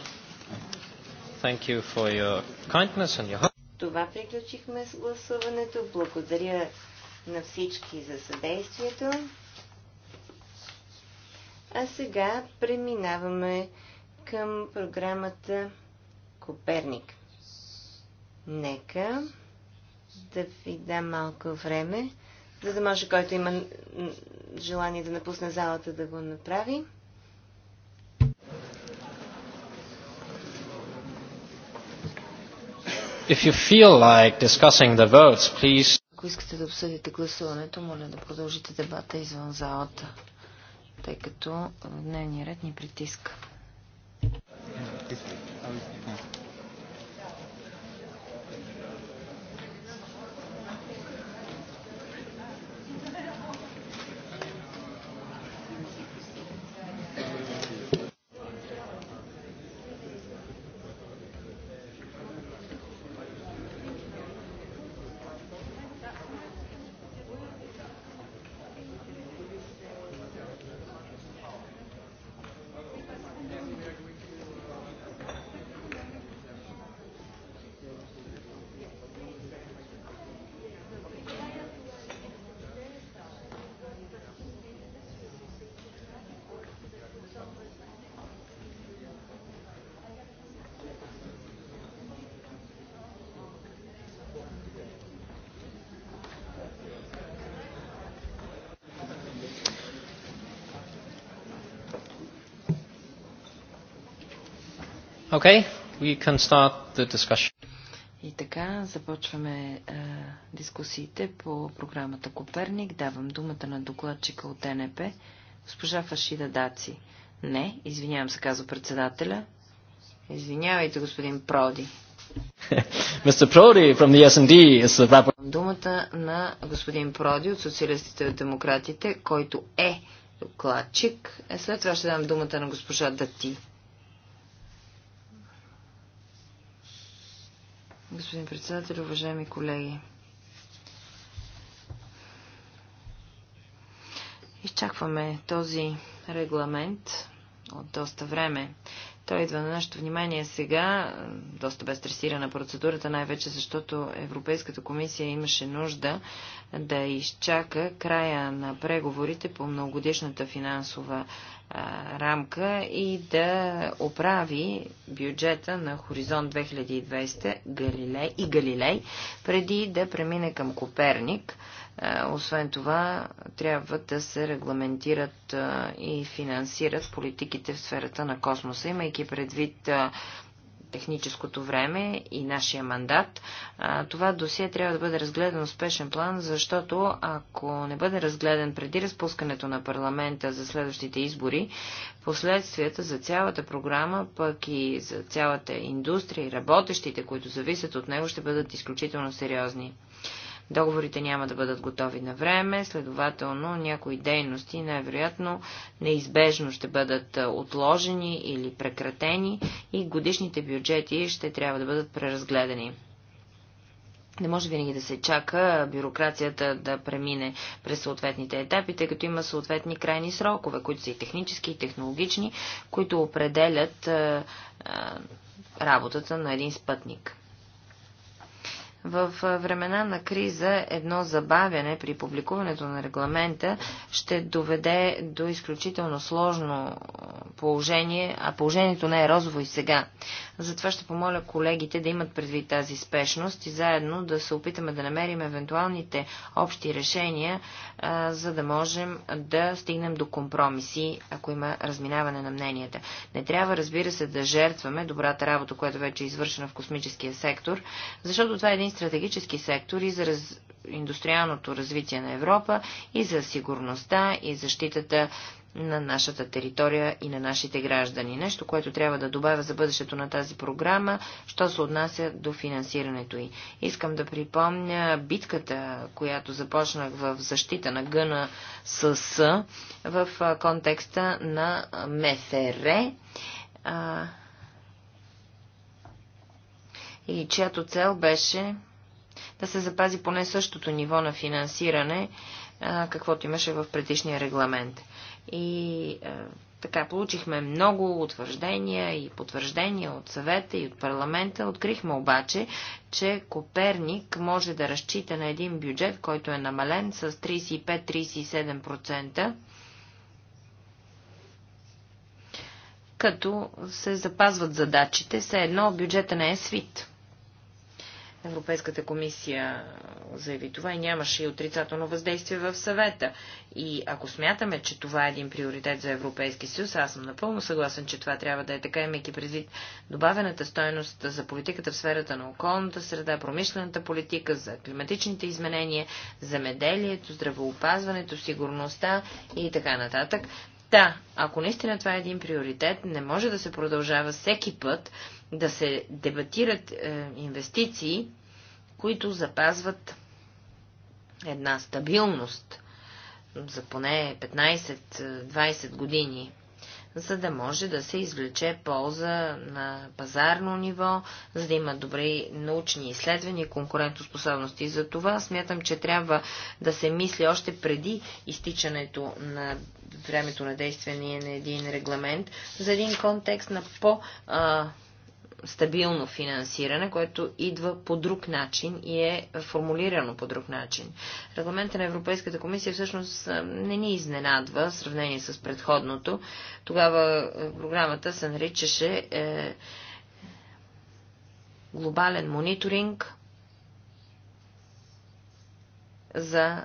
[SPEAKER 1] Thank you for your kindness and your
[SPEAKER 2] Това приключихме с гласуването. Благодаря на всички за съдействието. А сега преминаваме към програмата Коперник. Нека да ви дам малко време, за да може който има желание да напусне залата, да го направи.
[SPEAKER 1] If you feel like discussing the votes, please... Ако искате да обсъдите гласуването, моля да продължите дебата извън залата, тъй като дневният ред ни притиска. Okay, we can start the discussion. И така, започваме е, дискусиите по програмата Коперник. Давам думата на докладчика от НП, госпожа Фашида Даци. Не, извинявам се, казва председателя. Извинявайте, господин Проди. Мистер Проди from the S&D is the rapper. Думата на господин Проди от Социалистите и Демократите, който е докладчик. Е, след това ще дам думата на госпожа Дати. Господин председател, уважаеми колеги. Изчакваме този регламент от доста време. Той идва на нашето внимание сега, доста бе стресирана процедурата, най-вече защото Европейската комисия имаше нужда да изчака края на преговорите по многогодишната финансова а, рамка и да оправи бюджета на Хоризонт 2020 Галилей и Галилей, преди да премине към Коперник, е, освен това, трябва да се регламентират е, и финансират политиките в сферата на космоса, имайки предвид е, техническото време и нашия мандат. Това досие трябва да бъде разгледано в спешен план, защото ако не бъде разгледан преди разпускането на парламента за следващите избори, последствията за цялата програма, пък и за цялата индустрия и работещите, които зависят от него, ще бъдат изключително сериозни. Договорите няма да бъдат готови на време, следователно някои дейности най-вероятно неизбежно ще бъдат отложени или прекратени и годишните бюджети ще трябва да бъдат преразгледани. Не може винаги да се чака бюрокрацията да премине през съответните етапи, тъй като има съответни крайни срокове, които са и технически, и технологични, които определят работата на един спътник. В времена на криза едно забавяне при публикуването на регламента ще доведе до изключително сложно положение, а положението не е розово и сега. Затова ще помоля колегите да имат предвид тази спешност и заедно да се опитаме да намерим евентуалните общи решения, за да можем да стигнем до компромиси, ако има разминаване на мненията. Не трябва, разбира се, да жертваме добрата работа, която вече е извършена в космическия сектор, защото това е единствено стратегически сектори за раз... индустриалното развитие на Европа и за сигурността и защитата на нашата територия и на нашите граждани. Нещо, което трябва да добавя за бъдещето на тази програма, що се отнася до финансирането й. Искам да припомня битката, която започнах в защита на гъна СС в контекста на МФР и чиято цел беше да се запази поне същото ниво на финансиране, каквото имаше в предишния регламент. И така получихме много утвърждения и потвърждения от съвета и от парламента. Открихме обаче, че Коперник може да разчита на един бюджет, който е намален с 35-37%, като се запазват задачите, все едно бюджета не е свит. Европейската комисия заяви това и нямаше и отрицателно въздействие в съвета. И ако смятаме, че това е един приоритет за Европейски съюз, аз съм напълно съгласен, че това трябва да е така, имайки предвид добавената стоеност за политиката в сферата на околната среда, промишлената политика, за климатичните изменения, замеделието, здравеопазването, сигурността и така нататък. Та, ако наистина това е един приоритет, не може да се продължава всеки път да се дебатират е, инвестиции, които запазват една стабилност за поне 15-20 е, години за да може да се извлече полза на пазарно ниво, за да има добри научни изследвания и конкурентоспособности. И за това смятам, че трябва да се мисли още преди изтичането на времето на действие на един регламент за един контекст на по- стабилно финансиране, което идва по друг начин и е формулирано по друг начин. Регламента на Европейската комисия всъщност не ни изненадва в сравнение с предходното. Тогава програмата се наричаше е, глобален мониторинг за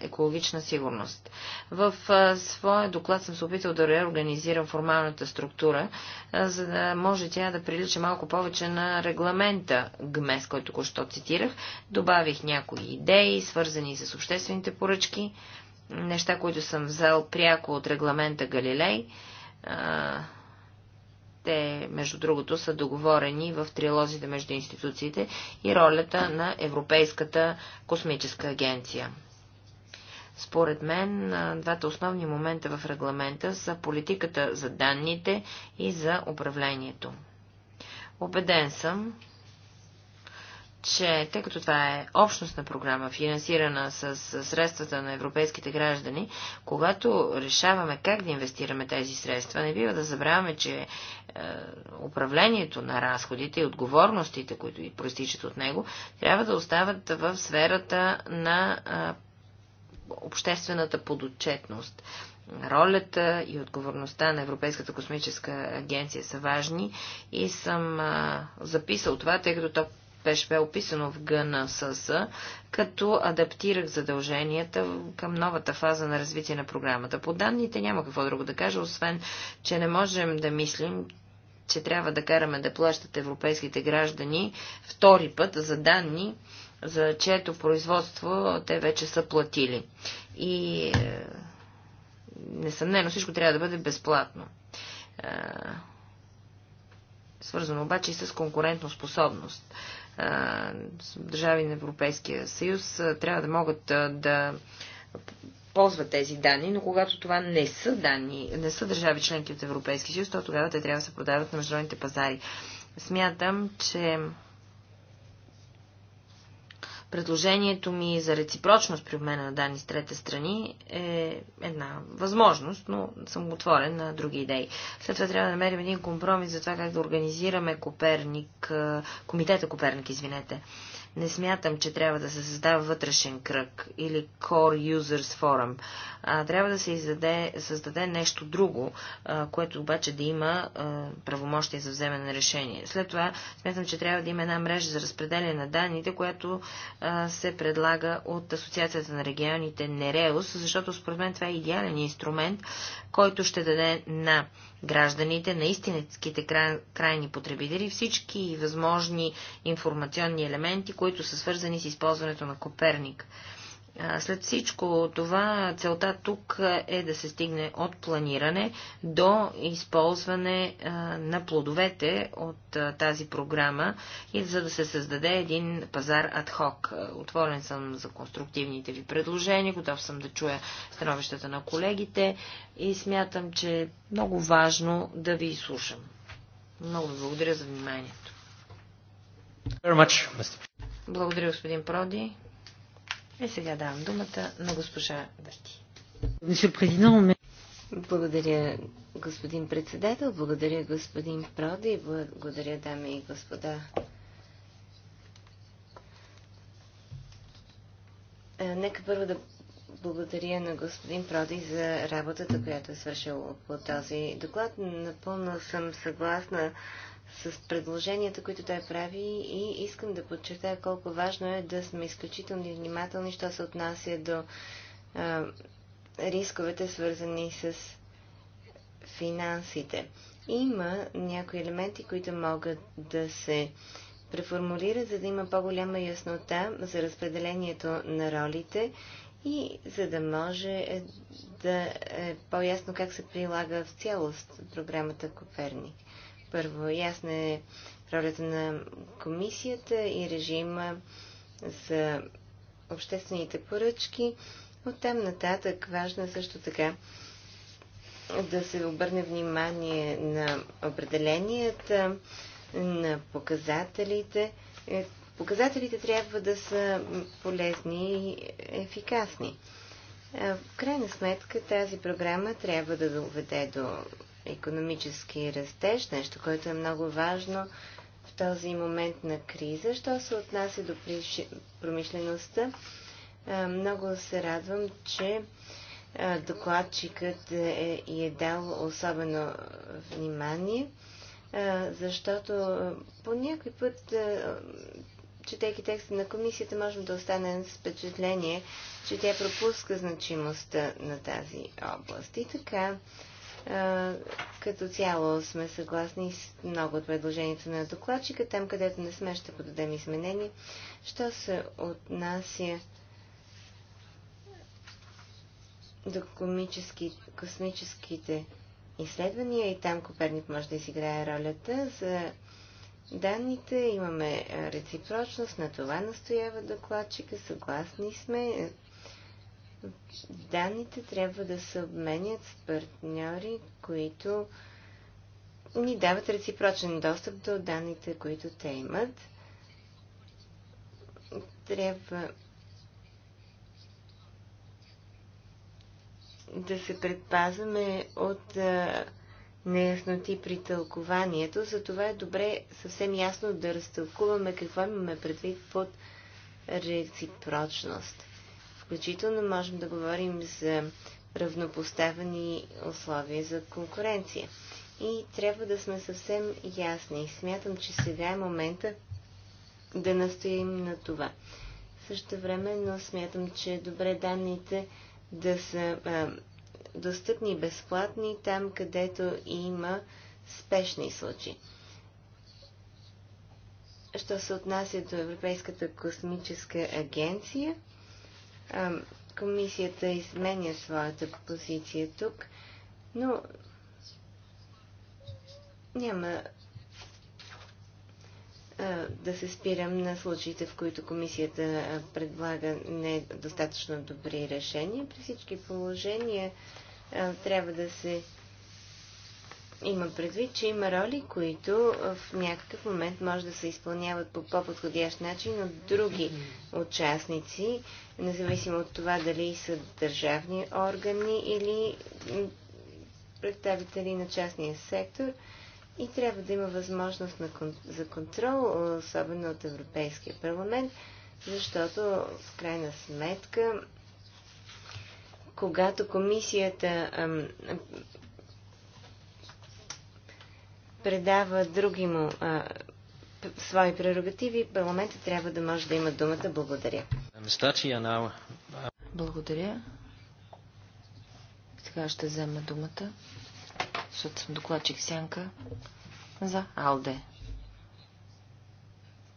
[SPEAKER 1] екологична сигурност. В своя доклад съм се опитал да реорганизирам формалната структура, за да може тя да прилича малко повече на регламента ГМЕС, който току цитирах. Добавих някои идеи, свързани с обществените поръчки, неща, които съм взел пряко от регламента Галилей те, между другото, са договорени в трилозите между институциите и ролята на Европейската космическа агенция. Според мен, двата основни момента в регламента са политиката за данните и за управлението. Обеден съм, че тъй като това е общностна програма, финансирана с средствата на европейските граждани, когато решаваме как да инвестираме тези средства, не бива да забравяме, че е, управлението на разходите и отговорностите, които и проистичат от него, трябва да остават в сферата на е, обществената подотчетност. Ролята и отговорността на Европейската космическа агенция са важни и съм е, записал това, тъй като то беше бе описано в ГНСС, като адаптирах задълженията към новата фаза на развитие на програмата. По данните няма какво друго да кажа, освен, че не можем да мислим, че трябва да караме да плащат европейските граждани втори път за данни, за чието производство те вече са платили. И е, несъмнено всичко трябва да бъде безплатно. Е, свързано обаче и с конкурентно способност държави на Европейския съюз трябва да могат да ползват тези данни, но когато това не са данни, не са държави членки от Европейския съюз, то тогава те трябва да се продават на международните пазари. Смятам, че Предложението ми за реципрочност при обмена на данни с трета страни е една възможност, но съм отворен на други идеи. След това трябва да намерим един компромис за това как да организираме Коперник, комитета Коперник, извинете. Не смятам, че трябва да се създава вътрешен кръг или Core Users Forum. А, трябва да се издаде, създаде нещо друго, а, което обаче да има а, правомощие за вземане на решение. След това смятам, че трябва да има една мрежа за разпределение на данните, която а, се предлага от Асоциацията на регионите Нереус, защото според мен това е идеален инструмент, който ще даде на гражданите, на истинските край, крайни потребители, всички възможни информационни елементи, които са свързани с използването на Коперник. След всичко това, целта тук е да се стигне от планиране до използване на плодовете от тази програма и за да се създаде един пазар адхок. Отворен съм за конструктивните ви предложения, готов съм да чуя становищата на колегите и смятам, че е много важно да ви слушам. Много ви благодаря за вниманието. Благодаря, господин Проди. И сега давам думата на госпожа Дърти. Благодаря, господин председател, благодаря,
[SPEAKER 2] господин Проди, благодаря, дами и господа. Нека първо да благодаря на господин Проди за работата, която е свършил по този доклад. Напълно съм съгласна с предложенията, които той прави и искам да подчертая колко важно е да сме изключително внимателни, що се отнася до а, рисковете, свързани с финансите. Има някои елементи, които могат да се преформулират, за да има по-голяма яснота за разпределението на ролите и за да може е, да е по-ясно как се прилага в цялост програмата Коперник. Първо, ясна е ролята на комисията и режима за обществените поръчки. Оттам нататък важно е също така да се обърне внимание на определенията, на показателите. Е, показателите трябва да са полезни и ефикасни. Е, в крайна сметка тази програма трябва да доведе до економически растеж, нещо, което е много важно в този момент на криза. Що се отнася до промишлеността, много се радвам, че докладчикът е, е дал особено внимание, защото по някой път, четейки текста на комисията, можем да останем с впечатление, че тя пропуска значимостта на тази област. И така, е, като цяло сме съгласни с много от предложението на докладчика. Там, където не сме, ще подадем изменения. Що се отнася до комически, космическите изследвания и там Коперник може да изиграе ролята за данните. Имаме реципрочност, на това настоява докладчика, съгласни сме данните трябва да се обменят с партньори, които ни дават реципрочен достъп до данните, които те имат. Трябва да се предпазваме от неясноти при тълкованието, затова е добре съвсем ясно да разтълкуваме какво имаме предвид под реципрочност. Включително можем да говорим за равнопоставени условия за конкуренция. И трябва да сме съвсем ясни. Смятам, че сега е момента да настоим на това. Също време, но смятам, че е добре данните да са а, достъпни безплатни там, където има спешни случаи. Що се отнася до Европейската космическа агенция, комисията изменя своята позиция тук, но няма да се спирам на случаите, в които комисията предлага недостатъчно добри решения. При всички положения трябва да се има предвид, че има роли, които в някакъв момент може да се изпълняват по по-подходящ начин от други участници, независимо от това дали са държавни органи или представители на частния сектор. И трябва да има възможност на, за контрол, особено от Европейския парламент, защото в крайна сметка, когато комисията предава други му а, свои прерогативи, парламентът трябва да
[SPEAKER 1] може да има думата. Благодаря. Благодаря. Сега ще взема думата, защото съм докладчик Сянка за Алде.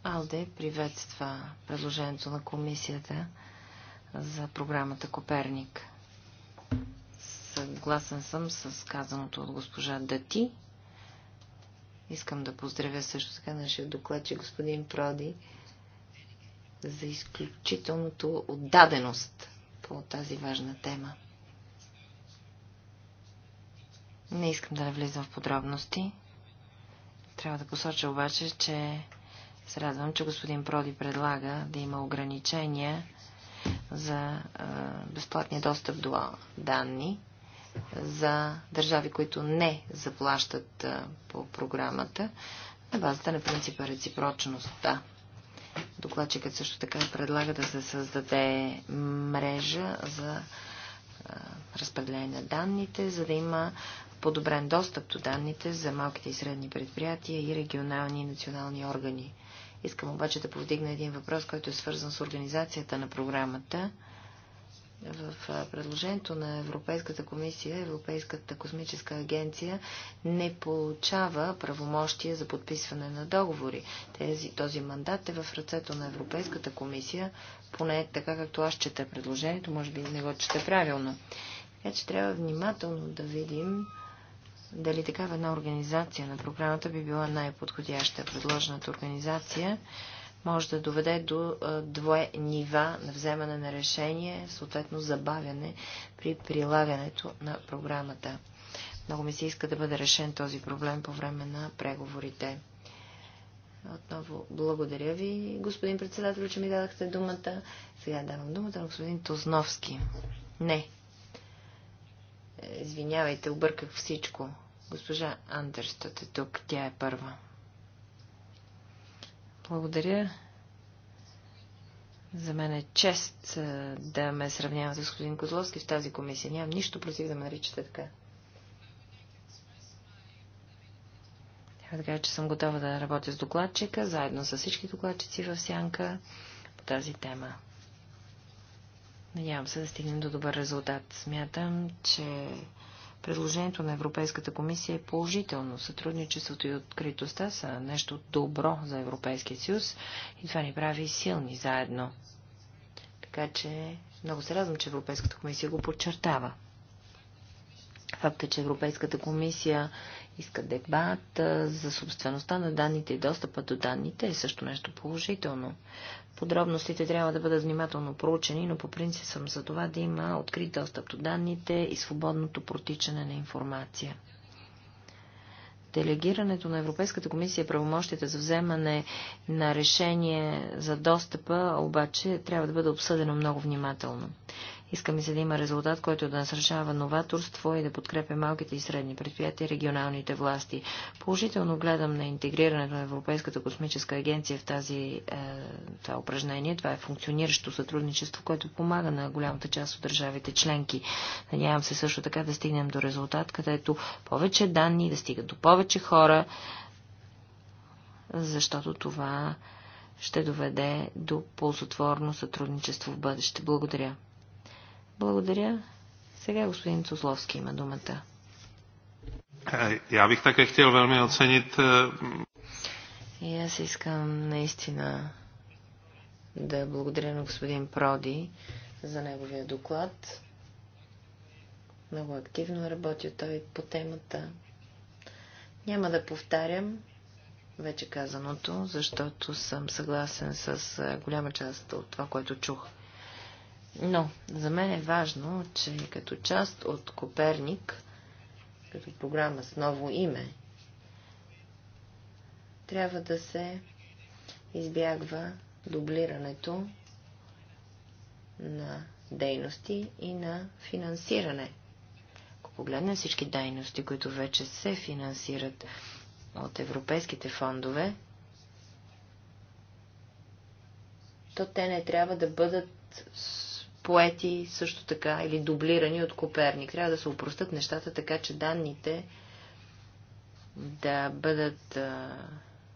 [SPEAKER 1] Алде приветства предложението на комисията за програмата Коперник. Съгласен съм с казаното от госпожа Дати Искам да поздравя също така нашия докладчик господин Проди за изключителното отдаденост по тази важна тема. Не искам да навлизам в подробности. Трябва да посоча обаче, че се радвам, че господин Проди предлага да има ограничения за а, безплатния достъп до данни за държави, които не заплащат по програмата, на базата на принципа реципрочността. Докладчикът също така предлага да се създаде мрежа за разпределение на данните, за да има подобрен достъп до данните за малките и средни предприятия и регионални и национални органи. Искам обаче да повдигна един въпрос, който е свързан с организацията на програмата в предложението на Европейската комисия, Европейската космическа агенция не получава правомощия за подписване на договори. Тези, този мандат е в ръцето на Европейската комисия, поне така както аз чета предложението, може би не го чета правилно. Така че трябва внимателно да видим дали такава една организация на програмата би била най-подходяща. Предложената организация може да доведе до две нива на вземане на решение, съответно забавяне при прилагането на програмата. Много ми се иска да бъде решен този проблем по време на преговорите. Отново благодаря ви, господин председател, че ми дадахте думата. Сега давам думата на господин Тозновски. Не. Е, извинявайте, обърках всичко. Госпожа Андерстът е тук. Тя е първа. Благодаря. За мен е чест да ме сравнявам с господин Козловски в тази комисия. Нямам нищо против да ме наричате така. Трябва да кажа, че съм готова да работя с докладчика, заедно с всички докладчици в сянка по тази тема. Надявам се да стигнем до добър резултат. Смятам, че Предложението на Европейската комисия е положително. Сътрудничеството и откритостта са нещо добро за Европейския съюз и това ни прави силни заедно. Така че много се радвам, че Европейската комисия го подчертава. Факта, е, че Европейската комисия иска дебат за собствеността на данните и достъпа до данните е също нещо положително. Подробностите трябва да бъдат внимателно проучени, но по принцип съм за това да има открит достъп до данните и свободното протичане на информация. Делегирането на Европейската комисия правомощите за вземане на решение за достъпа обаче трябва да бъде обсъдено много внимателно. Искаме се да има резултат, който да насърчава новаторство и да подкрепя малките и средни предприятия и регионалните власти. Положително гледам на интегрирането на Европейската космическа агенция в тази, е, това упражнение. Това е функциониращо сътрудничество, което помага на голямата част от държавите членки. Надявам се също така да стигнем до резултат, където повече данни да стигат до повече хора, защото това ще доведе до ползотворно сътрудничество в бъдеще. Благодаря. Благодаря. Сега господин Цузловски има думата. Е, я бих така хотел velmi оценит... Е, И аз искам наистина да благодаря на господин Проди за неговия доклад. Много активно работи той по темата. Няма да повтарям вече казаното, защото съм съгласен с е, голяма част от това, което чух. Но за мен е важно, че като част от Коперник, като програма с ново име, трябва да се избягва дублирането на дейности и на финансиране. Ако погледнем всички дейности, които вече се финансират от европейските фондове, то те не трябва да бъдат поети също така или дублирани от Коперник. Трябва да се упростат нещата така, че данните да бъдат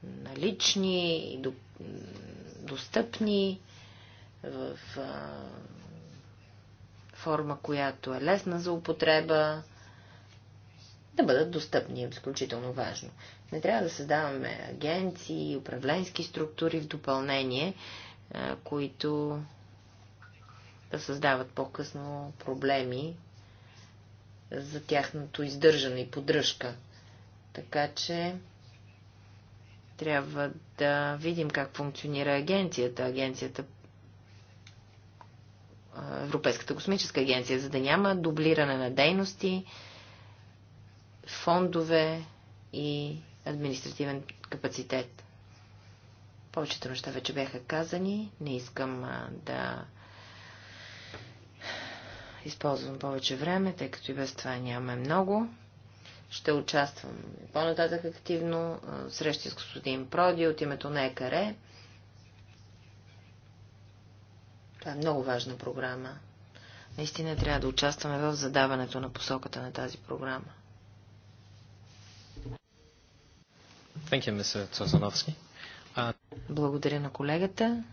[SPEAKER 1] налични и до, достъпни в а, форма, която е лесна за употреба, да бъдат достъпни, е изключително важно. Не трябва да създаваме агенции, управленски структури в допълнение, а, които да създават по-късно проблеми за тяхното издържане и поддръжка. Така че трябва да видим как функционира агенцията. Агенцията Европейската космическа агенция, за да няма дублиране на дейности, фондове и административен капацитет. Повечето неща вече бяха казани. Не искам да използвам повече време, тъй като и без това нямаме много. Ще участвам по-нататък активно в срещи с господин Проди от името на ЕКАРЕ. Това е много важна програма. Наистина трябва да участваме в задаването на посоката на тази програма. You, Благодаря на колегата.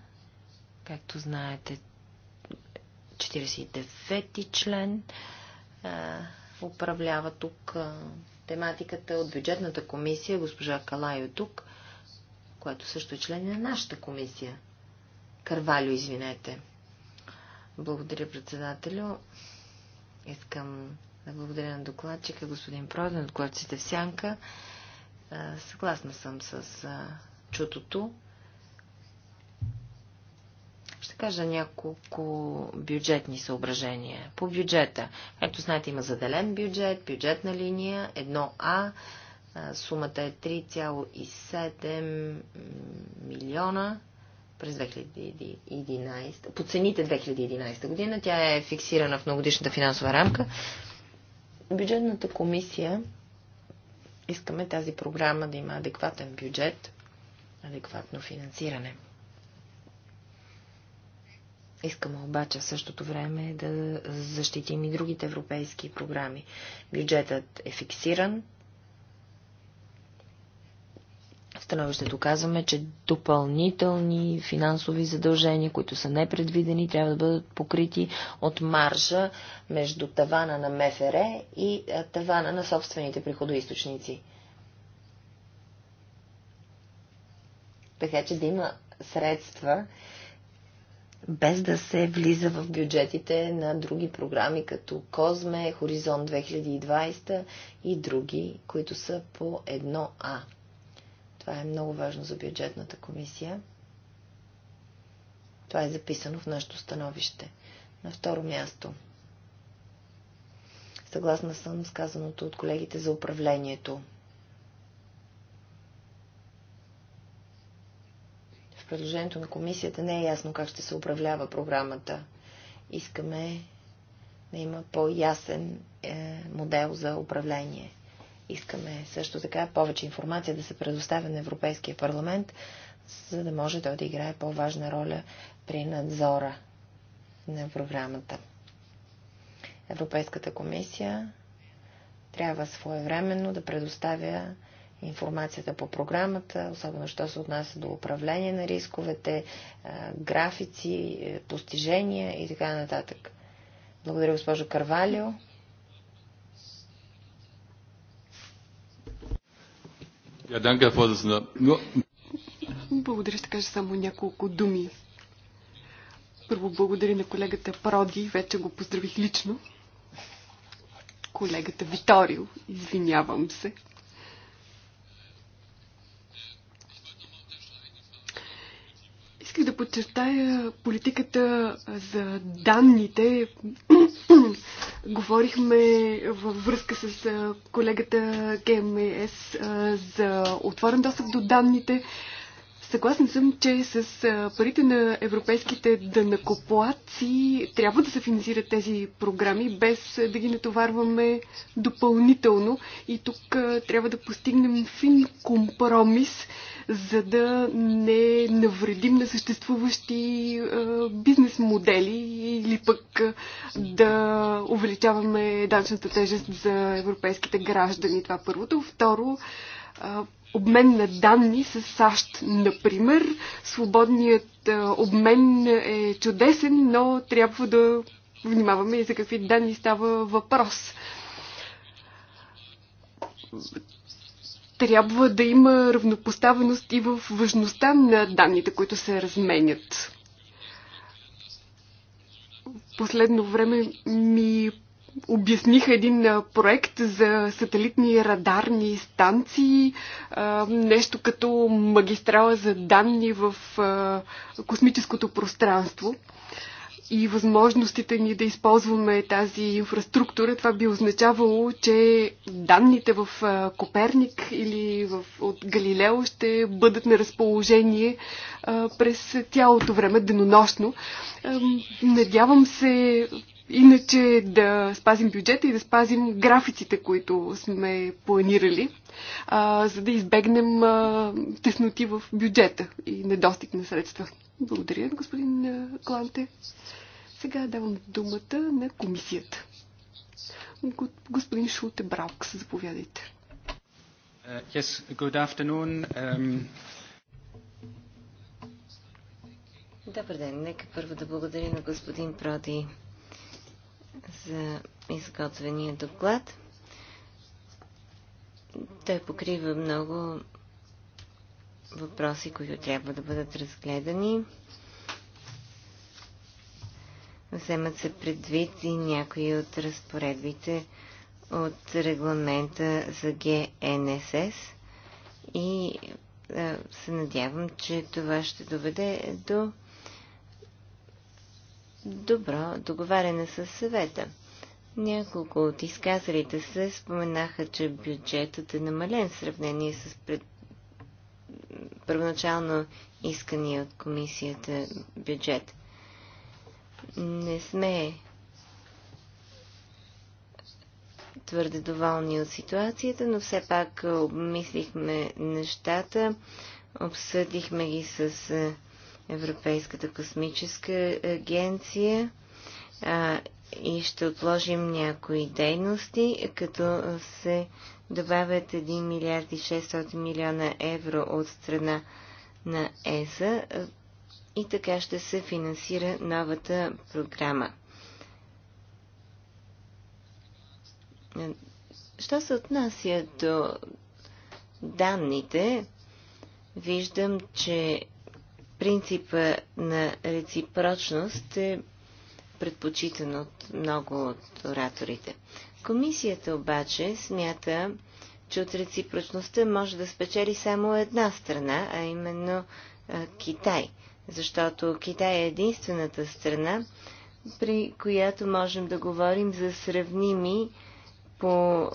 [SPEAKER 1] Както знаете, 49-ти член а, управлява тук а, тематиката от бюджетната комисия, госпожа Калайо е тук, което също е член на нашата комисия. Карвалю, извинете. Благодаря, председателю. Искам да благодаря на докладчика, господин Проден, от в Сянка. Съгласна съм с чутото кажа няколко бюджетни съображения. По бюджета. Както знаете, има заделен бюджет, бюджетна линия 1А. Сумата е 3,7 милиона през 2011, по цените 2011 година. Тя е фиксирана в многодишната финансова рамка. Бюджетната комисия искаме тази програма да има адекватен бюджет, адекватно финансиране. Искаме обаче в същото време да защитим и другите европейски програми. Бюджетът е фиксиран. В становището казваме, че допълнителни финансови задължения, които са непредвидени, трябва да бъдат покрити от маржа между тавана на МФР и тавана на собствените приходоисточници. Така че да има средства, без да се влиза в бюджетите на други програми, като Козме, Хоризонт 2020 и други, които са по 1А. Това е много важно за бюджетната комисия. Това е записано в нашето становище. На второ място. Съгласна съм с казаното от колегите за управлението. предложението на комисията не е ясно как ще се управлява програмата. Искаме да има по-ясен е, модел за управление. Искаме също така повече информация да се предоставя на Европейския парламент, за да може той да играе по-важна роля при надзора на програмата. Европейската комисия трябва своевременно да предоставя информацията по програмата, особено що се отнася до управление на рисковете, графици, е, постижения и така нататък. Благодаря, госпожо Карвалио.
[SPEAKER 3] Благодаря, ще кажа само няколко думи. Първо благодаря на колегата Проди, вече го поздравих лично. Колегата Виторио, извинявам се. Исках да подчертая политиката за данните. Говорихме във връзка с колегата КМС за отворен достъп до данните. Съгласен съм, че с парите на европейските дънакоплаци трябва да се финансират тези програми, без да ги натоварваме допълнително. И тук трябва да постигнем фин компромис за да не навредим на съществуващи бизнес модели или пък да увеличаваме данъчната тежест за европейските граждани. Това е първото. Второ, обмен на данни с САЩ, например. Свободният обмен е чудесен, но трябва да внимаваме и за какви данни става въпрос трябва да има равнопоставеност и в важността на данните, които се разменят. Последно време ми обясниха един проект за сателитни радарни станции, нещо като магистрала за данни в космическото пространство и възможностите ни да използваме тази инфраструктура, това би означавало, че данните в Коперник или в, от Галилео ще бъдат на разположение през цялото време, денонощно. Надявам се Иначе да спазим бюджета и да спазим графиците, които сме планирали, а, за да избегнем а, тесноти в бюджета и недостиг на средства. Благодаря, господин Кланте. Сега давам думата на комисията. Господин Шулте Браукс, заповядайте. Uh, yes, good afternoon. Um...
[SPEAKER 2] Добър ден. Нека първо да благодаря на господин Проди за изготвения доклад. Той покрива много въпроси, които трябва да бъдат разгледани. Вземат се предвид и някои от разпоредбите от регламента за ГНСС и е, се надявам, че това ще доведе до добро договаряне с съвета. Няколко от изказалите се споменаха, че бюджетът е намален в сравнение с пред... първоначално искания от комисията бюджет. Не сме твърде доволни от ситуацията, но все пак обмислихме нещата, обсъдихме ги с Европейската космическа агенция а, и ще отложим някои дейности, като се добавят 1 милиард и 600 милиона евро от страна на ЕСА и така ще се финансира новата програма. Що се отнася до данните, виждам, че принципа на реципрочност е предпочитан от много от ораторите. Комисията обаче смята, че от реципрочността може да спечели само една страна, а именно Китай, защото Китай е единствената страна, при която можем да говорим за сравними по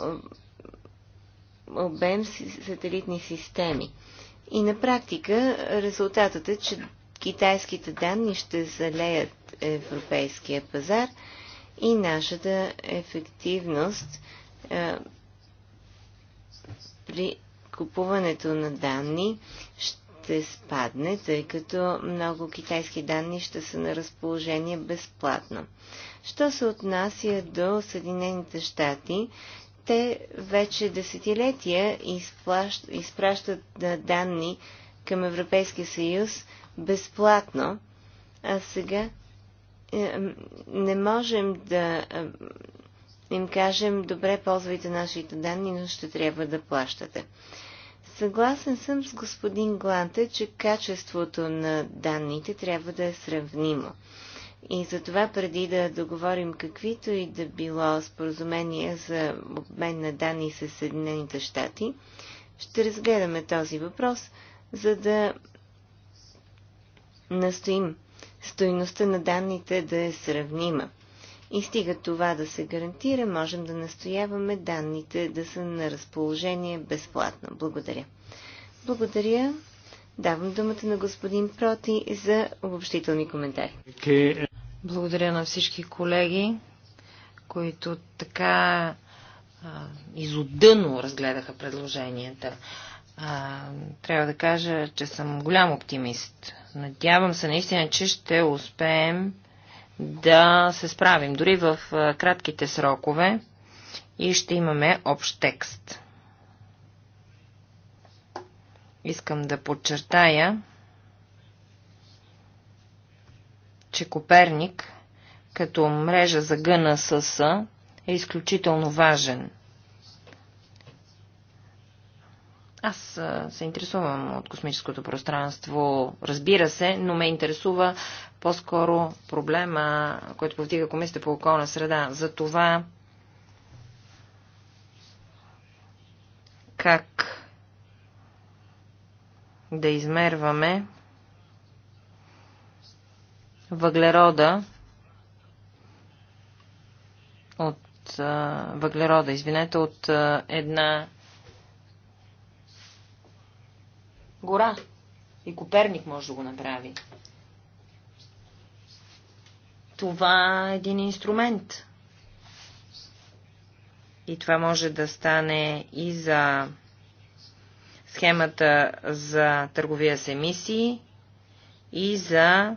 [SPEAKER 2] обем сателитни системи. И на практика резултатът е, че китайските данни ще залеят европейския пазар и нашата ефективност е, при купуването на данни ще спадне, тъй като много китайски данни ще са на разположение безплатно. Що се отнася до Съединените щати, те вече десетилетия изплащ, изпращат данни към Европейския съюз безплатно, а сега е, не можем да им кажем, добре, ползвайте нашите данни, но ще трябва да плащате. Съгласен съм с господин Гланте, че качеството на данните трябва да е сравнимо. И затова преди да договорим каквито и да било споразумения за обмен на данни с Съединените щати, ще разгледаме този въпрос, за да настоим стоиността на данните да е сравнима. И стига това да се гарантира, можем да настояваме данните да са на разположение безплатно. Благодаря. Благодаря. Давам думата на господин Проти за обобщителни
[SPEAKER 1] коментари. Благодаря на всички колеги, които така изодъно разгледаха предложенията. А, трябва да кажа, че съм голям оптимист. Надявам се наистина, че ще успеем да се справим дори в кратките срокове и ще имаме общ текст. Искам да подчертая, че Коперник като мрежа за ГНСС е изключително важен. Аз се интересувам от космическото пространство, разбира се, но ме интересува по-скоро проблема, който повдига Комисията по околна среда. За това как да измерваме въглерода от въглерода, извинете, от една гора. И Коперник може да го направи. Това е един инструмент. И това може да стане и за схемата за търговия с емисии, и за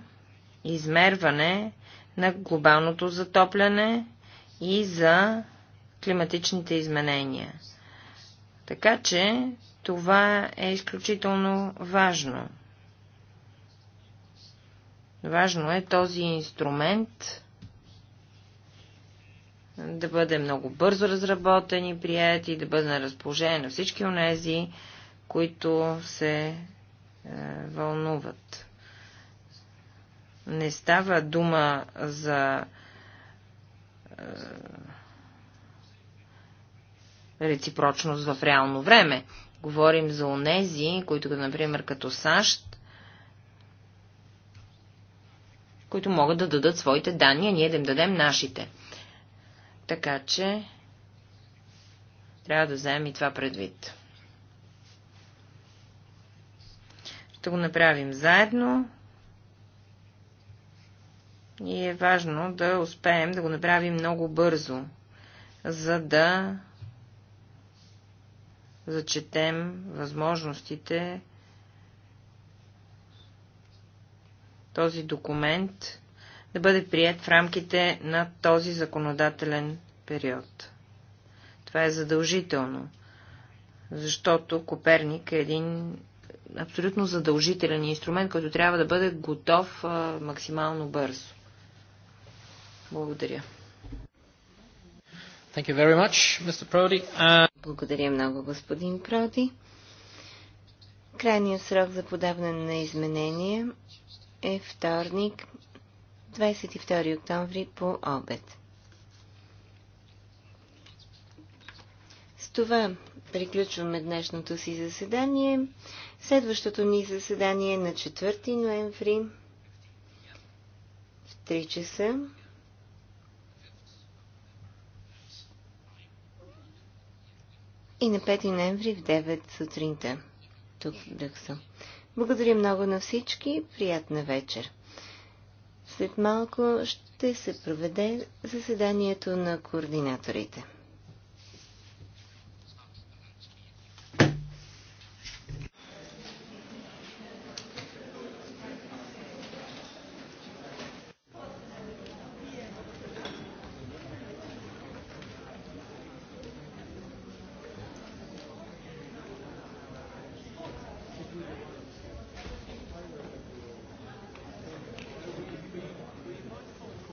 [SPEAKER 1] измерване на глобалното затопляне и за климатичните изменения. Така че това е изключително важно. Важно е този инструмент да бъде много бързо разработен и прият и да бъде на разположение на всички онези, които се е, вълнуват. Не става дума за е, реципрочност в реално време. Говорим за онези, които, например, като САЩ, които могат да дадат своите данни, а ние да им дадем нашите. Така че трябва да вземем и това предвид. Ще го направим заедно. И е важно да успеем да го направим много бързо, за да зачетем възможностите този документ да бъде прият в рамките на този законодателен период. Това е задължително, защото Коперник е един абсолютно задължителен инструмент, който трябва да бъде готов а, максимално бързо. Благодаря. Thank
[SPEAKER 2] you very much, Mr. Prodi. Uh... Благодаря много, господин Проди. Крайният срок за подаване на изменения е вторник, 22 октомври по обед. С това приключваме днешното си заседание. Следващото ни заседание е на 4 ноември в 3 часа. и на 5 ноември в 9 сутринта тук в Брюксел. Благодаря много на всички. Приятна вечер. След малко ще се проведе заседанието на координаторите.